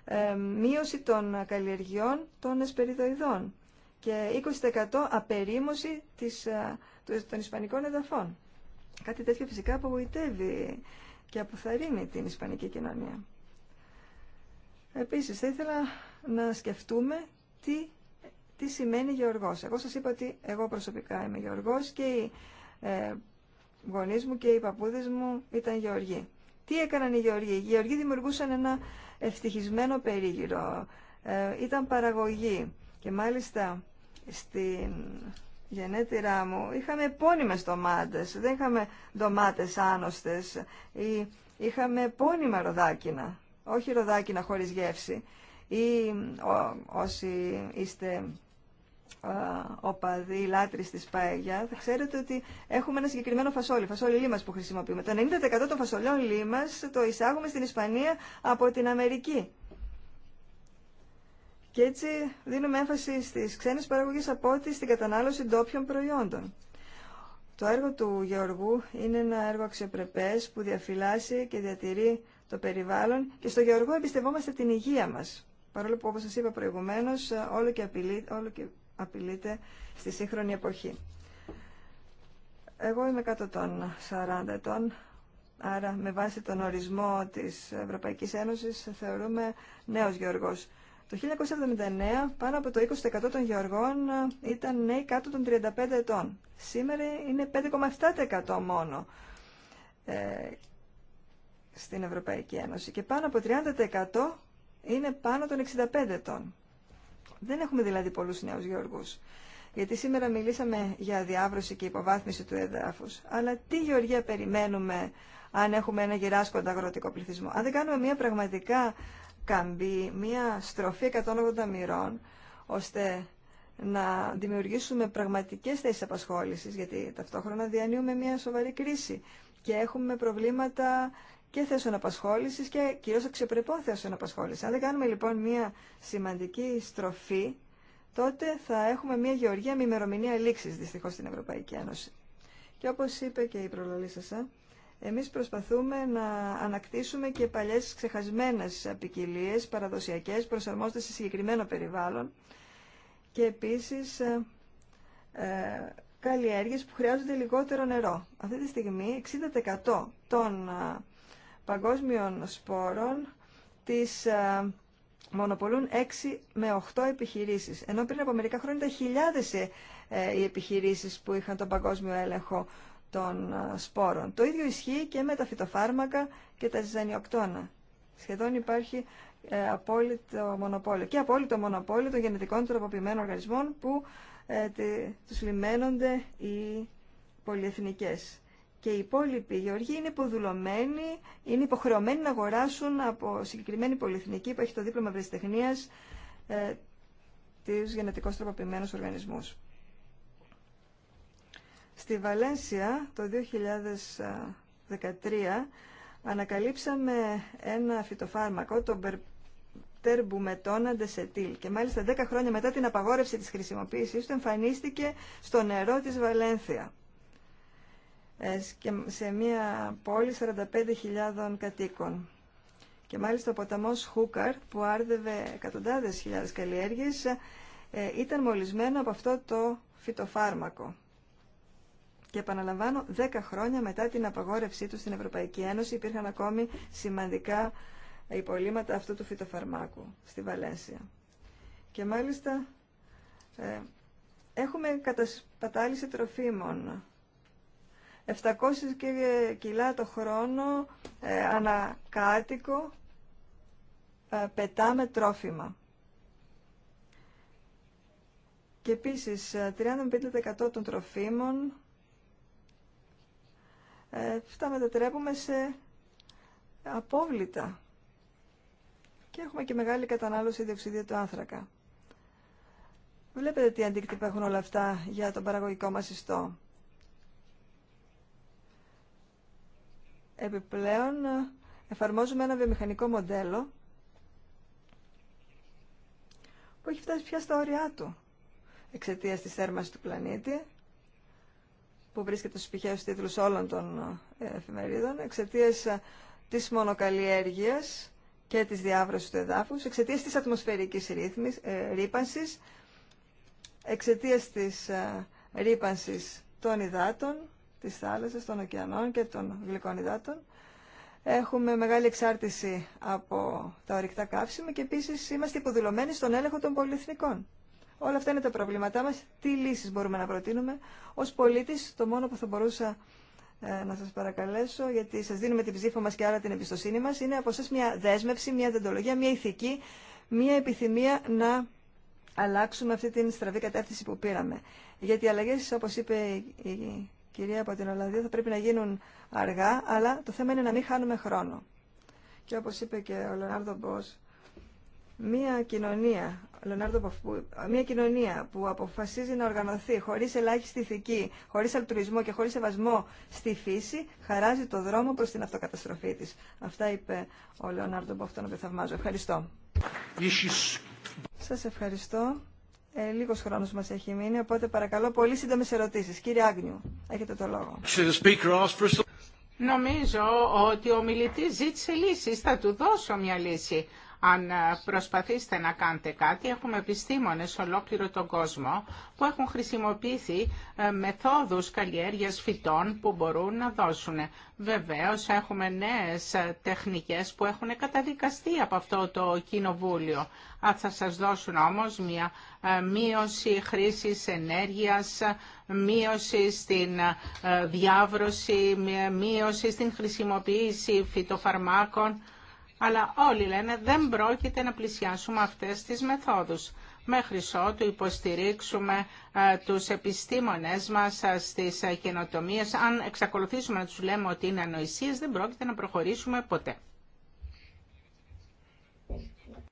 ε, μείωση των καλλιεργιών των εσπεριδοειδών και 20% απερίμωση της, ε, των ισπανικών εδαφών. Κάτι τέτοιο φυσικά απογοητεύει και αποθαρρύνει την ισπανική κοινωνία. Επίσης, θα ήθελα να σκεφτούμε τι, τι σημαίνει γεωργός. Εγώ σας είπα ότι εγώ προσωπικά είμαι γεωργός και οι ε, γονείς μου και οι παππούδες μου ήταν γεωργοί. Τι έκαναν οι γεωργοί. Οι γεωργοί δημιουργούσαν ένα ευτυχισμένο περίγυρο. Ε, ήταν παραγωγή και μάλιστα στην γενέτειρά μου είχαμε επώνυμες ντομάτες, δεν είχαμε ντομάτες άνοστες ή είχαμε επώνυμα ροδάκινα, όχι ροδάκινα χωρίς γεύση. Ή όσοι είστε οπαδοί, λάτρεις της παέγια, θα ξέρετε ότι έχουμε ένα συγκεκριμένο φασόλι, φασόλι λίμας που χρησιμοποιούμε. Το 90% των φασολιών λίμας το εισάγουμε στην Ισπανία από την Αμερική. Και έτσι δίνουμε έμφαση στις ξένες παραγωγές από ό,τι στην κατανάλωση ντόπιων προϊόντων. Το έργο του Γεωργού είναι ένα έργο αξιοπρεπές που διαφυλάσσει και διατηρεί το περιβάλλον και στο Γεωργό εμπιστευόμαστε την υγεία μας. Παρόλο που όπως σας είπα προηγουμένως όλο και, απειλεί, όλο και απειλείται στη σύγχρονη εποχή. Εγώ είμαι κάτω των 40 ετών, άρα με βάση τον ορισμό της Ευρωπαϊκής Ένωσης θεωρούμε νέος Γεωργός. Το 1979 πάνω από το 20% των γεωργών ε, ήταν νέοι κάτω των 35 ετών. Σήμερα είναι 5,7% μόνο ε, στην Ευρωπαϊκή Ένωση και πάνω από 30% είναι πάνω των 65 ετών. Δεν έχουμε δηλαδή πολλούς νέους γεωργούς. Γιατί σήμερα μιλήσαμε για διάβρωση και υποβάθμιση του εδάφους. Αλλά τι γεωργία περιμένουμε αν έχουμε ένα γυράσκοντα αγροτικό πληθυσμό. Αν δεν κάνουμε μια πραγματικά καμπή, μία στροφή 180 μοιρών, ώστε να δημιουργήσουμε πραγματικές θέσεις απασχόλησης, γιατί ταυτόχρονα διανύουμε μία σοβαρή κρίση και έχουμε προβλήματα και θέσεων απασχόλησης και κυρίως αξιοπρεπών θέσεων απασχόλησης. Αν δεν κάνουμε λοιπόν μία σημαντική στροφή, τότε θα έχουμε μία γεωργία με ημερομηνία λήξης, δυστυχώς, στην Ευρωπαϊκή Ένωση. Και όπως είπε και η σας, ε, εμείς προσπαθούμε να ανακτήσουμε και παλιές ξεχασμένες ποικιλίε, παραδοσιακές, προσαρμόστες σε συγκεκριμένο περιβάλλον και επίσης ε, ε, καλλιέργειες που χρειάζονται λιγότερο νερό. Αυτή τη στιγμή 60% των ε, παγκόσμιων σπόρων τις ε, μονοπολούν 6 με 8 επιχειρήσεις. Ενώ πριν από μερικά χρόνια ήταν χιλιάδες οι επιχειρήσεις που είχαν τον παγκόσμιο έλεγχο των ε, σπόρων. Το ίδιο ισχύει και με τα φυτοφάρμακα και τα ζυζανιοκτώνα. Σχεδόν υπάρχει ε, απόλυτο μονοπόλιο και απόλυτο μονοπόλιο των γενετικών τροποποιημένων οργανισμών που ε, τους λιμένονται οι πολυεθνικές. Και οι υπόλοιποι γεωργοί είναι υποδουλωμένοι, είναι υποχρεωμένοι να αγοράσουν από συγκεκριμένη πολυεθνική που έχει το δίπλωμα βρεσιτεχνίας ε, τους γενετικώς τροποποιημένους οργανισμούς. Στη Βαλένσια το 2013 ανακαλύψαμε ένα φυτοφάρμακο, το τερμπουμετόνα ντεσετήλ και μάλιστα 10 χρόνια μετά την απαγόρευση της χρησιμοποίησής του εμφανίστηκε στο νερό της Βαλένθια ε, και σε μια πόλη 45.000 κατοίκων. Και μάλιστα ο ποταμός Χούκαρ που άρδευε εκατοντάδες χιλιάδες καλλιέργειες ε, ήταν μολυσμένο από αυτό το φυτοφάρμακο. Και επαναλαμβάνω, 10 χρόνια μετά την απαγόρευσή του στην Ευρωπαϊκή Ένωση υπήρχαν ακόμη σημαντικά υπολείμματα αυτού του φυτοφαρμάκου στη Βαλένσια. Και μάλιστα ε, έχουμε κατασπατάληση τροφίμων. 700 κιλά το χρόνο ε, ανακάτοικο ε, πετάμε τρόφιμα. Και επισης 35% ε, των τροφίμων ε, τα μετατρέπουμε σε απόβλητα. Και έχουμε και μεγάλη κατανάλωση διοξιδίου του άνθρακα. Βλέπετε τι αντίκτυπα έχουν όλα αυτά για τον παραγωγικό μας ιστό. Επιπλέον, εφαρμόζουμε ένα βιομηχανικό μοντέλο που έχει φτάσει πια στα όρια του εξαιτίας της θέρμανσης του πλανήτη που βρίσκεται στους πηχαίους τίτλους όλων των ε, εφημερίδων εξαιτία ε, της μονοκαλλιέργειας και της διάβρωσης του εδάφους, εξαιτία της ατμοσφαιρικής ρύθμις, ε, ρήπανσης, εξαιτία της των υδάτων, της θάλασσας, των ωκεανών και των γλυκών υδάτων. Έχουμε μεγάλη εξάρτηση από τα ορυκτά καύσιμα και επίσης είμαστε υποδηλωμένοι στον έλεγχο των πολυεθνικών. Όλα αυτά είναι τα προβλήματά μας. Τι λύσεις μπορούμε να προτείνουμε. Ως πολίτης, το μόνο που θα μπορούσα ε, να σας παρακαλέσω, γιατί σας δίνουμε την ψήφα μας και άρα την εμπιστοσύνη μας, είναι από εσάς μια δέσμευση, μια δεντολογία, μια ηθική, μια επιθυμία να αλλάξουμε αυτή την στραβή κατεύθυνση που πήραμε. Γιατί οι αλλαγές, όπως είπε η κυρία από την Ολλανδία, θα πρέπει να γίνουν αργά, αλλά το θέμα είναι να μην χάνουμε χρόνο. Και όπως είπε και ο Λεωνάρδο Μπός, μια κοινωνία Λεωνάρντο μια κοινωνία που αποφασίζει να οργανωθεί χωρίς ελάχιστη ηθική, χωρίς αλτουρισμό και χωρίς σεβασμό στη φύση, χαράζει το δρόμο προς την αυτοκαταστροφή της. Αυτά είπε ο Λεωνάρντο Μποφ, που θαυμάζω. Ευχαριστώ. Σας ευχαριστώ. Ε, λίγος χρόνος μας έχει μείνει, οπότε παρακαλώ πολύ σύντομε ερωτήσεις. Κύριε Άγνιου, έχετε το λόγο. Νομίζω ότι ο μιλητής ζήτησε λύση. Θα του δώσω μια λύση αν ε, προσπαθήσετε να κάνετε κάτι, έχουμε επιστήμονες σε ολόκληρο τον κόσμο που έχουν χρησιμοποιήσει ε, μεθόδους καλλιέργειας φυτών που μπορούν να δώσουν. Βεβαίως έχουμε νέες ε, τεχνικές που έχουν καταδικαστεί από αυτό το κοινοβούλιο. Θα σας δώσουν όμως μια μείωση χρήσης ενέργειας, μείωση στην διάβρωση, μείωση στην χρησιμοποίηση φυτοφαρμάκων αλλά όλοι λένε δεν πρόκειται να πλησιάσουμε αυτές τις μεθόδους μέχρι ότου υποστηρίξουμε ε, τους επιστήμονες μας ε, στις ε, καινοτομίες. Αν εξακολουθήσουμε να τους λέμε ότι είναι ανοησίες, δεν πρόκειται να προχωρήσουμε ποτέ.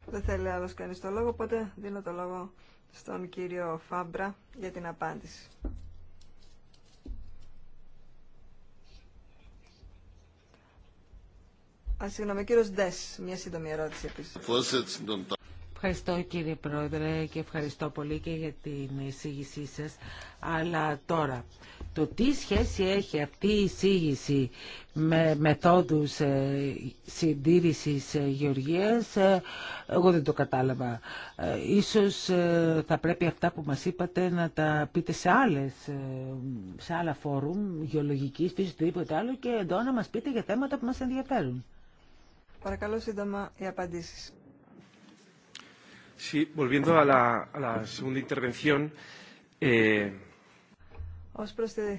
Δεν θέλει άλλο κανείς το λόγο, οπότε δίνω το λόγο στον κύριο Φάμπρα για την απάντηση. συγγνώμη, κύριο Ντε, μια σύντομη ερώτηση επίση. Ευχαριστώ κύριε Πρόεδρε και ευχαριστώ πολύ και για την εισήγησή σας. Αλλά τώρα, το τι σχέση έχει αυτή η εισήγηση με μεθόδους ε, συντήρησης ε, γεωργίας, ε, εγώ δεν το κατάλαβα. Ίσως θα πρέπει αυτά που μας είπατε να τα πείτε σε άλλες, σε άλλα φόρουμ, γεωλογικής, φύσης, οτιδήποτε άλλο και εδώ να μας πείτε για θέματα που μας ενδιαφέρουν. Παρακαλώ σύντομα οι απαντήσει. Sí, volviendo eh, Ως προς τη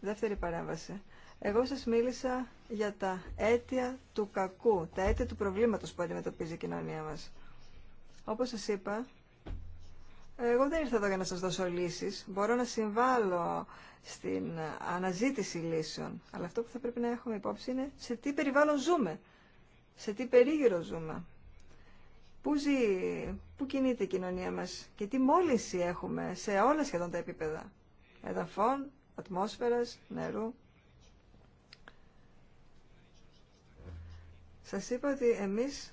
δεύτερη παρέμβαση. Εγώ σας μίλησα για τα αίτια του κακού, τα αίτια του προβλήματος που αντιμετωπίζει η κοινωνία μας. Όπως σας είπα, εγώ δεν ήρθα εδώ για να σας δώσω λύσεις. Μπορώ να συμβάλλω στην αναζήτηση λύσεων. Αλλά αυτό που θα πρέπει να έχουμε υπόψη είναι σε τι περιβάλλον ζούμε σε τι περίγυρο ζούμε, πού πού κινείται η κοινωνία μας και τι μόλυνση έχουμε σε όλα σχεδόν τα επίπεδα εδαφών, ατμόσφαιρας, νερού. Σας είπα ότι εμείς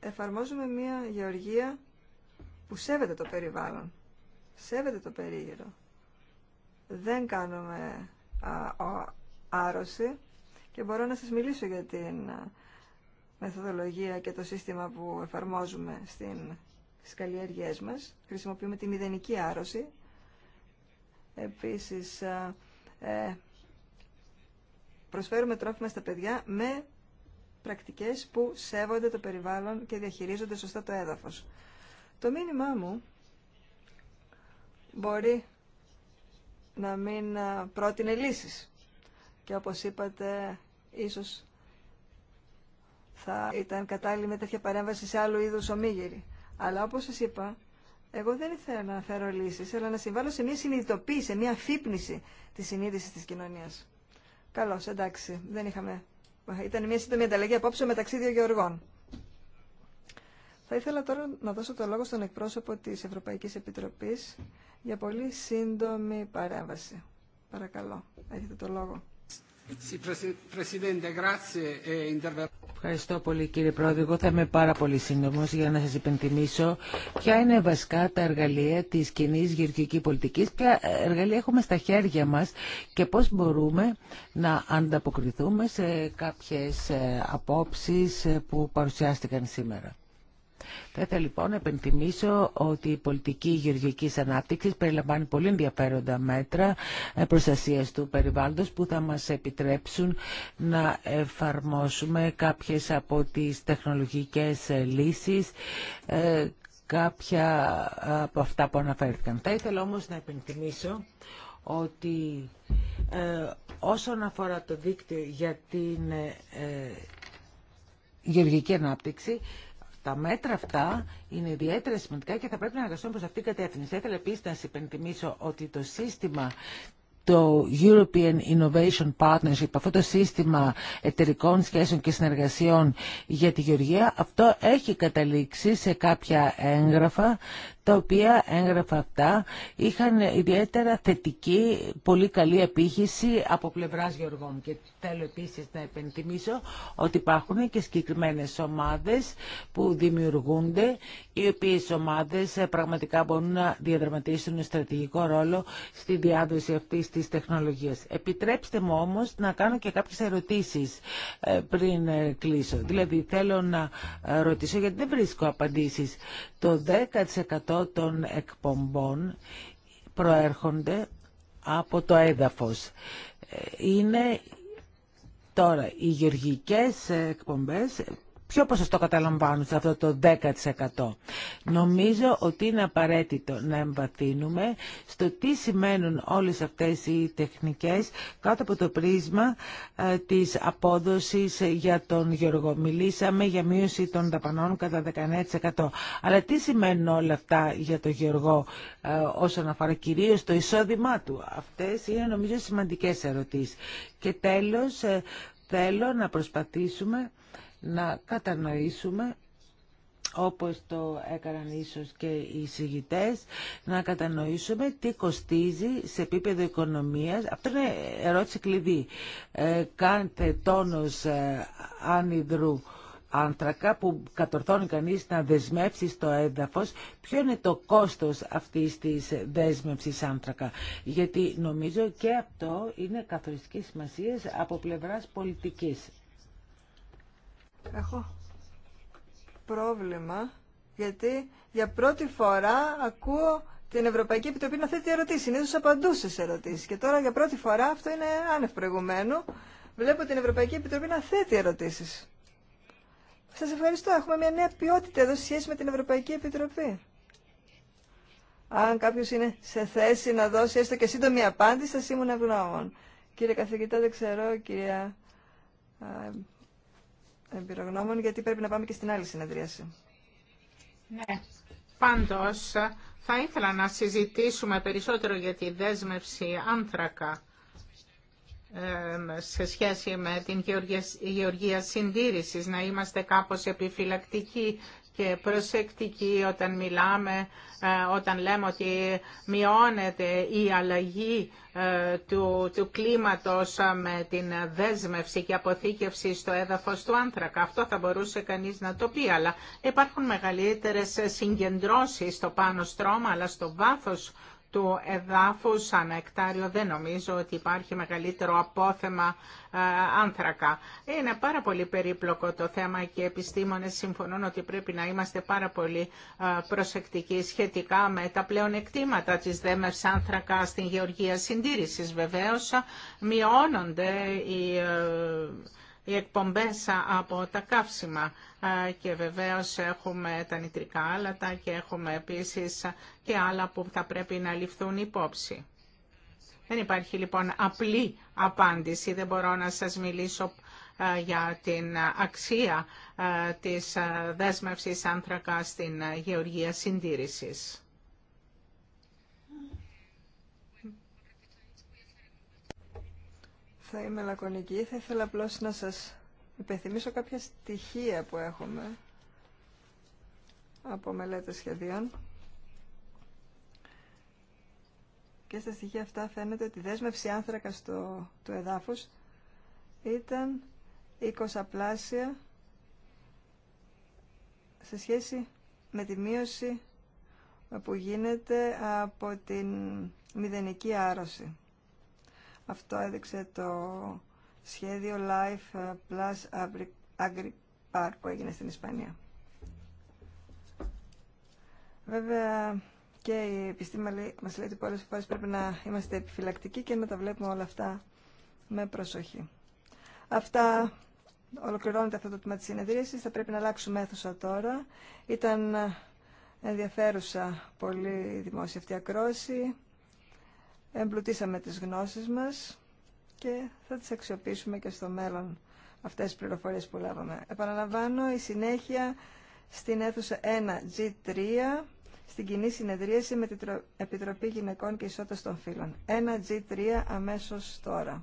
εφαρμόζουμε μία γεωργία που σέβεται το περιβάλλον, σέβεται το περίγυρο. Δεν κάνουμε άρρωση και μπορώ να σας μιλήσω για την μεθοδολογία και το σύστημα που εφαρμόζουμε στην, στις καλλιέργειές μας. Χρησιμοποιούμε τη μηδενική άρρωση. Επίσης, ε, ε, προσφέρουμε τρόφιμα στα παιδιά με πρακτικές που σέβονται το περιβάλλον και διαχειρίζονται σωστά το έδαφος. Το μήνυμά μου μπορεί να μην ε, πρότεινε λύσεις. Και όπως είπατε, ίσως θα ήταν κατάλληλη με τέτοια παρέμβαση σε άλλου είδου ομίγυρη. Αλλά όπω σα είπα, εγώ δεν ήθελα να φέρω λύσει, αλλά να συμβάλλω σε μια συνειδητοποίηση, σε μια αφύπνιση τη συνείδησης τη κοινωνία. Καλώ, εντάξει, δεν είχαμε... Ήταν μια σύντομη ανταλλαγή απόψεων μεταξύ δύο γεωργών. Θα ήθελα τώρα να δώσω το λόγο στον εκπρόσωπο τη Ευρωπαϊκή Επιτροπή για πολύ σύντομη παρέμβαση. Παρακαλώ, έχετε το λόγο. E Ευχαριστώ πολύ κύριε Πρόεδρε. Εγώ θα είμαι πάρα πολύ σύντομο για να σα υπενθυμίσω ποια είναι βασικά τα εργαλεία τη κοινή γεωργική πολιτική, ποια εργαλεία έχουμε στα χέρια μα και πώ μπορούμε να ανταποκριθούμε σε κάποιε απόψει ε, που παρουσιάστηκαν σήμερα. Θα ήθελα λοιπόν να επενθυμίσω ότι η πολιτική γεωργική ανάπτυξη περιλαμβάνει πολύ ενδιαφέροντα μέτρα ε, προστασία του περιβάλλοντος που θα μας επιτρέψουν να εφαρμόσουμε κάποιες από τις τεχνολογικές ε, λύσεις ε, κάποια από αυτά που αναφέρθηκαν. Θα ήθελα όμως να επενθυμίσω ότι ε, όσον αφορά το δίκτυο για την ε, γεωργική ανάπτυξη τα μέτρα αυτά είναι ιδιαίτερα σημαντικά και θα πρέπει να εργαστούμε προ αυτήν την κατεύθυνση. Θα ήθελα επίση να σα υπενθυμίσω ότι το σύστημα το European Innovation Partnership, αυτό το σύστημα εταιρικών σχέσεων και συνεργασιών για τη Γεωργία, αυτό έχει καταλήξει σε κάποια έγγραφα τα οποία έγγραφα αυτά είχαν ιδιαίτερα θετική, πολύ καλή επίχυση από πλευράς γεωργών. Και θέλω επίσης να επενθυμίσω ότι υπάρχουν και συγκεκριμένες ομάδες που δημιουργούνται, οι οποίες ομάδες πραγματικά μπορούν να διαδραματίσουν στρατηγικό ρόλο στη διάδοση αυτής της τεχνολογίας. Επιτρέψτε μου όμως να κάνω και κάποιες ερωτήσεις ε, πριν ε, κλείσω. Δηλαδή θέλω να ε, ρωτήσω γιατί δεν βρίσκω απαντήσεις. Το 10% των εκπομπών προέρχονται από το έδαφος. Ε, είναι Τώρα, οι γεωργικές εκπομπές ποιο ποσοστό καταλαμβάνουν σε αυτό το 10%. Νομίζω ότι είναι απαραίτητο να εμβαθύνουμε στο τι σημαίνουν όλες αυτές οι τεχνικές κάτω από το πρίσμα ε, της απόδοσης για τον Γιώργο. Μιλήσαμε για μείωση των δαπανών κατά 19%. Αλλά τι σημαίνουν όλα αυτά για τον Γιώργο ε, όσον αφορά κυρίως το εισόδημά του. Αυτές είναι νομίζω σημαντικές ερωτήσεις. Και τέλος ε, θέλω να προσπαθήσουμε να κατανοήσουμε όπως το έκαναν ίσως και οι συγητές, να κατανοήσουμε τι κοστίζει σε επίπεδο οικονομίας. Αυτό είναι ερώτηση κλειδί. Ε, τόνο τόνος ε, άνυδρου άνθρακα που κατορθώνει κανείς να δεσμεύσει στο έδαφος, ποιο είναι το κόστος αυτής της δέσμευσης άνθρακα. Γιατί νομίζω και αυτό είναι καθοριστική σημασία από πλευράς πολιτικής. Έχω πρόβλημα γιατί για πρώτη φορά ακούω την Ευρωπαϊκή Επιτροπή να θέτει ερωτήσει. Συνήθω απαντούσε απαντούσες ερωτήσει. Και τώρα για πρώτη φορά, αυτό είναι άνευ προηγουμένου, βλέπω την Ευρωπαϊκή Επιτροπή να θέτει ερωτήσει. Σα ευχαριστώ. Έχουμε μια νέα ποιότητα εδώ σχέση με την Ευρωπαϊκή Επιτροπή. Αν κάποιο είναι σε θέση να δώσει έστω και σύντομη απάντηση, θα ήμουν ευγνώμων. Κύριε καθηγητά, δεν ξέρω, κυρία εμπειρογνώμων, γιατί πρέπει να πάμε και στην άλλη συνεδρίαση. Ναι, πάντως θα ήθελα να συζητήσουμε περισσότερο για τη δέσμευση άνθρακα σε σχέση με την γεωργία συντήρησης, να είμαστε κάπως επιφυλακτικοί και προσεκτική όταν μιλάμε, ε, όταν λέμε ότι μειώνεται η αλλαγή ε, του, του κλίματος ε, με την δέσμευση και αποθήκευση στο έδαφος του άνθρακα. Αυτό θα μπορούσε κανείς να το πει, αλλά υπάρχουν μεγαλύτερες συγκεντρώσεις στο πάνω στρώμα, αλλά στο βάθος του εδάφου σαν εκτάριο δεν νομίζω ότι υπάρχει μεγαλύτερο απόθεμα ε, άνθρακα. Είναι πάρα πολύ περίπλοκο το θέμα και οι επιστήμονες συμφωνούν ότι πρέπει να είμαστε πάρα πολύ ε, προσεκτικοί σχετικά με τα πλεονεκτήματα της δέμευσης άνθρακα στην γεωργία συντήρησης. Βεβαίως μειώνονται οι ε, οι εκπομπές από τα καύσιμα και βεβαίως έχουμε τα νητρικά άλατα και έχουμε επίσης και άλλα που θα πρέπει να ληφθούν υπόψη. Δεν υπάρχει λοιπόν απλή απάντηση, δεν μπορώ να σας μιλήσω για την αξία της δέσμευσης άνθρακα στην γεωργία συντήρησης. θα είμαι λακωνική. Θα ήθελα απλώ να σας υπενθυμίσω κάποια στοιχεία που έχουμε από μελέτες σχεδίων. Και στα στοιχεία αυτά φαίνεται ότι η δέσμευση άνθρακα στο, του εδάφους ήταν 20 πλάσια σε σχέση με τη μείωση που γίνεται από την μηδενική άρρωση. Αυτό έδειξε το σχέδιο Life Plus agri Park που έγινε στην Ισπανία. Βέβαια και η επιστήμη μα λέει ότι πολλέ φορέ πρέπει να είμαστε επιφυλακτικοί και να τα βλέπουμε όλα αυτά με προσοχή. Αυτά ολοκληρώνεται αυτό το τμήμα τη συνεδρίαση. Θα πρέπει να αλλάξουμε αίθουσα τώρα. Ήταν ενδιαφέρουσα πολύ δημόσια αυτή ακρόση εμπλουτίσαμε τις γνώσεις μας και θα τις αξιοποιήσουμε και στο μέλλον αυτές τις πληροφορίες που λάβαμε. Επαναλαμβάνω, η συνέχεια στην αίθουσα 1G3 στην κοινή συνεδρίαση με την Επιτροπή Γυναικών και Ισότητας των Φύλων. 1G3 αμέσως τώρα.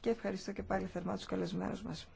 Και ευχαριστώ και πάλι θερμά τους καλεσμένους μας.